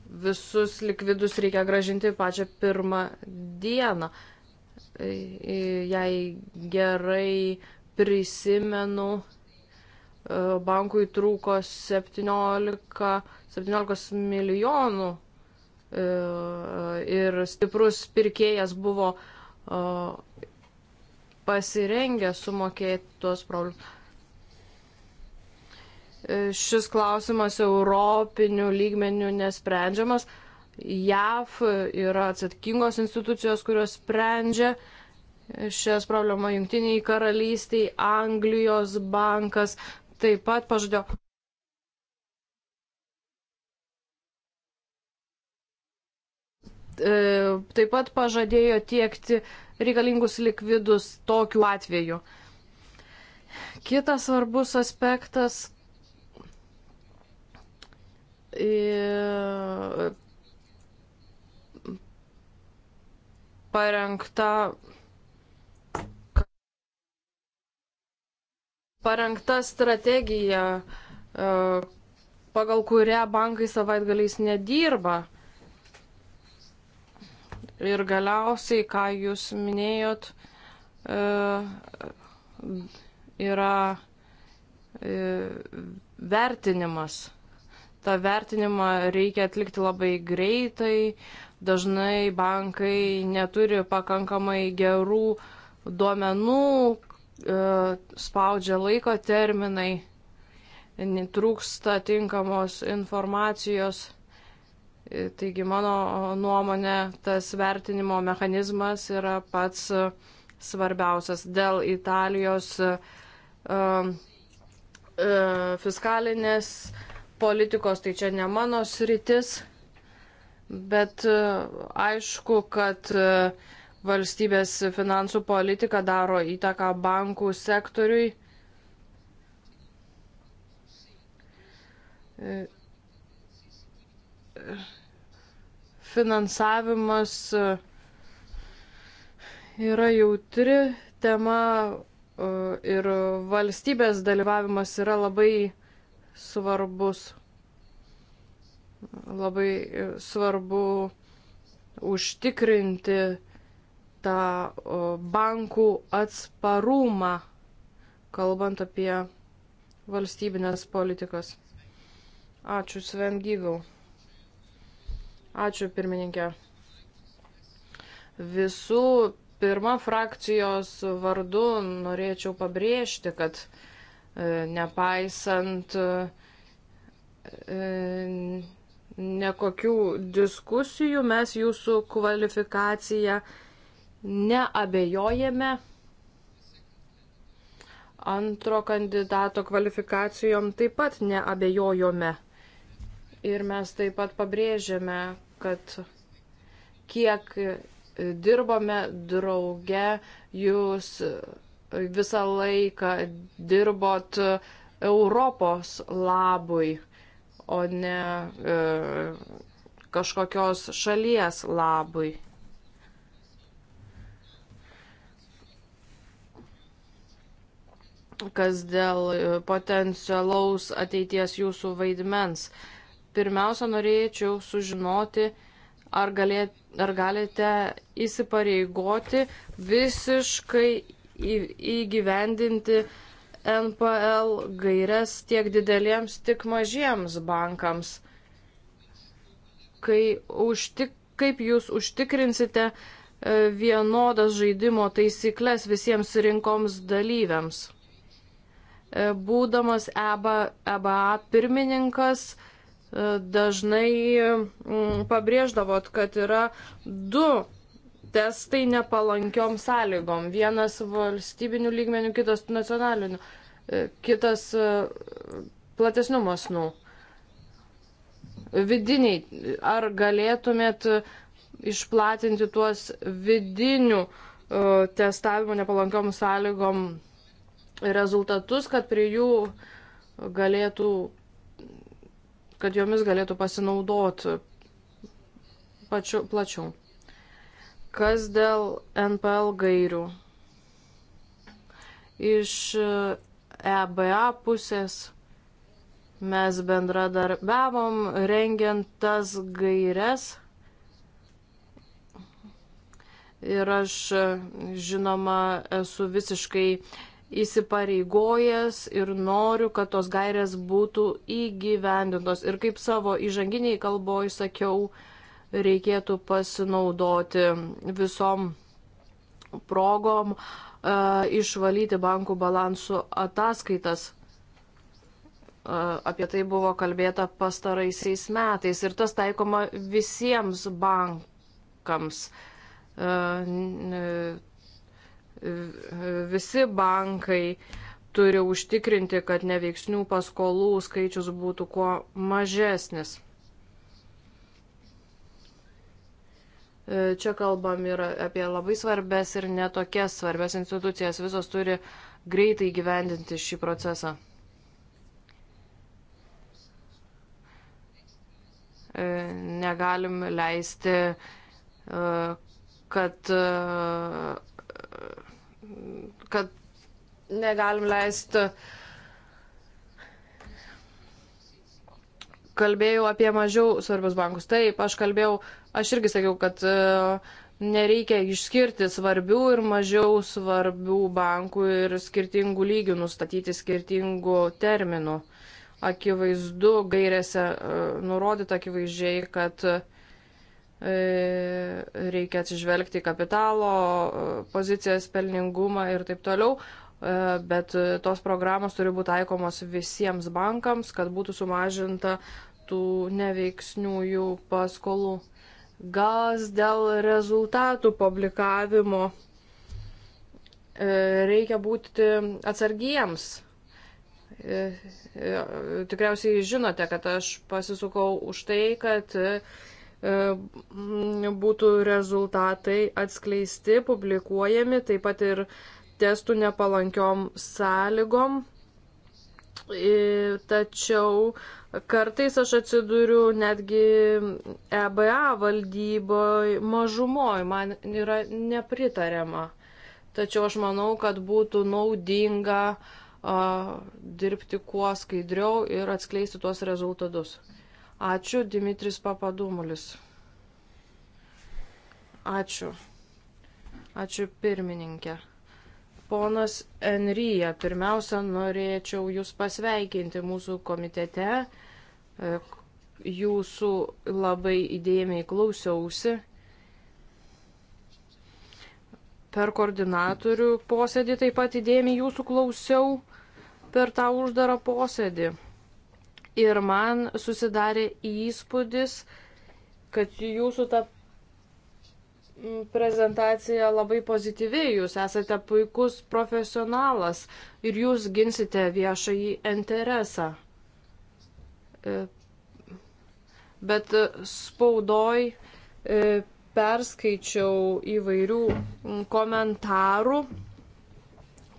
visus likvidus reikia gražinti pačią pirmą dieną. E, jei gerai prisimenu, e, bankui trūko 17, 17 milijonų e, ir stiprus pirkėjas buvo pasirengę sumokėti tuos problemus šis klausimas europinių lygmenių nesprendžiamas. JAV yra atsakingos institucijos, kurios sprendžia šias problemą Junktiniai karalystiai, Anglijos bankas taip pat pažadėjo. E, taip pat pažadėjo tiekti reikalingus likvidus tokiu atveju. Kitas svarbus aspektas parengta parengta strategija, e, pagal kurią bankai savaitgaliais nedirba. Ir galiausiai, ką jūs minėjot, e, yra e, vertinimas tą vertinimą reikia atlikti labai greitai, dažnai bankai neturi pakankamai gerų duomenų, e, spaudžia laiko terminai, trūksta tinkamos informacijos. E, taigi mano nuomonė, tas vertinimo mechanizmas yra pats svarbiausias dėl Italijos uh, uh, fiskalinės uh, politikos, tai čia ne mano sritis, bet e, aišku, kad e, valstybės finansų politika daro įtaką bankų sektoriui. E, finansavimas yra jautri tema ir valstybės dalyvavimas yra labai svarbus. Labai svarbu užtikrinti tą bankų atsparumą, kalbant apie valstybinės politikas. Ačiū Sven Gygau. Ačiū pirmininkė. Visų pirma frakcijos vardu norėčiau pabrėžti, kad uh, E, nepaisant e, nekokių diskusijų, mes jūsų kvalifikaciją neabejojame. Antro kandidato kvalifikacijom taip pat neabejojome. Ir mes taip pat pabrėžėme, kad kiek dirbome drauge, jūs visą laiką dirbot e, Europos labui, o ne e, kažkokios šalies labui. Kas dėl e, potencialaus ateities jūsų vaidmens. Pirmiausia, norėčiau sužinoti, ar, galėt, ar galite įsipareigoti visiškai įgyvendinti NPL gairias tiek dideliems, tik mažiems bankams. Kai užtik, kaip jūs užtikrinsite e, vienodas žaidimo taisyklės visiems rinkoms dalyviams? E, būdamas EBA, EBA pirmininkas, e, dažnai mm, pabrėždavot, kad yra du testai nepalankiom sąlygom. Vienas valstybinių lygmenių, kitas nacionalinių, e, kitas e, platesnių masnų. Vidiniai, ar galėtumėt išplatinti tuos vidinių e, testavimo nepalankiom sąlygom rezultatus, kad prie jų galėtų, kad jomis galėtų pasinaudoti pačiu, plačiau. Kas dėl NPL gairių? Iš EBA e pusės mes bendradarbiavom rengiant tas gairias. Ir aš, e, žinoma, esu visiškai įsipareigojęs ir noriu, kad tos gairės būtų įgyvendintos. Ir kaip savo įžanginiai kalboj sakiau, uh, reikėtų pasinaudoti visom progom, e, išvalyti bankų balansų ataskaitas. E, apie tai buvo kalbėta pastaraisiais metais ir tas taikoma visiems bankams. E, visi bankai turi užtikrinti, kad neveiksnių paskolų skaičius būtų kuo mažesnis. E, čia kalbam ir apie labai svarbės ir netokias svarbės institucijas. Visos turi greitai gyvendinti šį procesą. E, negalim leisti, e, kad, kad negalim leisti kalbėjau apie mažiau svarbius bankus. Taip, aš kalbėjau, aš irgi sakiau, kad e, nereikia išskirti svarbių ir mažiau svarbių bankų ir skirtingų lygių nustatyti skirtingų terminų. Akivaizdu, gairėse e, nurodyta akivaizdžiai, kad e, reikia atsižvelgti kapitalo pozicijas, pelningumą ir taip toliau bet tos programos turi būti taikomos visiems bankams, kad būtų sumažinta tų neveiksniųjų paskolų. Gal dėl rezultatų publikavimo e, reikia būti atsargiems. E, e, tikriausiai žinote, kad aš pasisukau už tai, kad būtų rezultatai atskleisti, publikuojami, taip pat ir testų nepalankiom sąlygom. Tačiau Kartais aš atsiduriu netgi EBA valdyboje mažumoje, man yra nepritariama. Tačiau aš manau, kad būtų naudinga a, dirbti kuo skaidriau ir atskleisti tuos rezultatus. Ačiū, Dimitris Papadumulis. Ačiū. Ačiū pirmininkė. Ponas Enryja, pirmiausia, norėčiau Jūs pasveikinti mūsų komitete. E, jūsų labai įdėmiai klausiausi. Per koordinatorių posėdį taip pat įdėmiai Jūsų klausiau per tą uždarą posėdį. Ir man susidarė įspūdis, kad Jūsų ta prezentacija labai pozityvi, jūs esate puikus profesionalas ir jūs ginsite viešąjį interesą. E, bet spaudoj e, perskaičiau įvairių komentarų,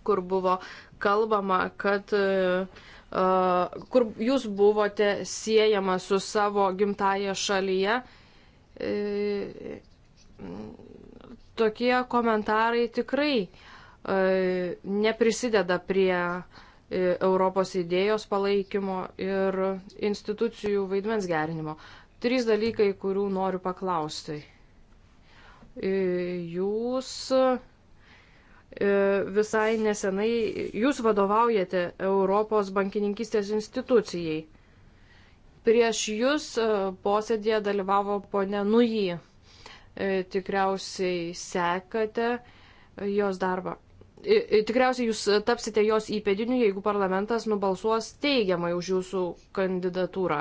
kur buvo kalbama, kad e, kur jūs buvote siejama su savo gimtaja šalyje tokie komentarai tikrai e, neprisideda prie e, Europos idėjos palaikymo ir institucijų vaidmens gerinimo. Trys dalykai, kurių noriu paklausti. E, jūs visai nesenai, jūs vadovaujate Europos bankininkistės institucijai. Prieš jūs posėdėje dalyvavo ponė Nujį E, tikriausiai sekate jos darbą. E, e, tikriausiai jūs tapsite jos įpėdiniu, jeigu parlamentas nubalsuos teigiamai už jūsų kandidatūrą.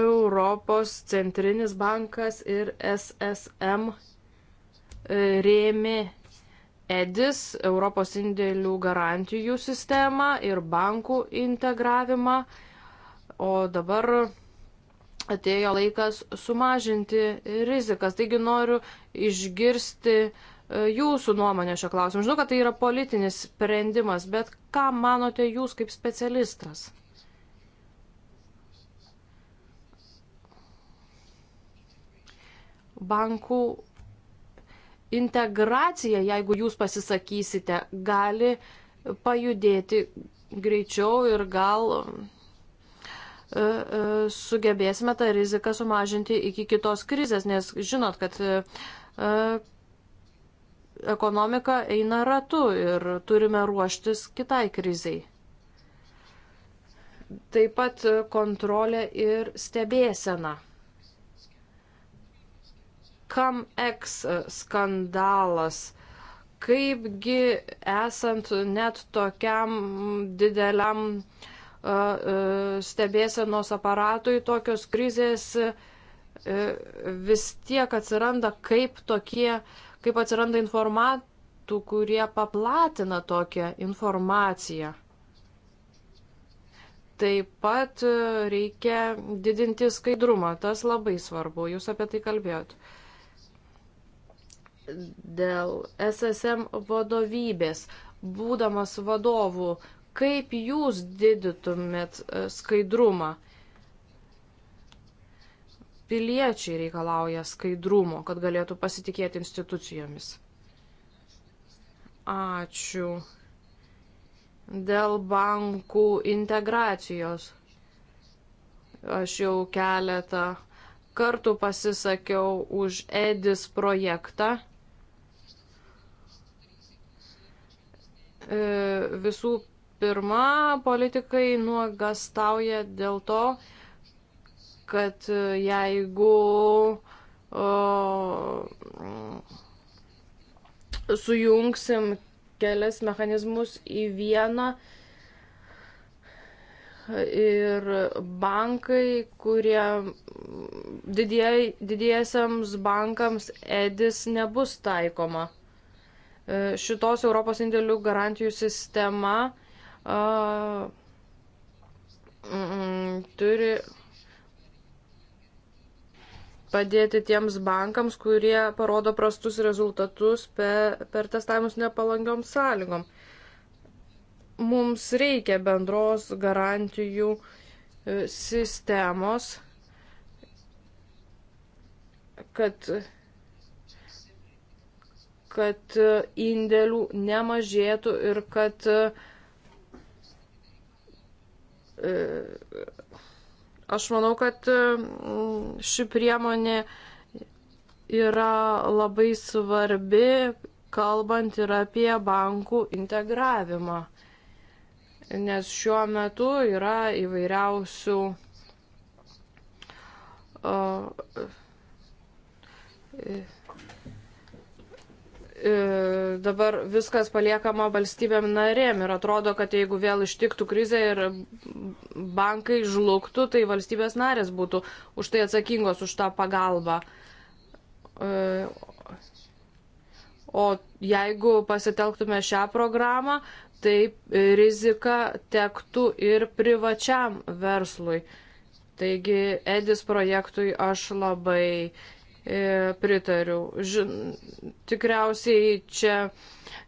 Europos centrinis bankas ir SSM rėmė EDIS, Europos indėlių garantijų sistemą ir bankų integravimą, o dabar atėjo laikas sumažinti rizikas. Taigi noriu išgirsti e, jūsų nuomonę šio klausimu. Žinau, kad tai yra politinis sprendimas, bet ką manote jūs kaip specialistas? Bankų integracija, jeigu jūs pasisakysite, gali pajudėti greičiau ir gal E, e, sugebėsime tą riziką sumažinti iki kitos krizės, nes žinot, kad e, ekonomika eina ratu ir turime ruoštis kitai kriziai. Taip pat kontrolė ir stebėsena. CAMEX skandalas kaipgi esant net tokiam dideliam uh, E, stebėsenos aparatui tokios krizės e, e, vis tiek atsiranda kaip tokie, kaip atsiranda informatų, kurie paplatina tokią informaciją. Taip pat reikia didinti skaidrumą, tas labai svarbu, jūs apie tai kalbėjot. Dėl SSM vadovybės, būdamas vadovų, Kaip jūs didytumėt e, skaidrumą? Piliečiai reikalauja skaidrumo, kad galėtų pasitikėti institucijomis. Ačiū. Dėl bankų integracijos. Aš jau keletą kartų pasisakiau už EDIS projektą. E, visų pirma, politikai nuogastauja dėl to, kad jeigu uh, sujungsim kelias mechanizmus į vieną ir bankai, kurie didie, didiesiams bankams edis nebus taikoma. E, šitos Europos indėlių garantijų sistema a, m, mm, turi padėti tiems bankams, kurie parodo prastus rezultatus per, per testavimus nepalankiom sąlygom. Mums reikia bendros garantijų e, sistemos, kad, kad e, indėlių nemažėtų ir kad uh, Aš manau, kad mm, ši priemonė yra labai svarbi, kalbant ir apie bankų integravimą. Nes šiuo metu yra įvairiausių uh, E, dabar viskas paliekama valstybėm narėm ir atrodo, kad jeigu vėl ištiktų krizė ir bankai žlugtų, tai valstybės narės būtų už tai atsakingos už tą pagalbą. E, o jeigu pasitelktume šią programą, tai rizika tektų ir privačiam verslui. Taigi Edis projektui aš labai uh, E, pritariu. Žin, tikriausiai čia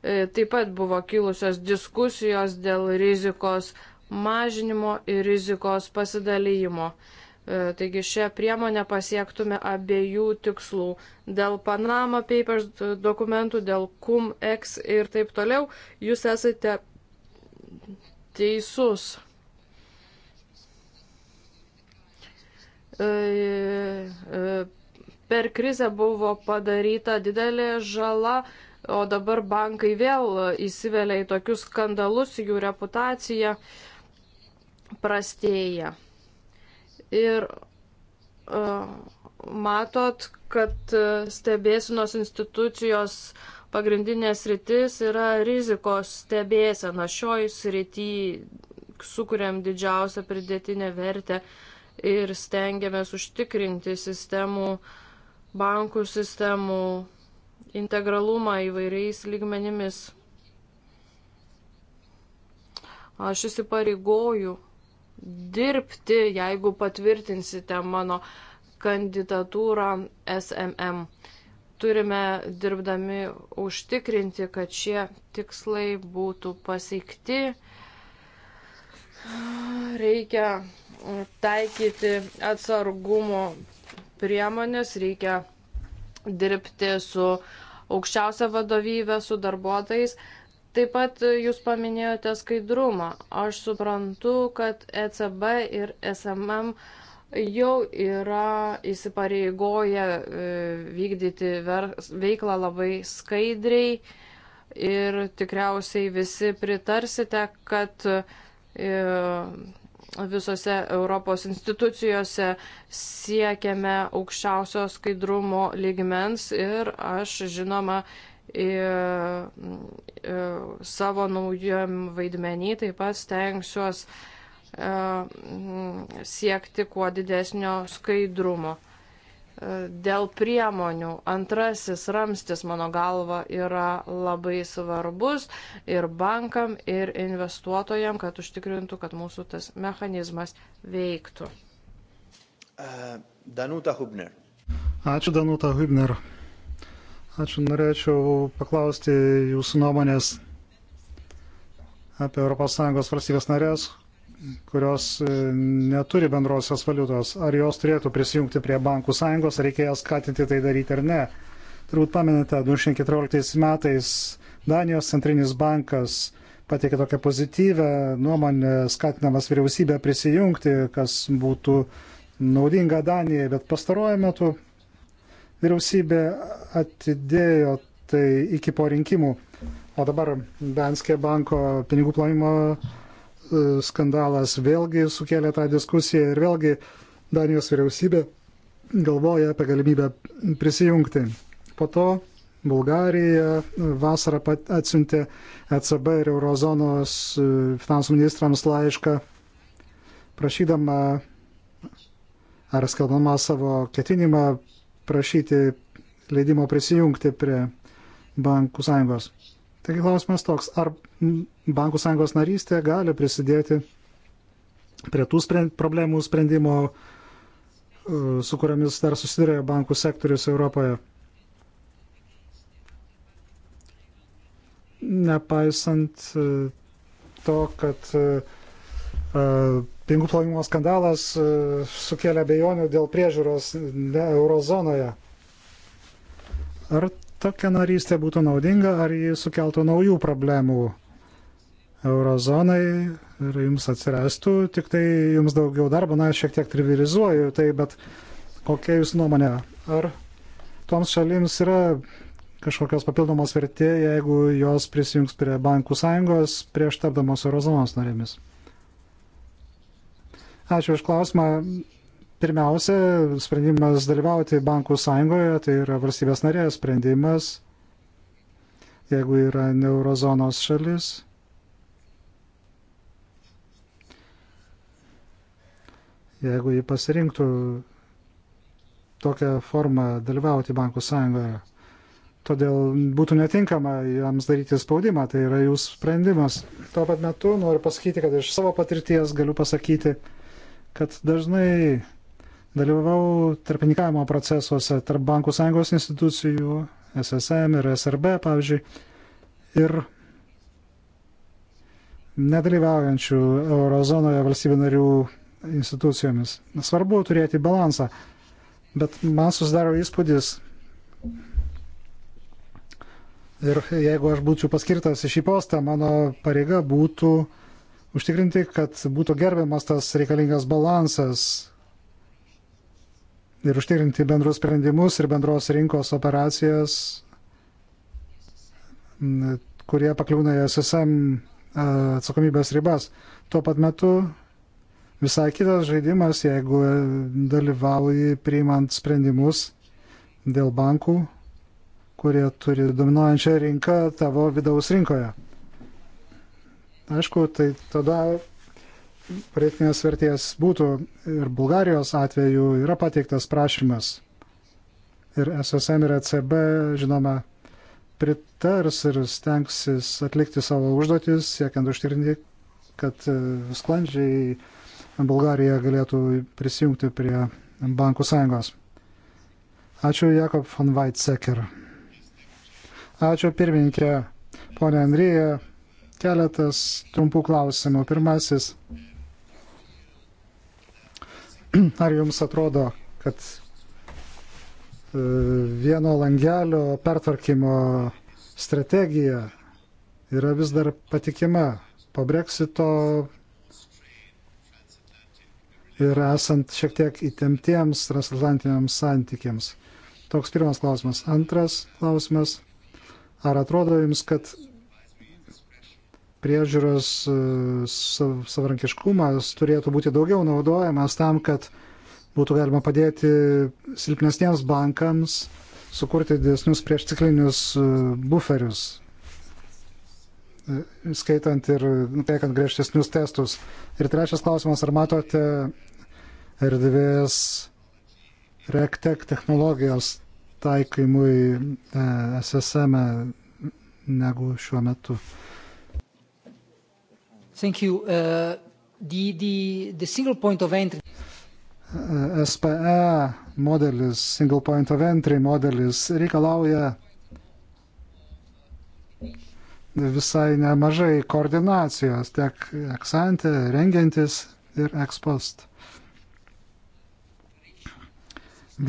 e, taip pat buvo kilusios diskusijos dėl rizikos mažinimo ir rizikos pasidalymo. E, taigi šią priemonę pasiektume abiejų tikslų - dėl Panama Papers dokumentų, dėl CumEx ir taip toliau. Jūs esate teisus. E, e, per krizę buvo padaryta didelė žala, o dabar bankai vėl įsivelia į tokius skandalus, jų reputacija prastėja. Ir uh, matot, kad stebėsinos institucijos pagrindinės rytis yra rizikos stebėsena. Šioj srity sukuriam didžiausią pridėtinę vertę ir stengiamės užtikrinti sistemų uh, bankų sistemų integralumą įvairiais lygmenimis. Aš įsipareigoju dirbti, jeigu patvirtinsite mano kandidatūrą SMM. Turime dirbdami užtikrinti, kad šie tikslai būtų pasiekti. Reikia taikyti atsargumo priemonės, reikia dirbti su aukščiausia vadovybė, su darbuotojais. Taip pat jūs paminėjote skaidrumą. Aš suprantu, kad ECB ir SMM jau yra įsipareigoję e, vykdyti veiklą labai skaidriai ir tikriausiai visi pritarsite, kad e, visose Europos institucijose siekiame aukščiausio skaidrumo lygmens ir aš žinoma į, į, savo naujam vaidmenį taip pat stengsiuos e, siekti kuo didesnio skaidrumo dėl priemonių. Antrasis ramstis, mano galva, yra labai svarbus ir bankam, ir investuotojam, kad užtikrintų, kad mūsų tas mechanizmas veiktų. E, Danuta Hubner. Ačiū, Danuta Hubner. Ačiū, norėčiau paklausti jūsų nuomonės apie ES valstybės narės, kurios e, neturi bendrosios valiutos, ar jos turėtų prisijungti prie bankų sąjungos, reikia jas skatinti tai daryti ar ne. Turbūt pamenate, 2014 metais Danijos centrinis bankas pateikė tokią pozityvę nuomonę, skatinamas vyriausybę prisijungti, kas būtų naudinga Danijai, bet pastaruoju metu vyriausybė atidėjo tai iki po rinkimų. O dabar Danskė banko pinigų plovimo E, skandalas vėlgi sukėlė tą diskusiją ir vėlgi Danijos vyriausybė galvoja apie galimybę prisijungti. Po to Bulgarija vasarą atsiuntė ECB ir Eurozonos e, finansų ministrams laišką prašydama ar skelbama savo ketinimą prašyti leidimo prisijungti prie bankų sąjungos. Taigi klausimas toks, ar bankų sąjungos narystė gali prisidėti prie tų sprend, problemų sprendimo, e, su kuriamis dar susiduria bankų sektorius Europoje? Nepaisant e, to, kad e, pinigų plovimo skandalas sukėlė bejonių dėl priežiūros eurozonoje. Ar tokia narystė būtų naudinga, ar ji sukeltų naujų problemų eurozonai ir jums atsirastų, tik tai jums daugiau darbo, na, šiek tiek trivializuoju tai, bet kokia jūs nuomonė, ar toms šalims yra kažkokios papildomos vertė, jeigu jos prisijungs prie bankų sąjungos prieš tapdamos eurozonos narėmis? Ačiū už klausimą. Pirmiausia, sprendimas dalyvauti bankų sąjungoje, tai yra valstybės narės sprendimas, jeigu yra neurozonos šalis. Jeigu jį pasirinktų tokią formą dalyvauti bankų sąjungoje. Todėl būtų netinkama jiems daryti spaudimą, tai yra jų sprendimas. Tuo pat metu noriu pasakyti, kad iš savo patirties galiu pasakyti, kad dažnai Dalyvavau tarpininkavimo procesuose tarp bankų sąjungos institucijų, SSM ir SRB, pavyzdžiui, ir nedalyvaujančių eurozonoje valstybių narių institucijomis. Svarbu turėti balansą, bet man susidaro įspūdis, Ir jeigu aš būčiau paskirtas į šį postą, mano pareiga būtų užtikrinti, kad būtų gerbiamas tas reikalingas balansas ir užtikrinti bendrus sprendimus ir bendros rinkos operacijas, kurie pakliūna į SSM atsakomybės ribas. Tuo pat metu visai kitas žaidimas, jeigu dalyvauji priimant sprendimus dėl bankų, kurie turi dominuojančią rinką tavo vidaus rinkoje. Aišku, tai tada pridėtinės vertės būtų ir Bulgarijos atveju yra pateiktas prašymas. Ir SSM ir ECB, žinoma, pritars ir stengsis atlikti savo užduotis, siekiant užtikrinti, kad e, sklandžiai Bulgarija galėtų prisijungti prie bankų sąjungos. Ačiū Jakob von Weizsäcker. Ačiū pirmininkė, ponė Andrija. Keletas trumpų klausimų. Pirmasis. Ar jums atrodo, kad e, vieno langelio pertvarkymo strategija yra vis dar patikima po breksito ir esant šiek tiek įtemptiems transatlantiniams santykiams? Toks pirmas klausimas. Antras klausimas. Ar atrodo jums, kad priežiūros e, savarankiškumas turėtų būti daugiau naudojamas tam, kad būtų galima padėti silpnesniems bankams sukurti didesnius priešciklinius e, buferius, e, skaitant ir taikant griežtesnius testus. Ir trečias klausimas, ar matote erdvės RegTech technologijos taikymui SSM e negu šiuo metu? Thank you. Uh, the, the, the single point of entry. Uh, SPE modelis, single point of entry modelis reikalauja visai nemažai koordinacijos tiek eksantė, rengiantis ir ekspost.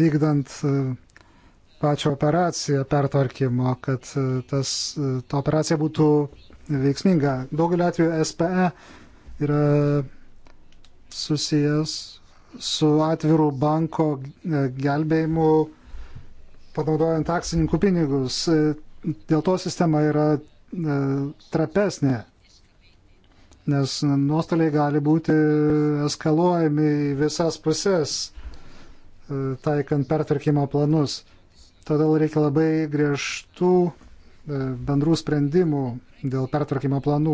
Vykdant uh, pačią operaciją pertvarkymo, kad e, tas, e, ta operacija būtų veiksminga. Daugeliu atveju SPE yra susijęs su atvirų banko e, gelbėjimu, panaudojant akcininkų pinigus. Dėl to sistema yra trapesnė, nes nuostoliai gali būti eskaluojami į visas pusės, taikant pertvarkymo planus. Todėl reikia labai griežtų e, bendrų sprendimų dėl pertvarkymo planų.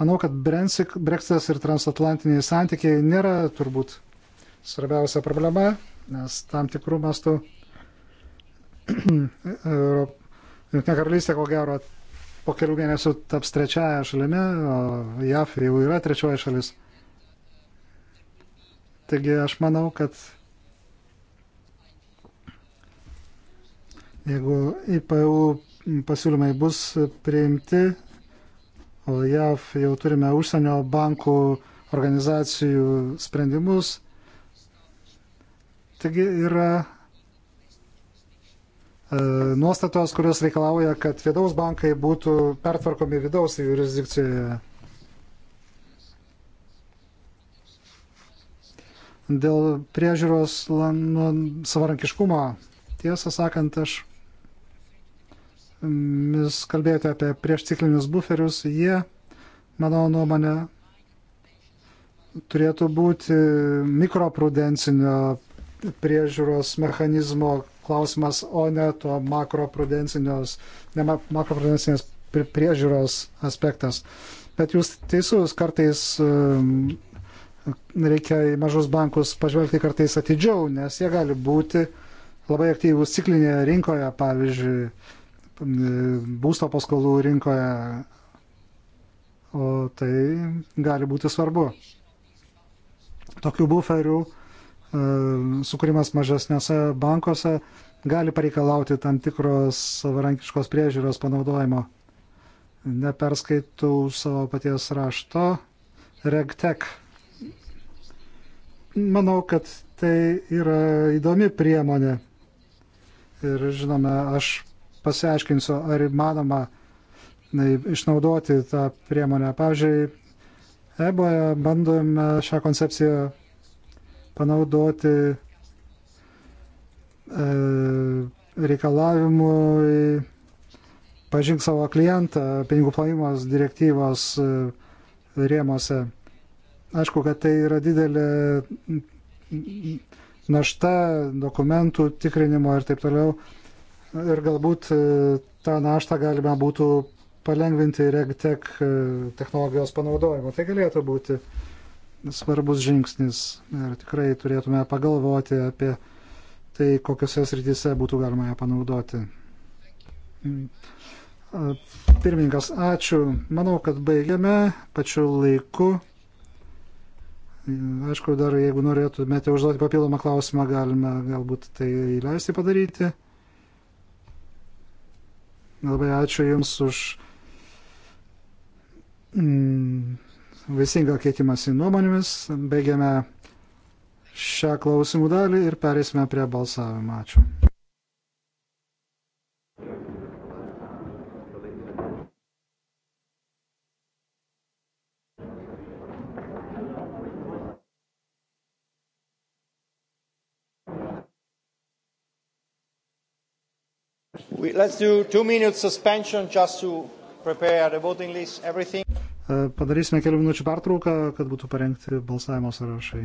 Manau, kad Brexitas ir transatlantiniai santykiai nėra turbūt svarbiausia problema, nes tam tikrų mastų Junktinė karalystė ko gero po kelių mėnesių taps trečiaja šalimi, o JAF jau yra trečioji šalis. Taigi aš manau, kad Jeigu IPU pasiūlymai bus priimti, o JAV jau turime užsienio bankų organizacijų sprendimus, taigi yra e, nuostatos, kurios reikalauja, kad vidaus bankai būtų pertvarkomi vidaus jurisdikcijoje. Dėl priežiūros nu, savarankiškumo, tiesą sakant, aš mis kalbėjote apie priešciklinius buferius, jie, mano nuomonė, turėtų būti mikroprudencinio priežiūros mechanizmo klausimas, o ne to makroprudencinės priežiūros aspektas. Bet jūs teisus, kartais um, reikia į mažus bankus pažvelgti kartais atidžiau, nes jie gali būti labai aktyvūs ciklinėje rinkoje, pavyzdžiui, būsto paskolų rinkoje, o tai gali būti svarbu. Tokių buferių e, sukūrimas mažesniuose bankuose gali pareikalauti tam tikros savarankiškos priežiūros panaudojimo. Neperskaitau savo paties rašto. Regtek. Manau, kad tai yra įdomi priemonė. Ir žinome, aš pasiaiškinsiu, ar įmanoma išnaudoti tą priemonę. Pavyzdžiui, EBOje bandome šią koncepciją panaudoti e, reikalavimui pažink savo klientą pinigų plovimos direktyvos e, rėmose. Aišku, kad tai yra didelė našta dokumentų tikrinimo ir taip toliau ir galbūt e, tą naštą galima būtų palengvinti regtek e, technologijos panaudojimu. Tai galėtų būti svarbus žingsnis ir tikrai turėtume pagalvoti apie tai, kokiuose srityse būtų galima ją panaudoti. E, pirmininkas, ačiū. Manau, kad baigiame pačiu laiku. Aišku, dar jeigu norėtumėte užduoti papildomą klausimą, galime galbūt tai leisti padaryti. Labai ačiū Jums už mm, vaisingą keitimąsi nuomonėmis. Baigiame šią klausimų dalį ir perėsime prie balsavimo. Ačiū. We, let's do two minutes suspension just to prepare the voting list, everything. Padarysime kelių minučių pertrauką, kad būtų parengti balsavimo sąrašai.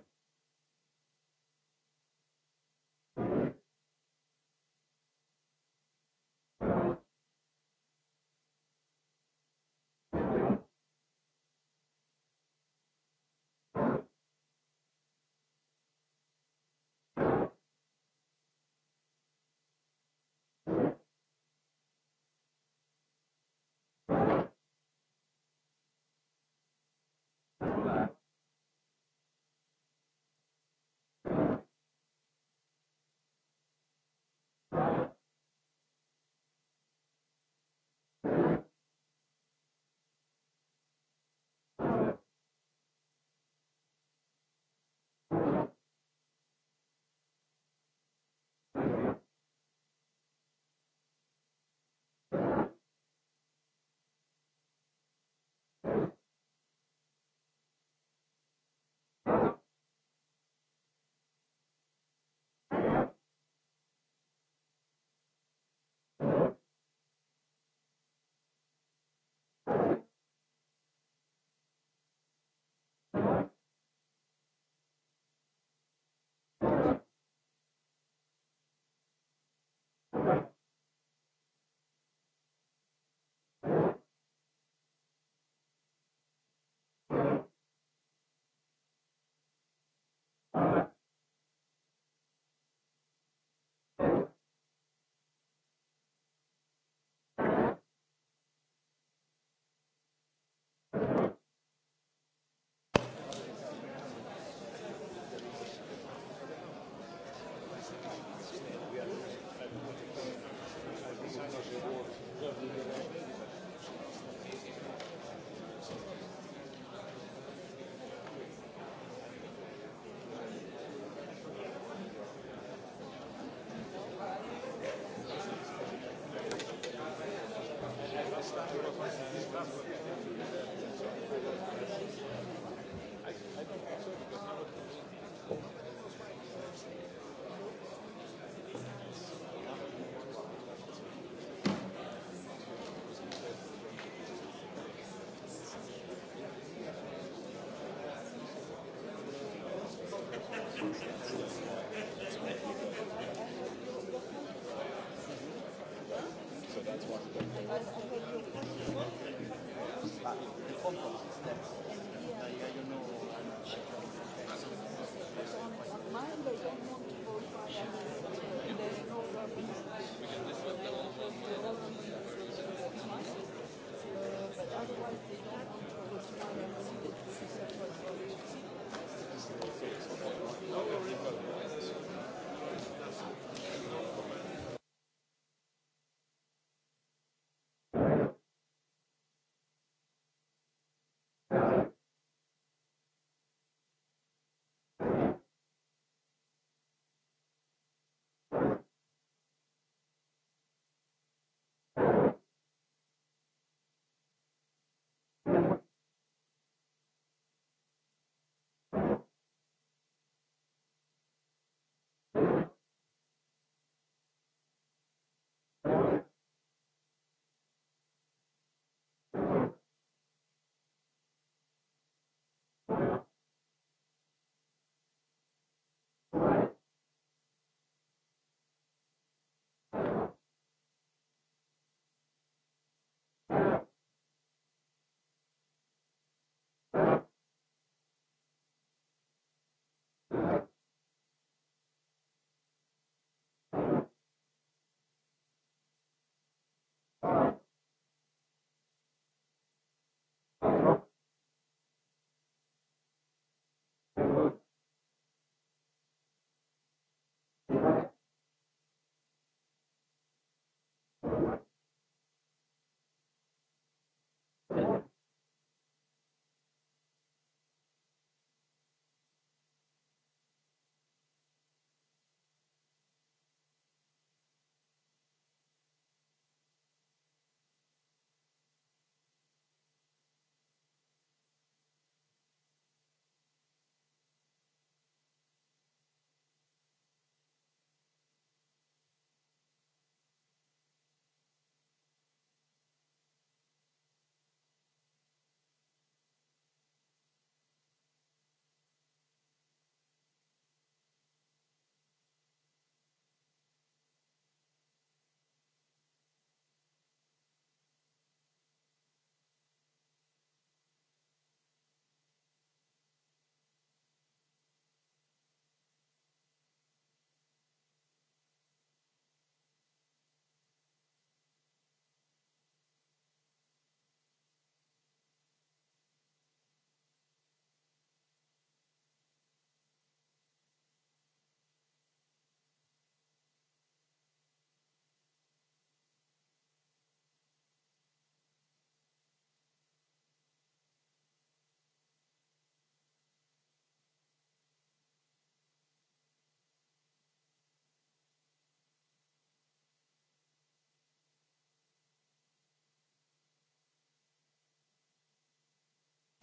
So that's what.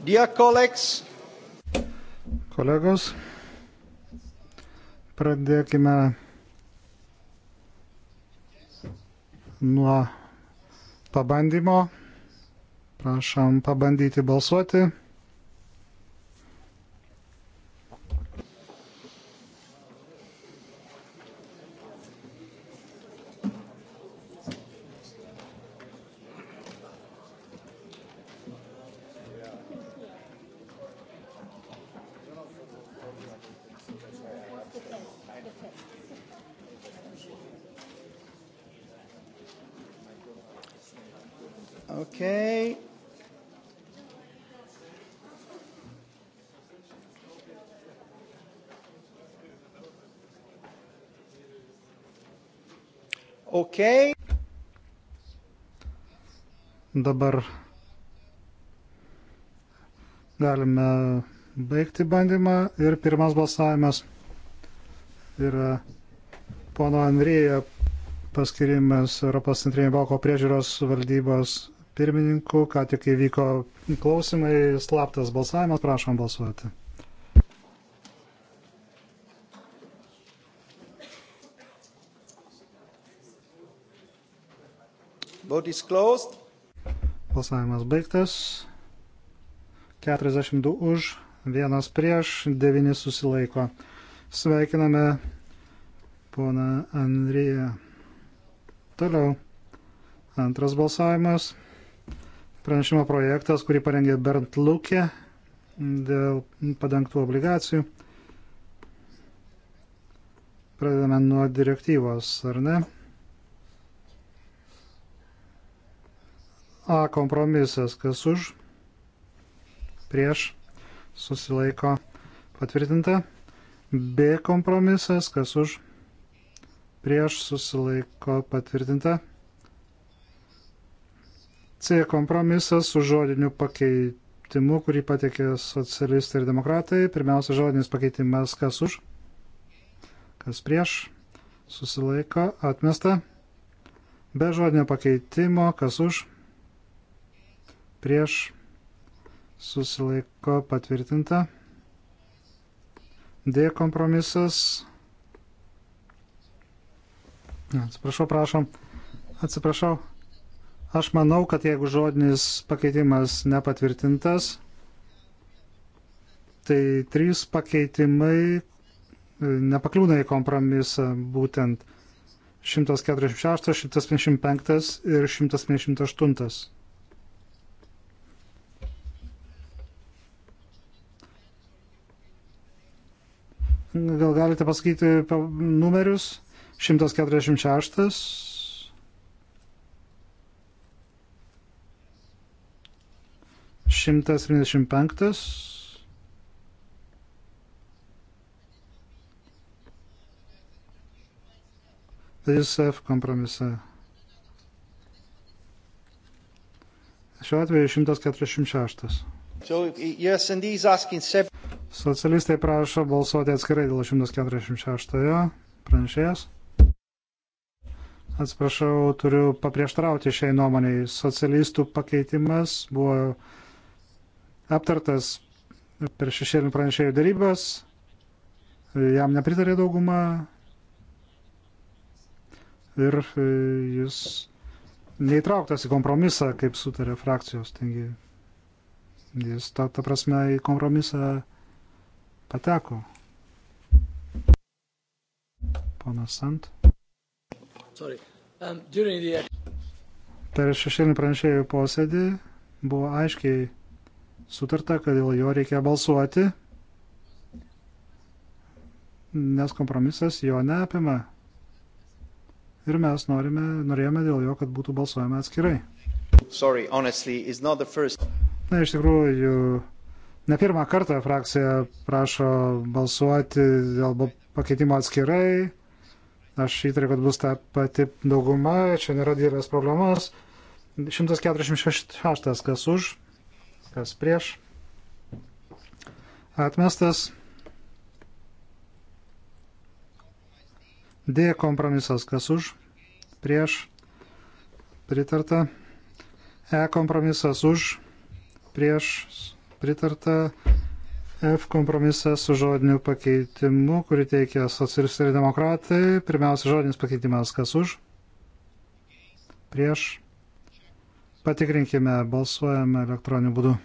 Dear colleagues. Kolegos, pradėkime nuo pabandymo. Prašom pabandyti balsuoti. dabar galime baigti bandymą ir pirmas balsavimas yra pono Andrėja paskirimas Europos centrinio banko priežiūros valdybos pirmininku, ką tik įvyko klausimai, slaptas balsavimas, prašom balsuoti. Vote is closed. Balsavimas baigtas. 42 už, 1 prieš, 9 susilaiko. Sveikiname poną Andriją. Toliau. Antras balsavimas. Pranešimo projektas, kurį parengė Bernd Lukė dėl padengtų obligacijų. Pradedame nuo direktyvos, ar ne? A kompromisas, kas už, prieš, susilaiko patvirtinta. B kompromisas, kas už, prieš, susilaiko patvirtinta. C kompromisas su žodiniu pakeitimu, kurį patikė socialistai ir demokratai. Pirmiausia, žodinis pakeitimas, kas už, kas prieš, susilaiko atmesta. Be žodinio pakeitimo, kas už, prieš prieš susilaiko patvirtinta. D kompromisas. Atsiprašau, prašom. Atsiprašau. Aš manau, kad jeigu žodinis pakeitimas nepatvirtintas, tai trys pakeitimai e, nepakliūna į kompromisą būtent 146, 155 ir 158. Gal galite pasakyti numerius? 146. Šimtas septyniasdešimt penktas. Tai jis F kompromise. Šiuo atveju 146. So, yes, and he's asking seven. Socialistai prašo balsuoti atskirai dėl 146 pranešėjas. Atsiprašau, turiu paprieštarauti šiai nuomoniai. Socialistų pakeitimas buvo aptartas per šešėlinių pranešėjų darybas, jam nepritarė dauguma ir e, jis neįtrauktas į kompromisą, kaip sutarė frakcijos. Taigi jis, ta, ta prasme, į kompromisą pateko. Ponas Sant. Um, per šešėlinį pranešėjų posėdį buvo aiškiai sutarta, kad dėl jo reikia balsuoti, nes kompromisas jo neapima. Ir mes norime, norėjome dėl jo, kad būtų balsuojama atskirai. Sorry, honestly, Na, iš tikrųjų, Ne pirmą kartą frakcija prašo balsuoti dėl pakeitimo atskirai. Aš įtariu, kad bus ta pati dauguma, čia nėra didelės problemos. 146 kas už, kas prieš. Atmestas. D kompromisas kas už, prieš. Pritarta. E kompromisas už, prieš pritarta. F kompromisas su žodiniu pakeitimu, kurį teikia socialistai ir demokratai. Pirmiausia, žodinis pakeitimas kas už? Prieš. Patikrinkime, balsuojame elektroniniu būdu.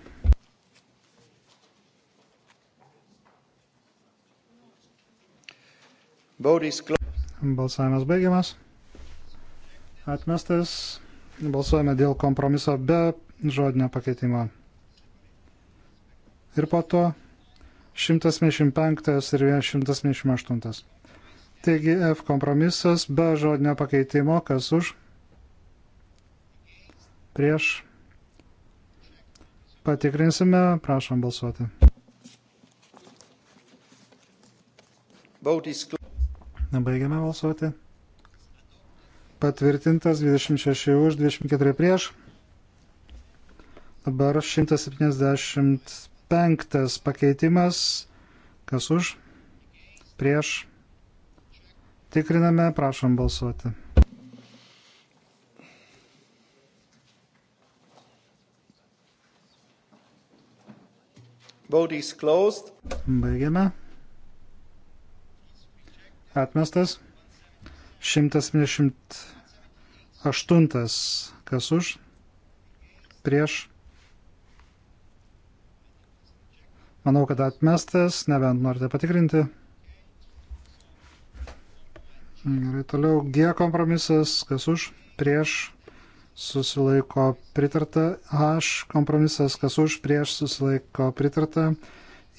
Balsavimas baigiamas. Atmestas. Balsuojame dėl kompromiso be žodinio pakeitimo ir po to 175 ir 178. Taigi F kompromisas be žodinio pakeitimo, kas už, prieš. Patikrinsime, prašom balsuoti. Nebaigiame balsuoti. Patvirtintas 26 už, 24 prieš. Dabar 175 Penktas pakeitimas. Kas už? Prieš. Tikriname, prašom balsuoti. Vote is closed. Baigiame. Atmestas. 178. Kas už? Prieš. Manau, kad atmestas, nebent norite patikrinti. Gerai, toliau G kompromisas, kas už, prieš, susilaiko pritarta, H kompromisas, kas už, prieš, susilaiko pritarta,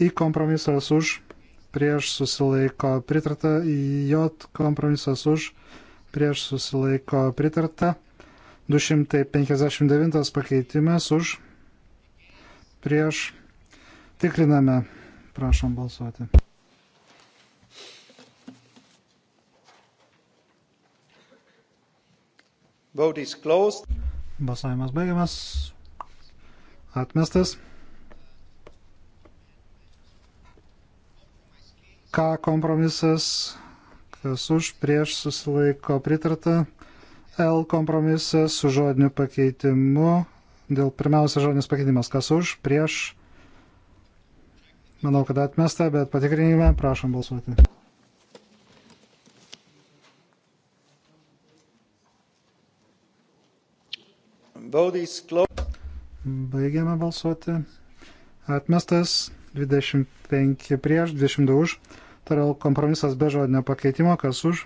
I kompromisas už, prieš, susilaiko pritarta, J kompromisas už, prieš, susilaiko pritarta, 259 pakeitimas už, prieš, Tikriname. Prašom balsuoti. Vote is closed. Balsavimas baigiamas. Atmestas. Ką kompromisas, kas už prieš susilaiko pritarta. L kompromisas su žodiniu pakeitimu. Dėl pirmiausia žodinis pakeitimas, kas už prieš Manau, kad atmesta, bet patikrinime prašom balsuoti. Baigiame balsuoti. Atmestas 25 prieš, 22 už. Toliau kompromisas be žodinio pakeitimo, kas už.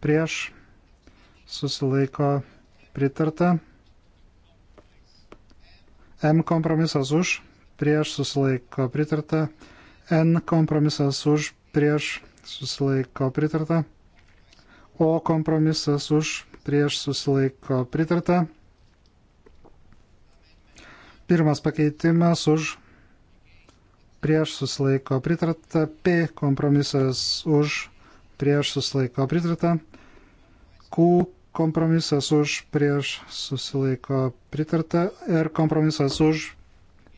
Prieš susilaiko pritarta. M kompromisas už prieš susilaiko pritarta. N kompromisas už prieš susilaiko pritarta. O kompromisas už prieš susilaiko pritarta. Pirmas pakeitimas už prieš susilaiko pritarta. P kompromisas už prieš susilaiko pritarta. Q kompromisas už prieš susilaiko pritarta. R kompromisas už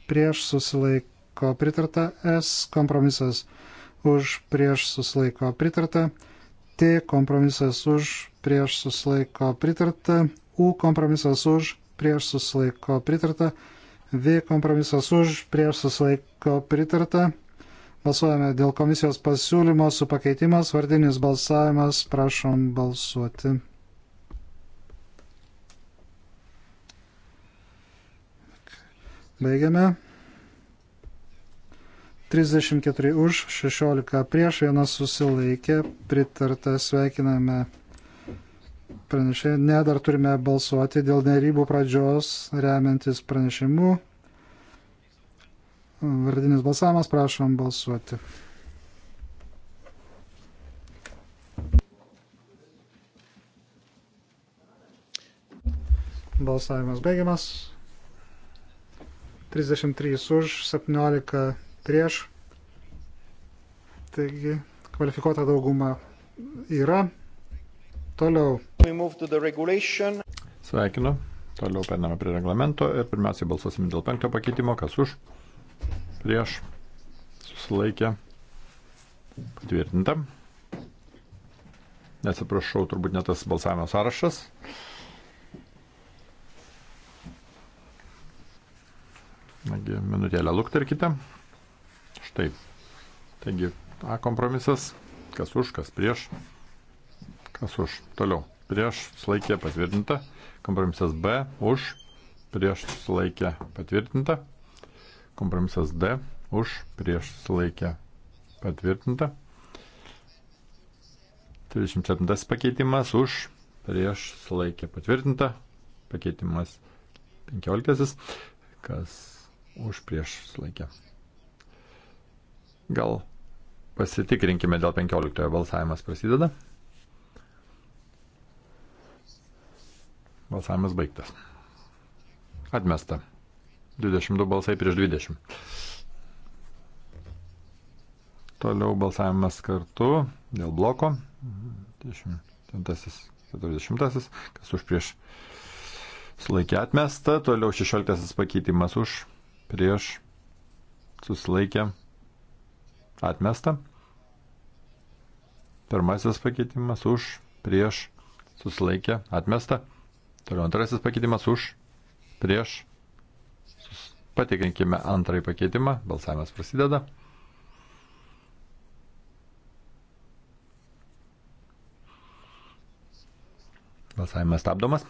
prieš susilaiko pritarta, S kompromisas už prieš susilaiko pritarta, T kompromisas už prieš susilaiko pritarta, U kompromisas už prieš susilaiko pritarta, V kompromisas už prieš susilaiko pritarta. Balsuojame dėl komisijos pasiūlymo su pakeitimas, vardinis balsavimas, prašom balsuoti. Baigiame. 34 už, 16 prieš, vienas susilaikė, pritarta, sveikiname pranešėją. Ne, dar turime balsuoti dėl nerybų pradžios, remiantis pranešimu. Vardinis balsavimas, prašom balsuoti. Balsavimas baigiamas. 33 už, 17 prieš. Taigi kvalifikuota dauguma yra. Toliau. Sveikinu. Toliau periname prie reglamento ir pirmiausiai balsuosim dėl penkto pakeitimo, kas už, prieš, susilaikė, patvirtinta. Neatsiprašau, turbūt netas balsavimo sąrašas. Nagi, minutėlę lukterkite. Štai. Taigi, A kompromisas. Kas už, kas prieš. Kas už. Toliau. Prieš sulaikė patvirtinta. Kompromisas B. Už. Prieš sulaikė patvirtinta. Kompromisas D. Už. Prieš sulaikė patvirtinta. 37 pakeitimas. Už. Prieš sulaikė patvirtinta. Pakeitimas 15. Kas už prieš laikę. Gal pasitikrinkime dėl 15 balsavimas prasideda. Balsavimas baigtas. Atmesta. 22 balsai prieš 20. Toliau balsavimas kartu dėl bloko. 10, 40. Kas už prieš sulaikė atmesta. Toliau 16 pakeitimas už prieš susilaikę atmesta. Pirmasis pakeitimas už prieš susilaikę atmesta. Toliau antrasis pakeitimas už prieš. Sus... Patikrinkime antrąjį pakeitimą. Balsavimas prasideda. Balsavimas stabdomas.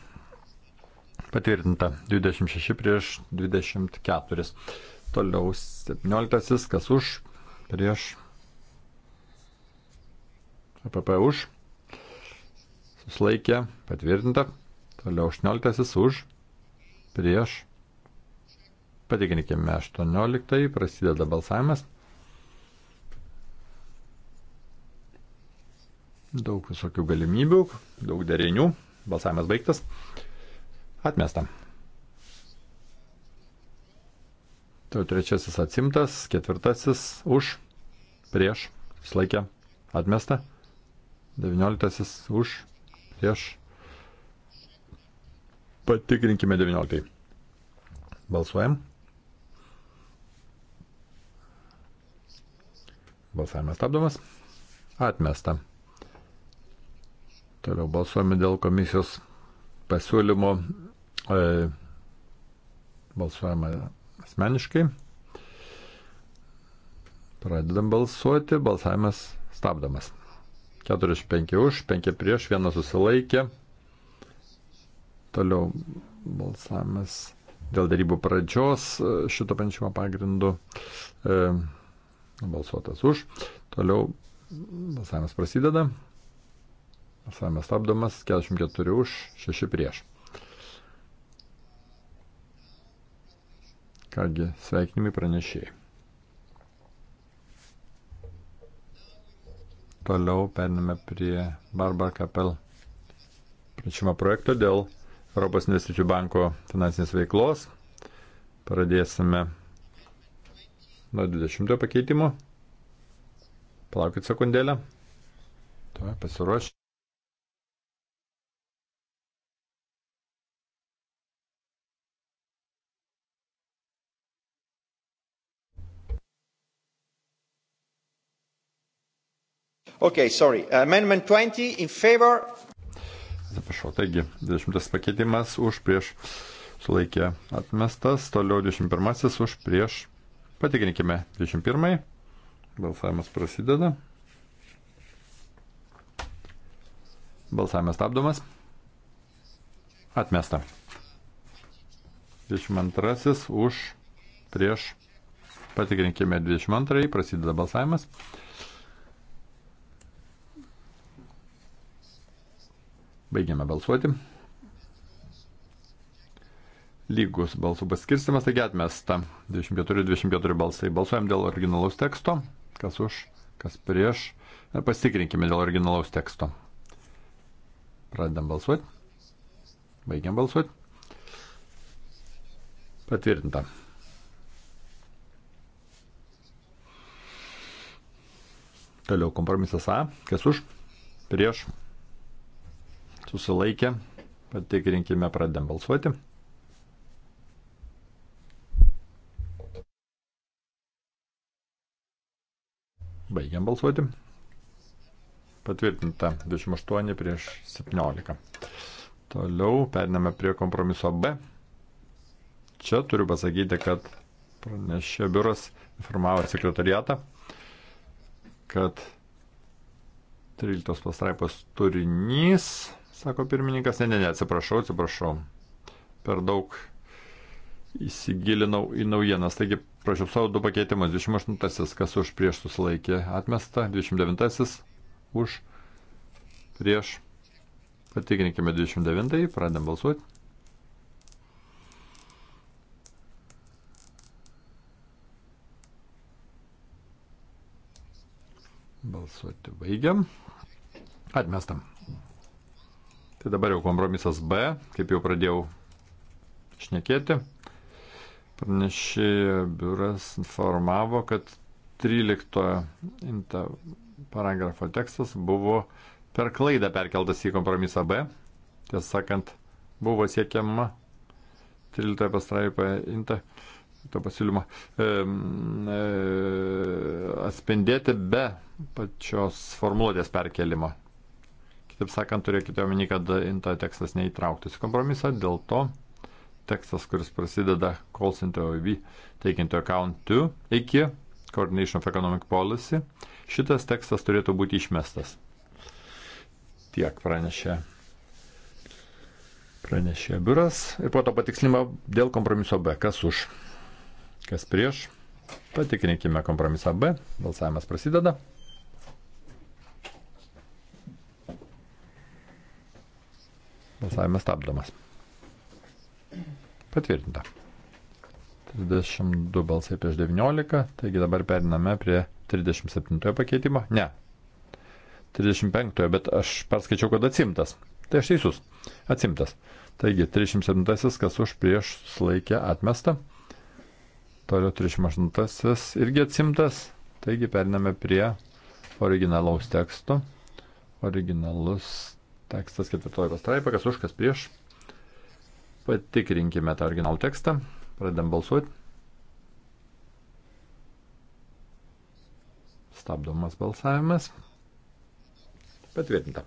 Patvirtinta 26 prieš 24. Toliau 17. Kas už? Prieš. APP už. Suslaikė. Patvirtinta. Toliau 18. Už. Prieš. Patikrinkime 18. Prasideda balsavimas. Daug visokių galimybių, daug derinių. Balsavimas baigtas. Atmesta. Tai trečiasis atsimtas, ketvirtasis už, prieš, slaikė, atmesta. Devynioliktasis už, prieš. Patikrinkime devynioliktai. Balsuojam. Balsavimas stabdomas. Atmesta. Toliau balsuojame dėl komisijos pasiūlymo E, Balsuojama asmeniškai. Pradedam balsuoti, balsavimas stabdomas. 45 už, 5 prieš, 1 susilaikė. Toliau balsavimas dėl darybų pradžios e, šito pančimo pagrindu e, balsuotas už. Toliau balsavimas prasideda. Balsavimas stabdomas 44 už, 6 prieš. Kągi, sveikinimai pranešėjai. Toliau periname prie Barbar Kapel pranešimo projekto dėl Europos investicijų banko finansinės veiklos. Pradėsime nuo 20 pakeitimo. Palaukit sekundėlę. Tuo pasiruošę. Okay, sorry. Amendment 20 in favor. Atsiprašau, taigi 20 pakeitimas už prieš sulaikė atmestas, toliau 21 už prieš. Patikrinkime 21. Balsavimas prasideda. Balsavimas stabdomas. Atmesta. 22 už prieš. Patikrinkime 22. Prasideda balsavimas. Baigiame balsuoti. Lygus balsų paskirstimas, taigi atmesta 24-24 balsai. Balsuojam dėl originalaus teksto, kas už, kas prieš. Ir pasitikrinkime dėl originalaus teksto. Pradedam balsuoti. Baigiam balsuoti. Patvirtinta. Toliau kompromisas A. Kas už? Prieš susilaikė, patikrinkime, pradėm balsuoti. Baigiam balsuoti. Patvirtinta 28 prieš 17. Toliau periname prie kompromiso B. Čia turiu pasakyti, kad pranešė biuras informavo sekretariatą, kad 13 pastraipos turinys sako pirmininkas. Ne, ne, ne, atsiprašau, atsiprašau. Per daug įsigilinau į naujienas. Taigi, prašau savo du pakeitimus. 28-asis, kas už prieš susilaikė atmesta. 29-asis už prieš. Patikrinkime 29-ąjį, pradėm balsuoti. Balsuoti baigiam. Atmestam. Tai dabar jau kompromisas B, kaip jau pradėjau šnekėti. Pranešėjo biuras informavo, kad 13 paragrafo tekstas buvo per klaidą perkeltas į kompromisą B. Tiesą sakant, buvo siekiama 13 pastraipoje inta to pasiūlymo e, e, atspindėti be pačios formuluotės perkelimo. Kitaip sakant, turėkite omeny, kad INTA tekstas neįtrauktas į kompromisą, dėl to tekstas, kuris prasideda call center OIV, taking to account to, iki coordination of economic policy, šitas tekstas turėtų būti išmestas. Tiek pranešė. Pranešė biuras ir po to patikslimą dėl kompromiso B. Kas už? Kas prieš? Patikrinkime kompromisą B. Balsavimas prasideda. Balsavimas stabdomas. Patvirtinta. 32 balsai prieš 19, taigi dabar periname prie 37 pakeitimo. Ne. 35, bet aš perskaičiau, kad atsimtas. Tai aš teisus. Atsimtas. Taigi 37, kas už prieš sulaikė atmestą. Toliau 38 irgi atsimtas. Taigi periname prie originalaus teksto. Originalus Tekstas ketvirtoji pastraipa, kas už, kas prieš. Patikrinkime tą originalų tekstą. Pradedam balsuoti. Stabdomas balsavimas. Patvirtinta.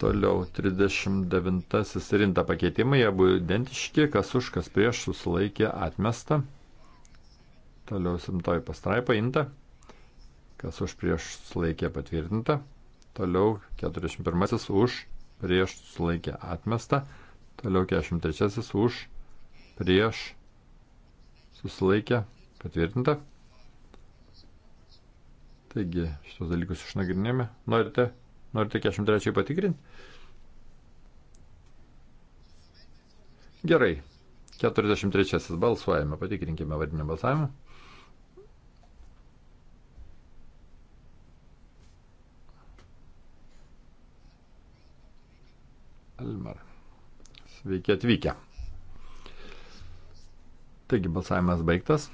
Toliau 39 ir rimta pakeitimai, jie buvo identiški, kas už, kas prieš susilaikė atmestą. Toliau 7 pastraipa inta, kas už prieš susilaikė patvirtinta. Toliau 41 už, prieš sulaikė atmestą. Toliau 43 už, prieš susilaikė patvirtinta. Taigi šitos dalykus išnagrinėjome. Norite, norite 43 patikrinti? Gerai. 43 balsuojame, patikrinkime vadinį balsavimą. Almar. Sveiki atvykę. Taigi balsavimas baigtas.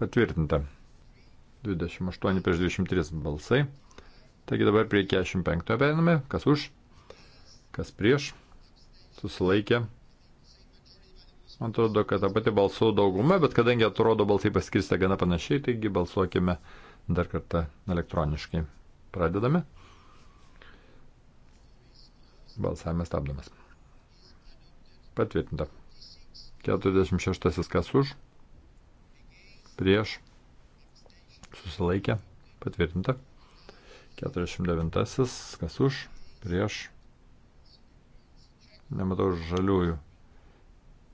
Patvirtinta. 28 prieš 23 balsai. Taigi dabar prie 45 periname. Kas už, kas prieš. Susilaikė. Man atrodo, kad ta pati balsų dauguma, bet kadangi atrodo balsai paskirsta gana panašiai, taigi balsuokime dar kartą elektroniškai. Pradedame. Balsavimas stabdomas. Patvirtinta. 46 kas už. Prieš. Susilaikė. Patvirtinta. 49 kas už. Prieš. Nematau žaliųjų.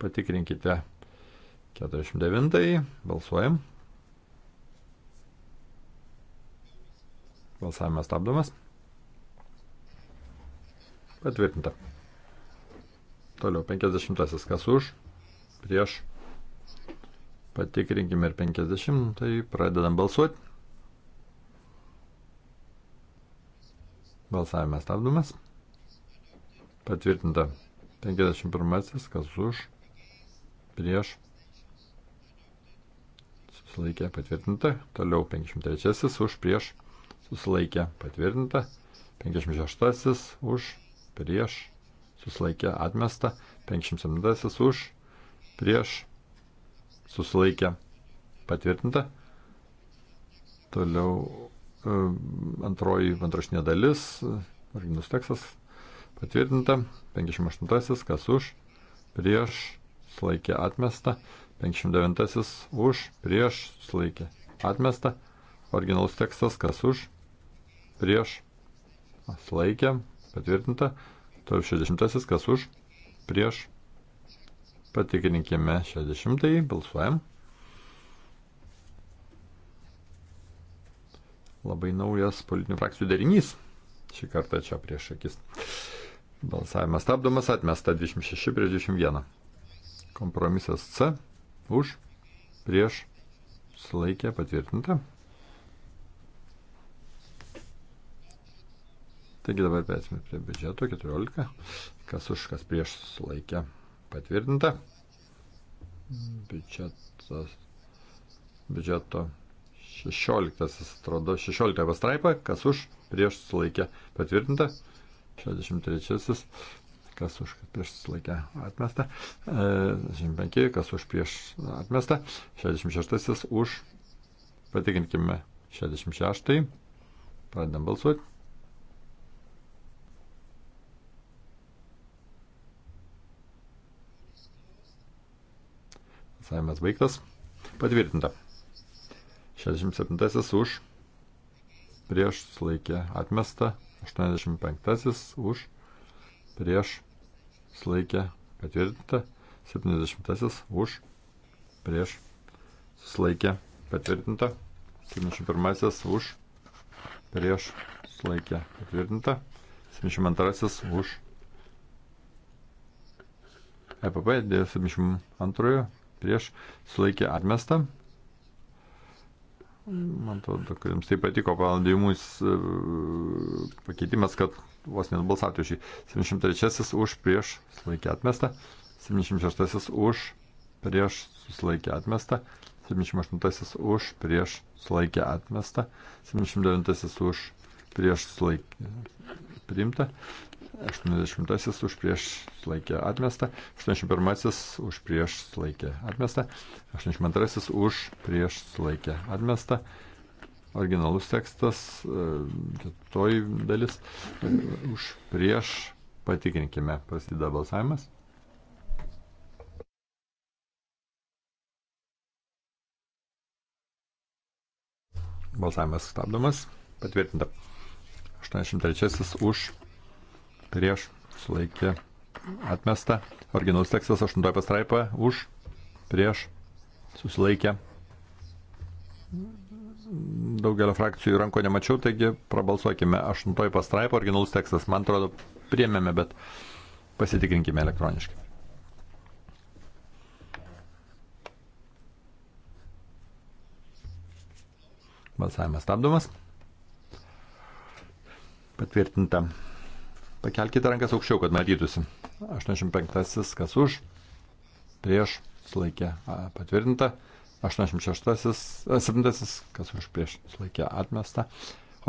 Patikrinkite. 49. Balsuojam. Balsavimas stabdomas. Patvirtinta. Toliau 50. Kas už? Prieš. Patikrinkime ir 50. Tai pradedam balsuoti. Balsavimas stabdomas. Patvirtinta. 51. Kas už? Prieš. Susilaikė patvirtinta. Toliau 53. Už prieš. Susilaikė patvirtinta. 56. Už prieš, susilaikė atmesta, 57 už, prieš, susilaikė patvirtinta. Toliau e, antroji antrašinė dalis, originus tekstas patvirtinta, 58 kas už, prieš, susilaikė atmesta, 59 už, prieš, susilaikė atmesta, originalus tekstas kas už, prieš, susilaikė patvirtinta. Toliau 60, kas už, prieš, patikrinkime 60, balsuojam. Labai naujas politinių frakcijų derinys. Šį kartą čia prieš akis. Balsavimas stabdomas, atmesta 26 prieš 21. Kompromisas C už, prieš, sulaikė, patvirtinta. Taigi dabar persime prie biudžeto 14. Kas už, kas prieš sulaikė patvirtinta. Biudžetas, biudžeto 16, atrodo, 16 pastraipa. Kas už, prieš sulaikė patvirtinta. 63. Kas už, kas prieš sulaikė atmesta. 65. E, kas už, prieš atmesta. 66. Už. Patikinkime 66. Pradedam balsuoti. Balsavimas baigtas. Patvirtinta. 67 už. Prieš sulaikė atmesta. 85 už. Prieš sulaikė patvirtinta. 70 už. Prieš sulaikė patvirtinta. 71 už. Prieš sulaikė patvirtinta. 72 už. EPP dėl 72 prieš sulaikė atmestą. Man atrodo, kad jums taip patiko palandimus e, pakeitimas, kad vos net balsavote šį. 703 už prieš sulaikė atmestą, 706 už prieš susilaikė atmestą, 78 už prieš sulaikė atmestą, 79 už prieš sulaikė priimta, 80 už prieš laikė atmestą, 81 už prieš laikė atmestą, 82 už prieš laikė atmestą. Originalus tekstas, kitoji e, dalis, už prieš patikrinkime, prasideda balsavimas. Balsavimas stabdomas, patvirtinta. 83 už prieš, sulaikė, atmesta. Originalus tekstas 8 pastraipa, už, prieš, susilaikė. Daugelio frakcijų ranko nemačiau, taigi prabalsuokime 8 pastraipą, originalus tekstas, man atrodo, priemėme, bet pasitikrinkime elektroniškai. Balsavimas stabdomas. Patvirtinta. Pakelkite rankas aukščiau, kad matytųsi. 85. Kas už? Prieš. Sulaikė. Patvirtinta. 86. 7. Kas už? Prieš. Sulaikė. Atmesta.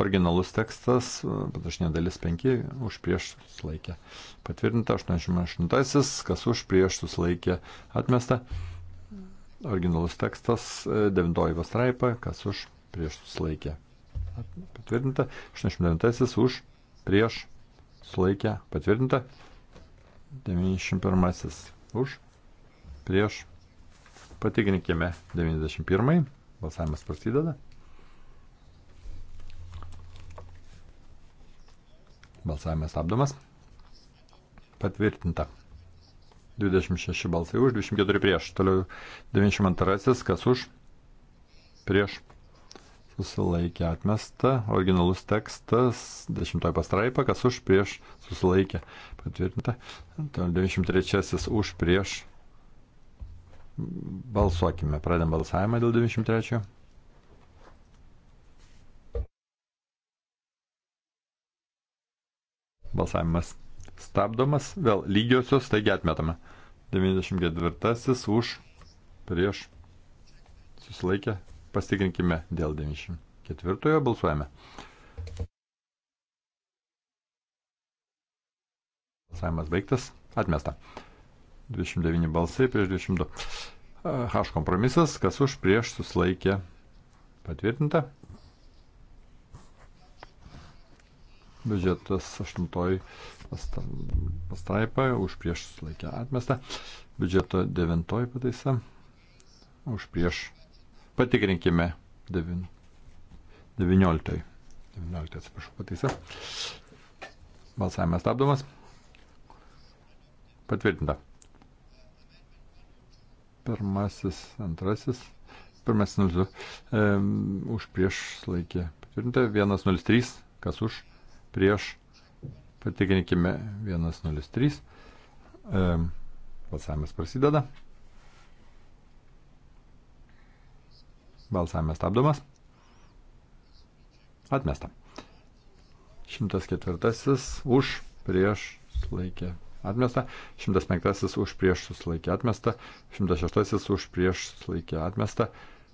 Originalus tekstas, patašinė dalis 5, už prieš susilaikė. Patvirtinta 88, kas už prieš susilaikė atmesta. Originalus tekstas 9 pastraipa, kas už prieš susilaikė. Patvirtinta 89 už prieš sulaikę, patvirtinta. 91 už, prieš. Patikrinkime 91. Balsavimas prasideda. Balsavimas stabdomas. Patvirtinta. 26 balsai už, 24 prieš. Toliau 92, kas už, prieš susilaikė atmesta, originalus tekstas, 10 pastraipa, kas už prieš susilaikė patvirtinta, 93 už prieš. Balsuokime, pradėm balsavimą dėl 93. Balsavimas stabdomas, vėl lygiosios, taigi atmetame. 94 už prieš susilaikė Pasitikrinkime dėl 94-ojo, balsuojame. Balsavimas baigtas, atmesta. 29 balsai prieš 22. H kompromisas, kas už prieš susilaikė patvirtinta. Biudžetas 8 pastraipa už prieš susilaikę atmestą. Biudžeto 9 pataisa už prieš Patikrinkime 19. 19, atsiprašau, pataisa. Balsavimas stabdomas. Patvirtinta. Pirmasis, antrasis. Pirmasis 02. E, už prieš laikė. Patvirtinta. 103. Kas už? Prieš. Patikrinkime 103. E, balsavimas prasideda. Balsavimas stabdomas. Atmesta. 104 už prieš sulaikė atmesta. 105 už prieš sulaikė atmesta. 106 už prieš sulaikė atmesta.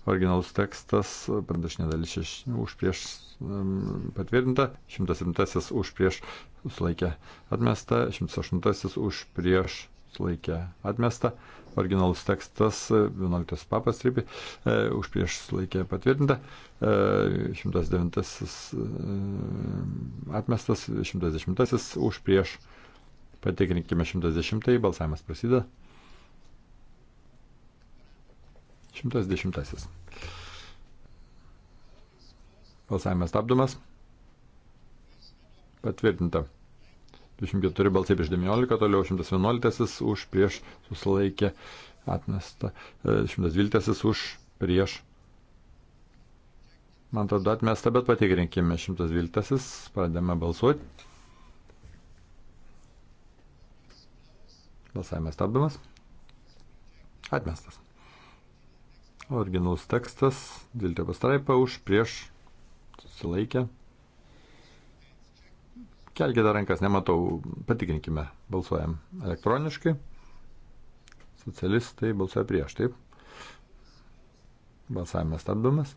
Originalus tekstas, brandašinė dalis šeš, už prieš um, patvirtinta. 107 už prieš sulaikė atmesta. 108 už prieš susilaikė atmesta. Originalus tekstas 11 papas rypį, e, už prieš susilaikė patvirtinta. E, 109 e, atmestas, 110 už prieš. Patikrinkime 110, balsavimas prasideda. 110. Balsavimas stabdomas. Patvirtinta. 24 balsai prieš 19, toliau 111 už prieš susilaikė atmesta, 112 e, už prieš. Man atrodo atmesta, bet patikrinkime 112, pradėme balsuoti. Balsavimas stabdomas. Atmestas. Originalus tekstas, 12 pastraipa už prieš susilaikė. Kelkite rankas, nematau. Patikrinkime. Balsuojam elektroniškai. Socialistai balsuoja prieš, taip. Balsavimas stabdomas.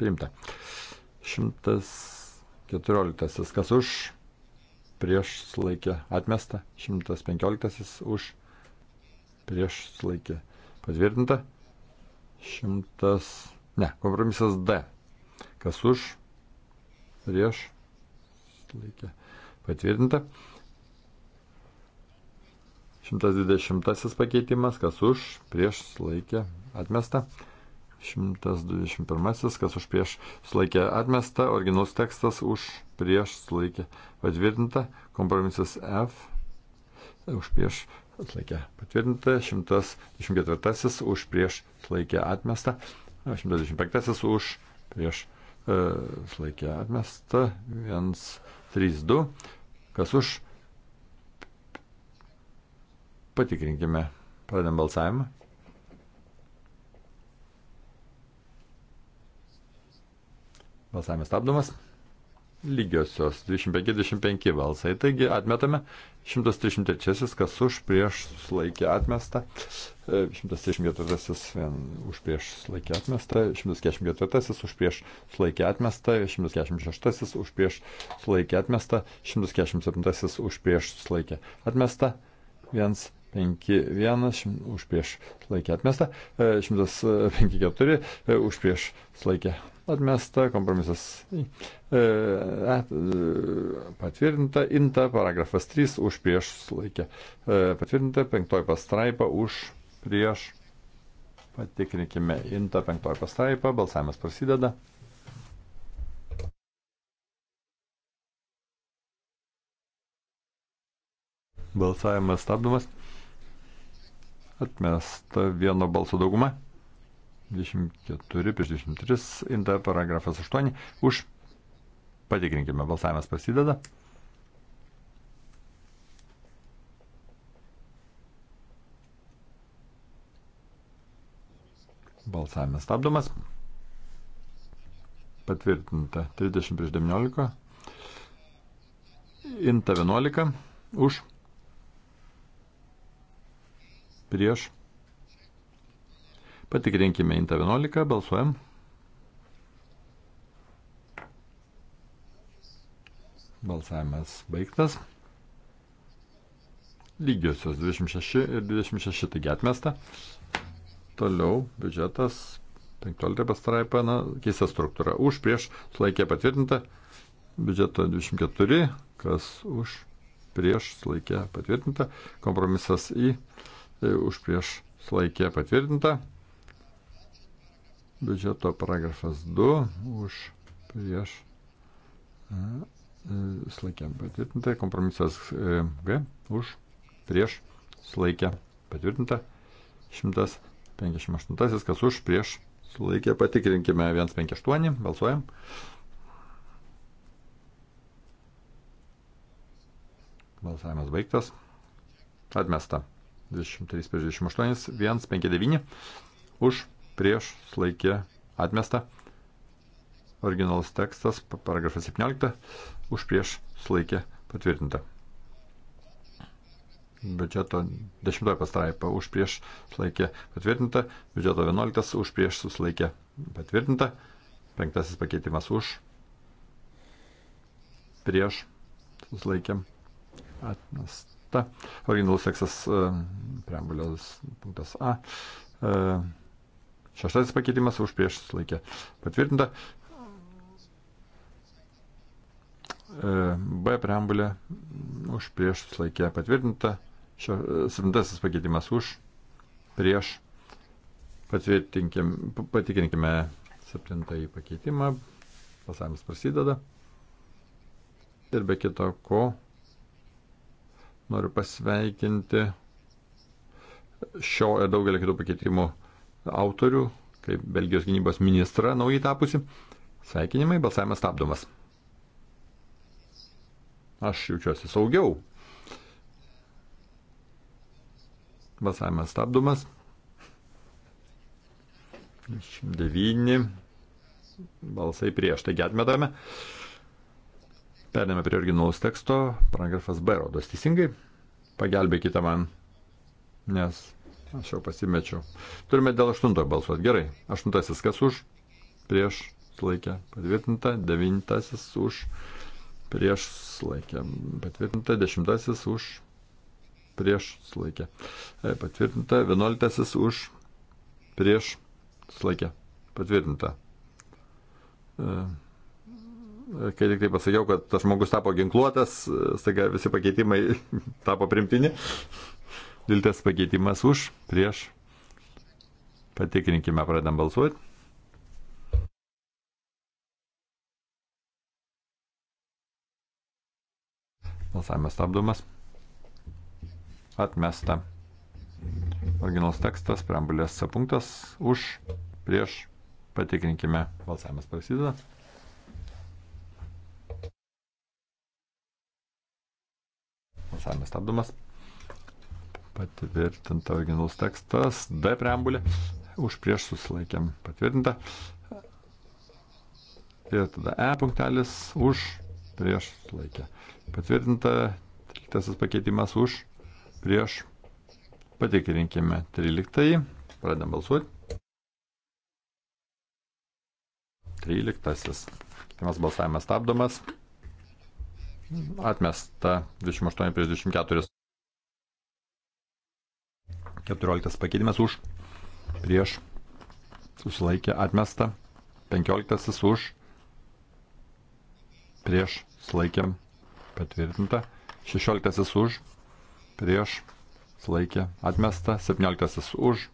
Priimta. 114. Kas už? Prieš sulaikė atmesta. 115. Už. Prieš sulaikė patvirtinta. 100. Ne, kompromisas D. Kas už? prieš, laikė patvirtinta. 120 pakeitimas, kas už, prieš, laikė atmesta. 121, kas už prieš sulaikė atmesta, originus tekstas už prieš sulaikė patvirtinta, kompromisas F už prieš sulaikė patvirtinta, 124 už prieš sulaikė atmesta, 125 už prieš E, Slaikė atmesta. 132. Kas už? Patikrinkime. Pradėm balsavimą. Balsavimas stabdomas. Lygiosios 25-25 balsai. Taigi atmetame 133, kas už prieš sulaikė atmestą, 134 vien už prieš sulaikė atmestą, 144 už prieš sulaikė atmestą, 146 už prieš sulaikė atmestą, 147 už prieš sulaikė atmestą, 151 už prieš sulaikė atmestą, 154 už prieš sulaikė atmesta, kompromisas e, e, patvirtinta, inta, paragrafas 3 už prieš sulaikę, e, patvirtinta, penktoji pastraipa už prieš, patikrinkime, inta, penktoji pastraipa, balsavimas prasideda. Balsavimas stabdomas. Atmesta vieno balso dauguma. 24 prieš 23, inta paragrafas 8, už patikrinkime, balsavimas prasideda. Balsavimas stabdomas. Patvirtinta 30 prieš 19. Inta 11 už prieš Patikrinkime Inta 11, balsuojam. Balsavimas baigtas. Lygiosios 26 ir 26 taigi atmesta. Toliau biudžetas 15 pastraipa, na, keista struktūra. Už prieš sulaikė patvirtinta biudžeto 24, kas už prieš sulaikė patvirtinta, kompromisas į už prieš sulaikė patvirtinta, biudžeto paragrafas 2 už prieš e, slaikę patvirtinta, kompromisas e, G už prieš slaikę patvirtinta, 158, kas už prieš slaikę patikrinkime 158, balsuojam. Balsavimas baigtas. Atmesta. 23 prieš 28, 159 už prieš, laikė, atmesta. Originalus tekstas, paragrafas 17, už prieš, laikė, patvirtinta. Biudžeto 10 pastraipa už prieš sulaikė patvirtinta, biudžeto 11 už prieš susilaikė patvirtinta, penktasis pakeitimas už prieš susilaikėm atmesta. Originalus tekstas e, preambulės punktas A. E, Šeštasis pakeitimas už prieš susilaikė patvirtinta. E, B preambulė už prieš susilaikė patvirtinta. Šio, e, septintasis pakeitimas už prieš. Patikrinkime septintąjį pakeitimą. Pasavimas prasideda. Ir be kito ko noriu pasveikinti šio ir daugelį kitų pakeitimų autorių, kaip Belgijos gynybos ministra naujai tapusi. Sveikinimai, balsavimas stabdomas. Aš jaučiuosi saugiau. Balsavimas stabdomas. 9 balsai prieš, taigi atmetame. Perėmėme prie originalaus teksto, paragrafas B rodos teisingai. Pagelbėkite man, nes Aš jau pasimečiau. Turime dėl aštuntojo balsuoti. Gerai. Aštuntasis kas už? Prieš laikė patvirtinta. Devintasis už. Prieš laikė patvirtinta. Dešimtasis už. Prieš laikė e, patvirtinta. Vienuoliktasis už. Prieš laikė patvirtinta. E, e, kai tik tai pasakiau, kad tas žmogus tapo ginkluotas, staiga visi pakeitimai tapo primtini. Diltas pakeitimas už, prieš. Patikrinkime, pradam balsuoti. Balsavimas stabdomas. Atmesta. Originalus tekstas, preambulės C punktas, už, prieš, patikrinkime, balsavimas prasideda. Balsavimas stabdomas patvirtinta originalus tekstas, D preambulė, už prieš susilaikėm patvirtinta. Ir tada E punktelis už prieš susilaikę. Patvirtinta 13 pakeitimas už prieš. Patikrinkime 13. Pradedam balsuoti. 13. Pakeitimas balsavimas stabdomas. Atmesta 28 prieš 24. 14 pakeitimas už, prieš, susilaikė atmesta, 15 už, prieš, susilaikė patvirtinta, 16 už, prieš, susilaikė atmesta, 17 už,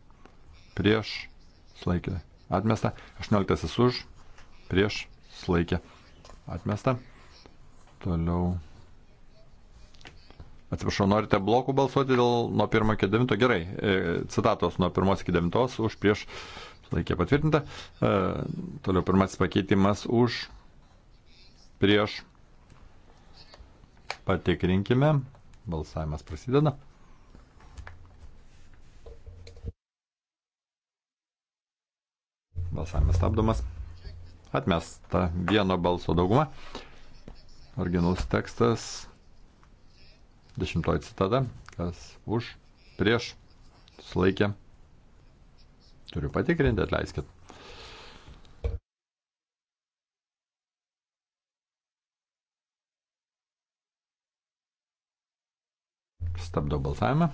prieš, susilaikė atmesta, 18 už, prieš, susilaikė atmesta. Toliau Atsiprašau, norite blokų balsuoti dėl nuo 1 iki 9? Gerai. E, citatos nuo 1 iki 9 už prieš laikė patvirtinta. E, toliau pirmasis pakeitimas už prieš. Patikrinkime. Balsavimas prasideda. Balsavimas stabdomas. Atmesta vieno balso dauguma. Originalus tekstas Dešimtoji citata. Kas už, prieš, sulaikė. Turiu patikrinti, atleiskit. Stabdo balsavimą.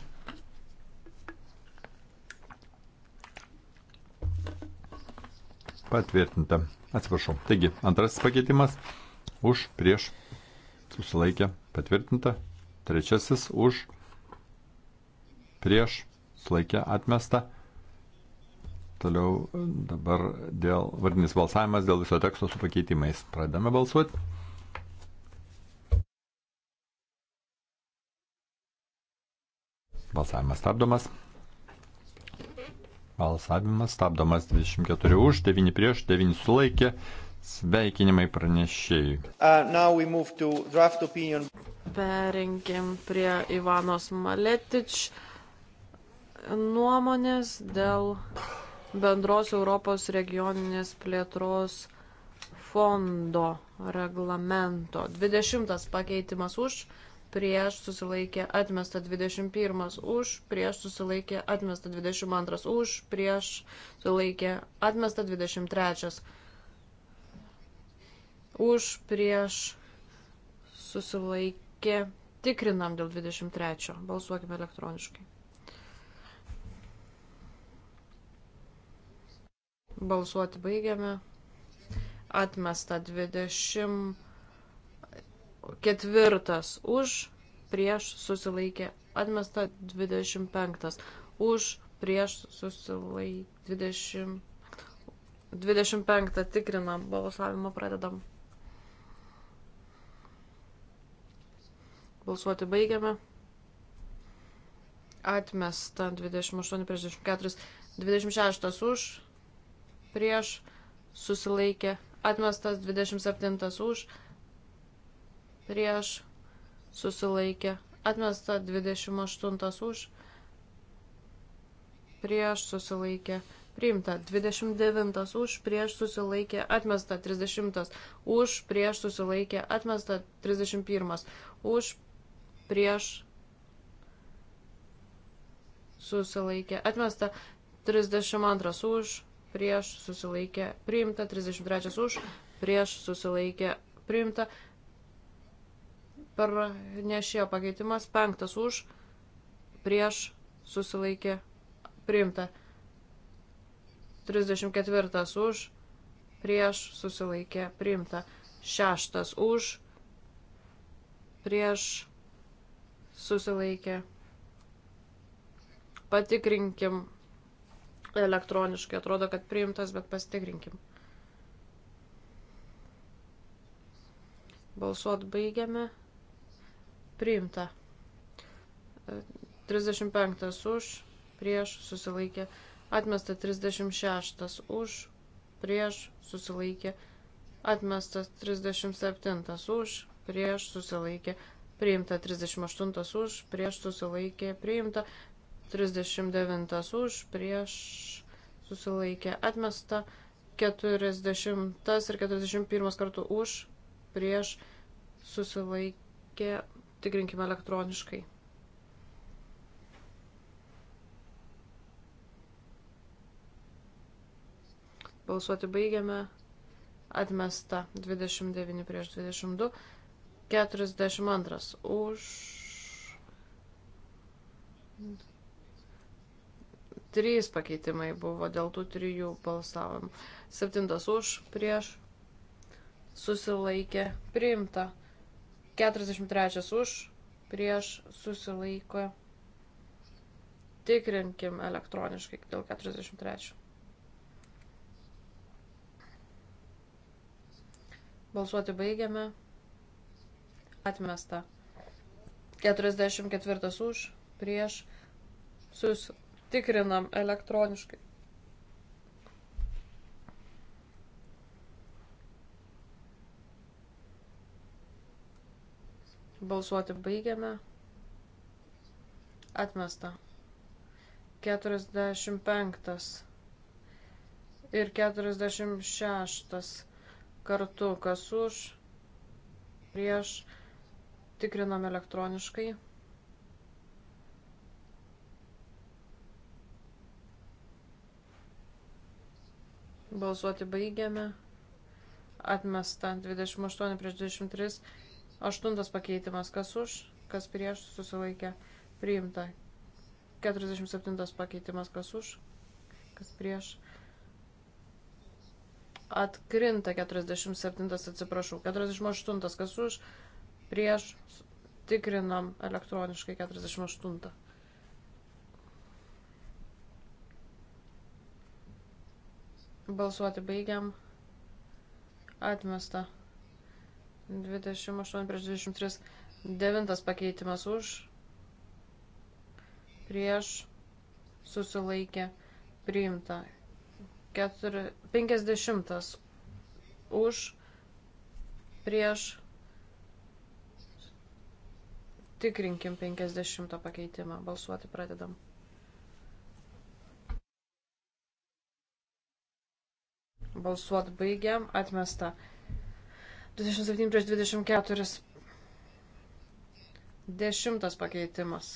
Patvirtinta. Atsiprašau. Taigi, antrasis pakeitimas. Už, prieš, susilaikė, patvirtinta. Trečiasis už prieš sulaikę atmestą. Toliau dabar dėl vardinis balsavimas dėl viso teksto su pakeitimais. Pradedame balsuoti. Balsavimas stabdomas. Balsavimas stabdomas 24 už, 9 prieš, 9 sulaikė. Sveikinimai pranešėjai. Uh, Perinkim prie Ivanos Maletič nuomonės dėl bendros Europos regioninės plėtros fondo reglamento. 20 pakeitimas už, prieš susilaikė atmesta 21 už, prieš susilaikė atmesta 22 už, prieš susilaikė atmesta 23 už, prieš susilaikė reiškia tikrinam dėl 23. Balsuokime elektroniškai. Balsuoti baigiame. Atmesta 24 už, prieš susilaikė. Atmesta 25 už, prieš susilaikė. 20... 25 tikrinam, balsavimą pradedam. Balsuoti baigiame. Atmesta 28 prieš 24, 26 už, prieš susilaikė. Atmestas 27 už, prieš susilaikė. Atmesta 28 už, prieš susilaikė. Priimta 29 už, prieš susilaikė, atmesta 30, už, prieš susilaikė, atmesta 31, už, prieš susilaikė atmesta, 32 už prieš susilaikė priimta, 33 už prieš susilaikė priimta, per nešėjo pakeitimas, 5 už prieš susilaikė priimta. 34 už, prieš susilaikė priimta. 6 už, prieš susilaikė. Patikrinkim elektroniškai. Atrodo, kad priimtas, bet pasitikrinkim. Balsuot baigiame. Priimta. 35 už, prieš, susilaikė. Atmesta 36 už, prieš, susilaikė. Atmestas 37 už, prieš, susilaikė priimta 38 už, prieš susilaikė, priimta 39 už, prieš susilaikė, atmesta 40 ir 41 kartų už, prieš susilaikė, tikrinkime elektroniškai. Balsuoti baigiame. Atmesta 29 prieš 22. 42 už. 3 pakeitimai buvo dėl tų trijų balsavimų. 7 už, prieš, susilaikė, priimta. 43 už, prieš, susilaiko. Tikrinkim elektroniškai dėl 43. Balsuoti baigiame atmesta. 44 už, prieš, susitikrinam elektroniškai. Balsuoti baigiame. Atmesta. 45 ir 46 kartu, kas už, prieš, Tikriname elektroniškai. Balsuoti baigiame. Atmesta 28 prieš 23. Aštuntas pakeitimas. Kas už, kas prieš susilaikė. Priimta. 47 pakeitimas. Kas už, kas prieš. Atkrinta 47, atsiprašau. 48, kas už, prieš tikrinam elektroniškai 48. Balsuoti baigiam. Atmesta. 28 prieš 23. Devintas pakeitimas už. Prieš. Susilaikė. Priimta. 4, 50 už. Prieš Patikrinkim 50 pakeitimą. Balsuoti pradedam. Balsuot baigiam. Atmesta. 27 prieš 24. Dešimtas pakeitimas.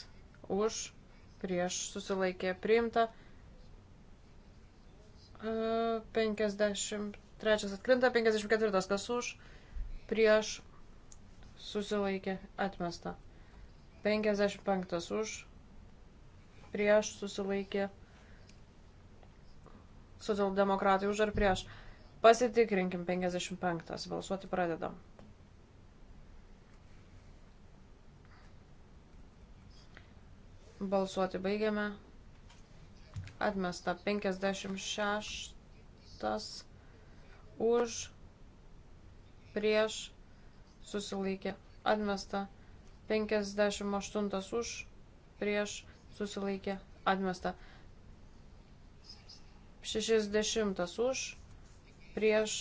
Už, prieš, susilaikė, priimta. 53 e, atkrinta, 54 kas už, prieš, susilaikė, atmesta. 55 už, prieš susilaikė. Socialdemokratai už ar prieš. Pasitikrinkim 55. Balsuoti pradedam. Balsuoti baigiame. Atmesta 56 už prieš susilaikė. Atmesta 56. 58 už, prieš susilaikė atmesta. 60 už, prieš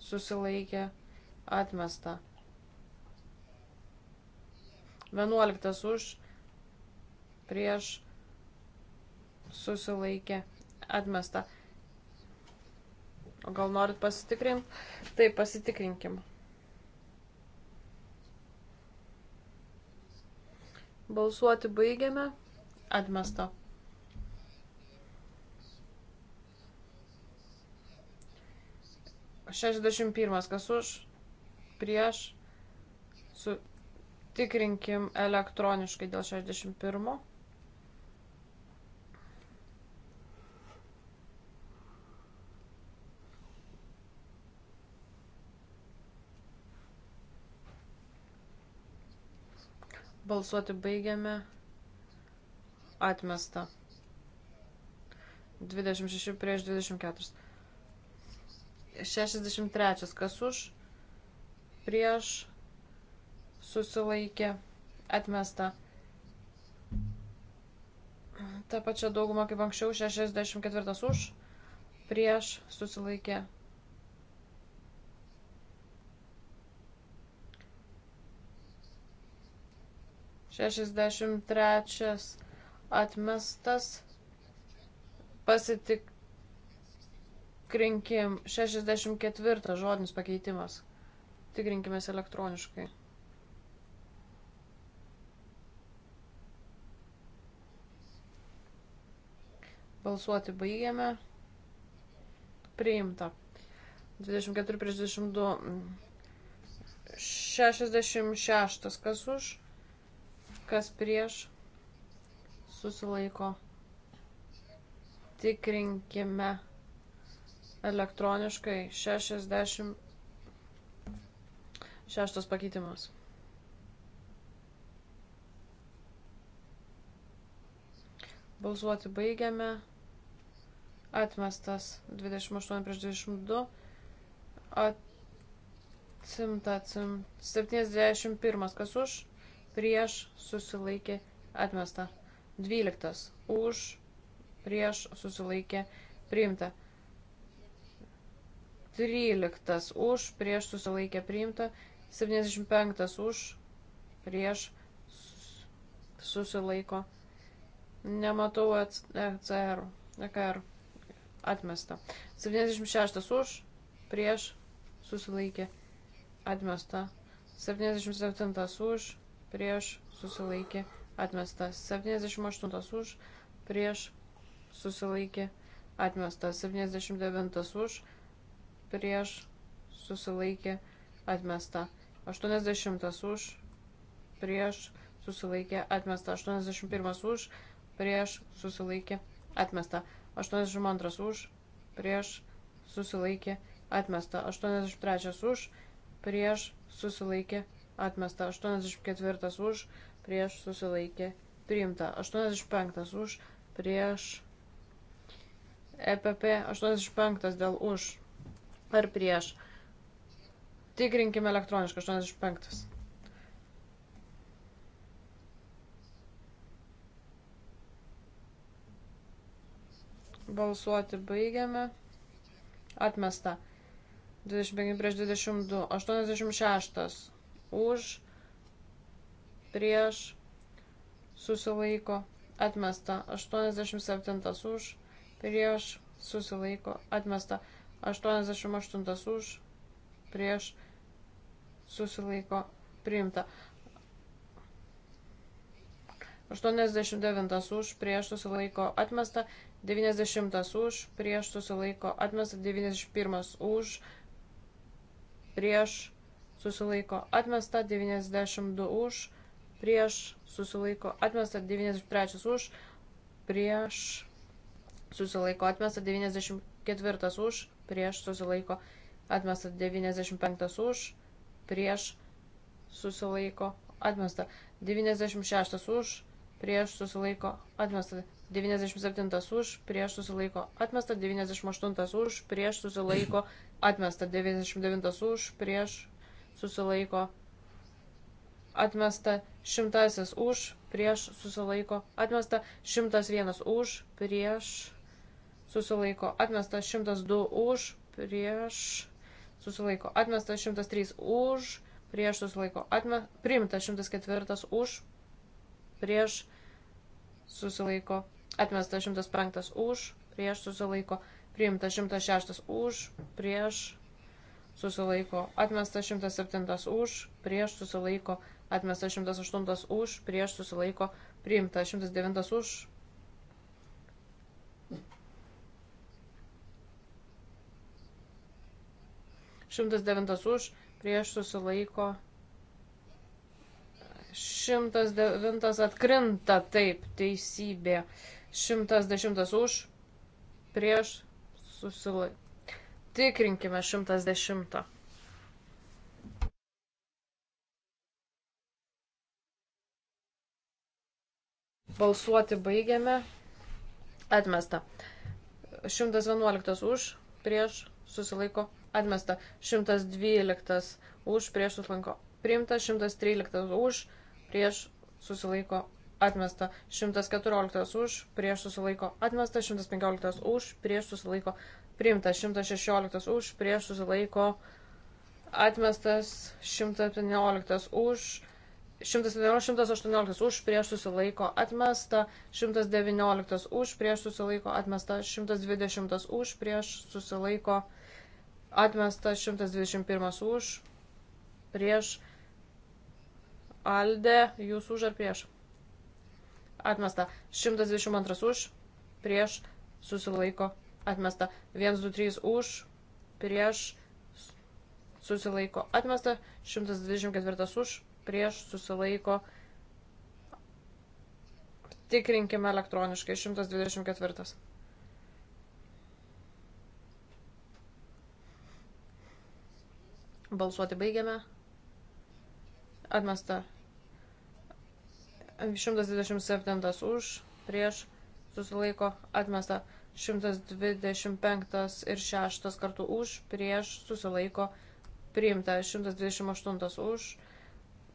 susilaikė atmesta. 11 už, prieš susilaikė atmesta. O gal norit pasitikrinti? Tai pasitikrinkim. Balsuoti baigiame. Atmesta. Šešdešimt pirmas, kas už, prieš, su, tikrinkim elektroniškai dėl šešdešimt pirmo. Balsuoti baigiame. Atmesta. 26 prieš 24. 63. Kas už? Prieš. Susilaikė. Atmesta. Ta pačia dauguma kaip anksčiau. 64 už. Prieš. Susilaikė. 63 atmestas. Pasitikrinkim 64 žodinis pakeitimas. Tikrinkimės elektroniškai. Balsuoti baigiame. Priimta. 24 prieš 22. 66. Kas už? kas prieš susilaiko. Tikrinkime elektroniškai 66 pakeitimas. Balsuoti baigiame. Atmestas 28 prieš 22. Atsimta, atsimta. 71. Kas už? prieš susilaikė atmesta. 12. Už prieš susilaikė priimta. 13. Už prieš susilaikė priimta. 75. Už prieš susilaiko. Nematau ECR. ECR atmesta. 76 už, prieš, susilaikė, atmesta. 77 už, prieš susilaikė atmestas. 78 už prieš susilaikė atmestas. 79 už prieš susilaikė atmesta. 80 už prieš susilaikė atmesta. 81 už prieš susilaikė atmesta. 82 už prieš susilaikė atmesta. 83 už prieš susilaikė atmesta, 84 už, prieš susilaikė, priimta, 85 už, prieš EPP, 85 dėl už ar prieš. Tikrinkime elektroniškai, 85. Balsuoti baigiame. Atmesta. 25 prieš 22. 86 už, prieš, susilaiko, atmesta. 87 už, prieš, susilaiko, atmesta. 88 už, prieš, susilaiko, priimta. 89 už, prieš, susilaiko, atmesta. 90 už, prieš, susilaiko, atmesta. 91 už, prieš, susilaiko atmesta 92 už, prieš susilaiko atmesta 93 už, prieš susilaiko atmesta 94 už, prieš susilaiko atmesta 95 už, prieš susilaiko atmesta 96 už, prieš susilaiko atmesta 97 už, prieš susilaiko atmesta 98 už, prieš susilaiko atmesta 99 už, prieš susilaiko atmesta, šimtasis už, prieš susilaiko atmesta, šimtas vienas už, prieš susilaiko atmesta, šimtas du už, prieš susilaiko atmesta, šimtas trys už, prieš susilaiko atmesta, priimta šimtas ketvirtas už, prieš susilaiko atmesta, šimtas penktas už, prieš susilaiko priimta šimtas šeštas už, prieš susilaiko atmesta 107 už, prieš susilaiko atmesta 108 už, prieš susilaiko priimta 109 už. Šimtas devintas už, prieš susilaiko. Šimtas devintas atkrinta, taip, teisybė. Šimtas dešimtas už, prieš susilaiko. Tikrinkime 110. Balsuoti baigiame. Atmesta. 111 už, prieš, susilaiko. Atmesta. 112 už, prieš, susilaiko. Priimta. 113 už, prieš, susilaiko. Atmesta. 114 už, prieš, susilaiko. Atmesta. 115 už, prieš, susilaiko priimtas 116 už, prieš susilaiko atmestas 117 už, 118 už, prieš susilaiko atmesta, 119 už, prieš susilaiko atmesta, 120 už, prieš susilaiko atmesta, 121 už, prieš Alde, jūs už ar prieš? Atmesta. 122 už, prieš susilaiko atmesta atmesta. 1, 2, 3 už, prieš, susilaiko, atmesta. 124 už, prieš, susilaiko. Tikrinkime elektroniškai. 124. Balsuoti baigiame. Atmesta. 127 už, prieš, susilaiko, atmesta. 125 ir 6 kartų už, prieš susilaiko priimta, 128 už,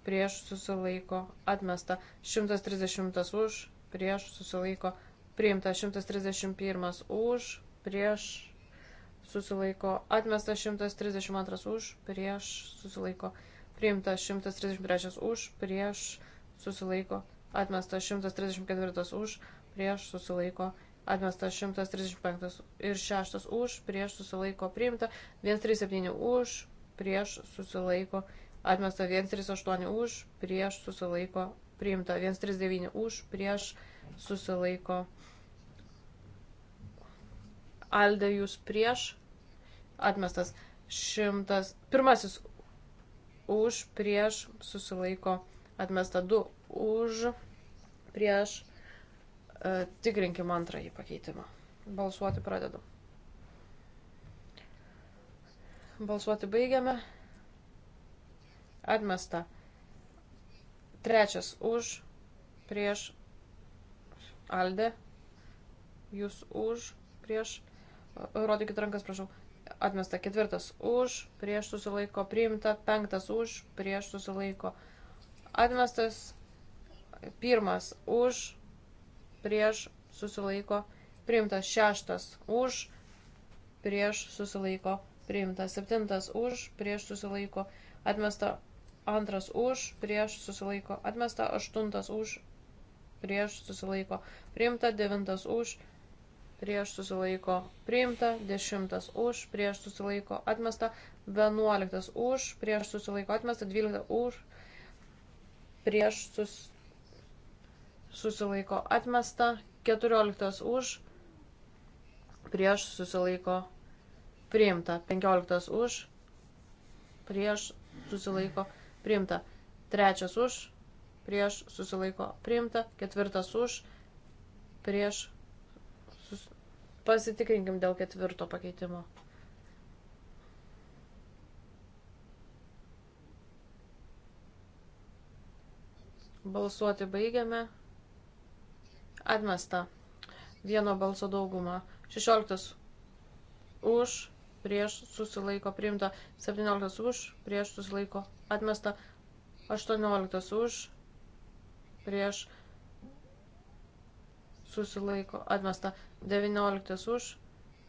prieš susilaiko atmesta, 130 už, prieš susilaiko priimta, 131 už, prieš susilaiko atmesta, 132 už, prieš susilaiko priimta, 133 už, prieš susilaiko atmesta, 134 už, prieš susilaiko priimta atmesta 135 ir 6 už, prieš susilaiko priimta, 137 už, prieš susilaiko atmesta, 138 už, prieš susilaiko priimta, 139 už, prieš susilaiko. Alde jūs prieš, atmestas, šimtas, pirmasis už, prieš susilaiko, atmesta du už, prieš E, tikrinkim antrąjį pakeitimą. Balsuoti pradedu. Balsuoti baigiame. Atmesta. Trečias už, prieš, Alde. Jūs už, prieš, e, rodykit rankas, prašau. Atmesta. Ketvirtas už, prieš susilaiko, priimta. Penktas už, prieš susilaiko. Atmestas. Pirmas už, prieš susilaiko priimtas. Šeštas už prieš susilaiko priimtas. Septintas už prieš susilaiko atmesta. Antras už prieš susilaiko atmesta. Aštuntas už prieš susilaiko priimta. Devintas už prieš susilaiko priimta, 10 už, prieš susilaiko atmesta, 11 už, prieš susilaiko atmesta, 12 už, prieš susilaiko susilaiko atmesta, 14 už, prieš susilaiko priimta, 15 už, prieš susilaiko priimta, 3 už, prieš susilaiko priimta, 4 už, prieš sus... pasitikrinkim dėl ketvirto pakeitimo. Balsuoti baigiame. Atmesta. Vieno balso dauguma. 16 už, prieš susilaiko priimta. 17 už, prieš susilaiko atmesta. 18 už, prieš susilaiko atmesta. 19 už,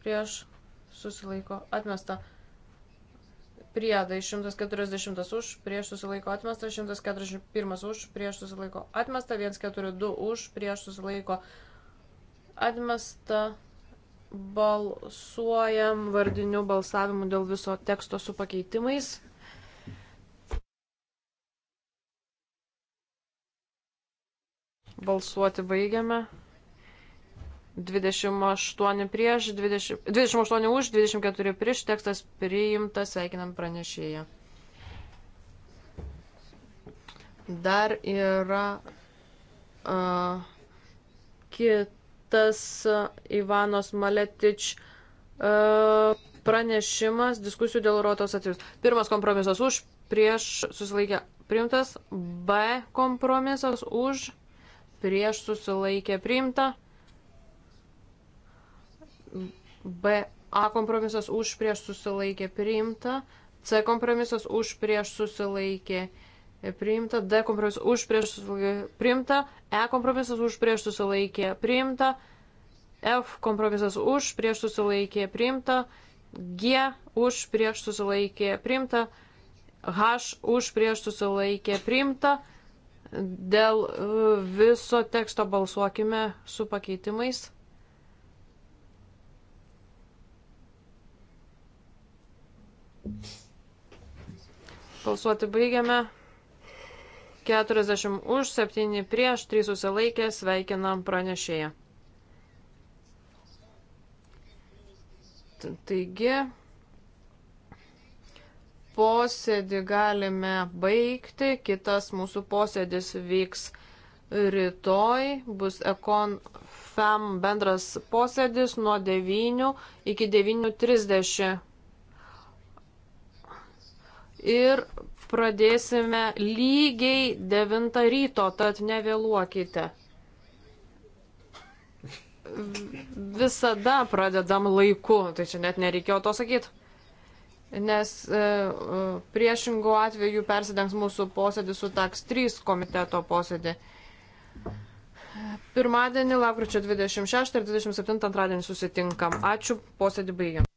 prieš susilaiko atmesta. Priedai 140 už, prieš susilaiko atmesta, 141 už, prieš susilaiko atmesta, 142 už, prieš susilaiko atmesta. Balsuojam vardiniu balsavimu dėl viso teksto su pakeitimais. Balsuoti baigiame. 28 prieš, 20, 28 už, 24 prieš, tekstas priimtas, sveikinam pranešėją. Dar yra uh, kitas Ivanos Maletič uh, pranešimas diskusijų dėl rotos atvejus. Pirmas kompromisas už, prieš susilaikė priimtas, B kompromisas už, prieš susilaikė priimta. BA kompromisas už prieš susilaikė priimta, C kompromisas už prieš susilaikė priimta, D kompromisas už prieš susilaikė priimta, E kompromisas už prieš susilaikė priimta, F kompromisas už prieš susilaikė priimta, G už prieš susilaikė priimta, H už prieš susilaikė priimta. Dėl e, viso teksto balsuokime su pakeitimais. Balsuoti baigiame. 40 už, 7 prieš, 3 susilaikė, sveikinam pranešėją. Taigi, posėdį galime baigti, kitas mūsų posėdis vyks rytoj, bus ekon FEM bendras posėdis nuo 9 iki 9.30 ir pradėsime lygiai 9 ryto, tad nevėluokite. Visada pradedam laiku, tai čia net nereikėjo to sakyti. Nes e, e priešingų atveju persidengs mūsų posėdį su TAX 3 komiteto posėdį. Pirmadienį, lapkričio 26 ir 27 antradienį susitinkam. Ačiū, posėdį baigiam.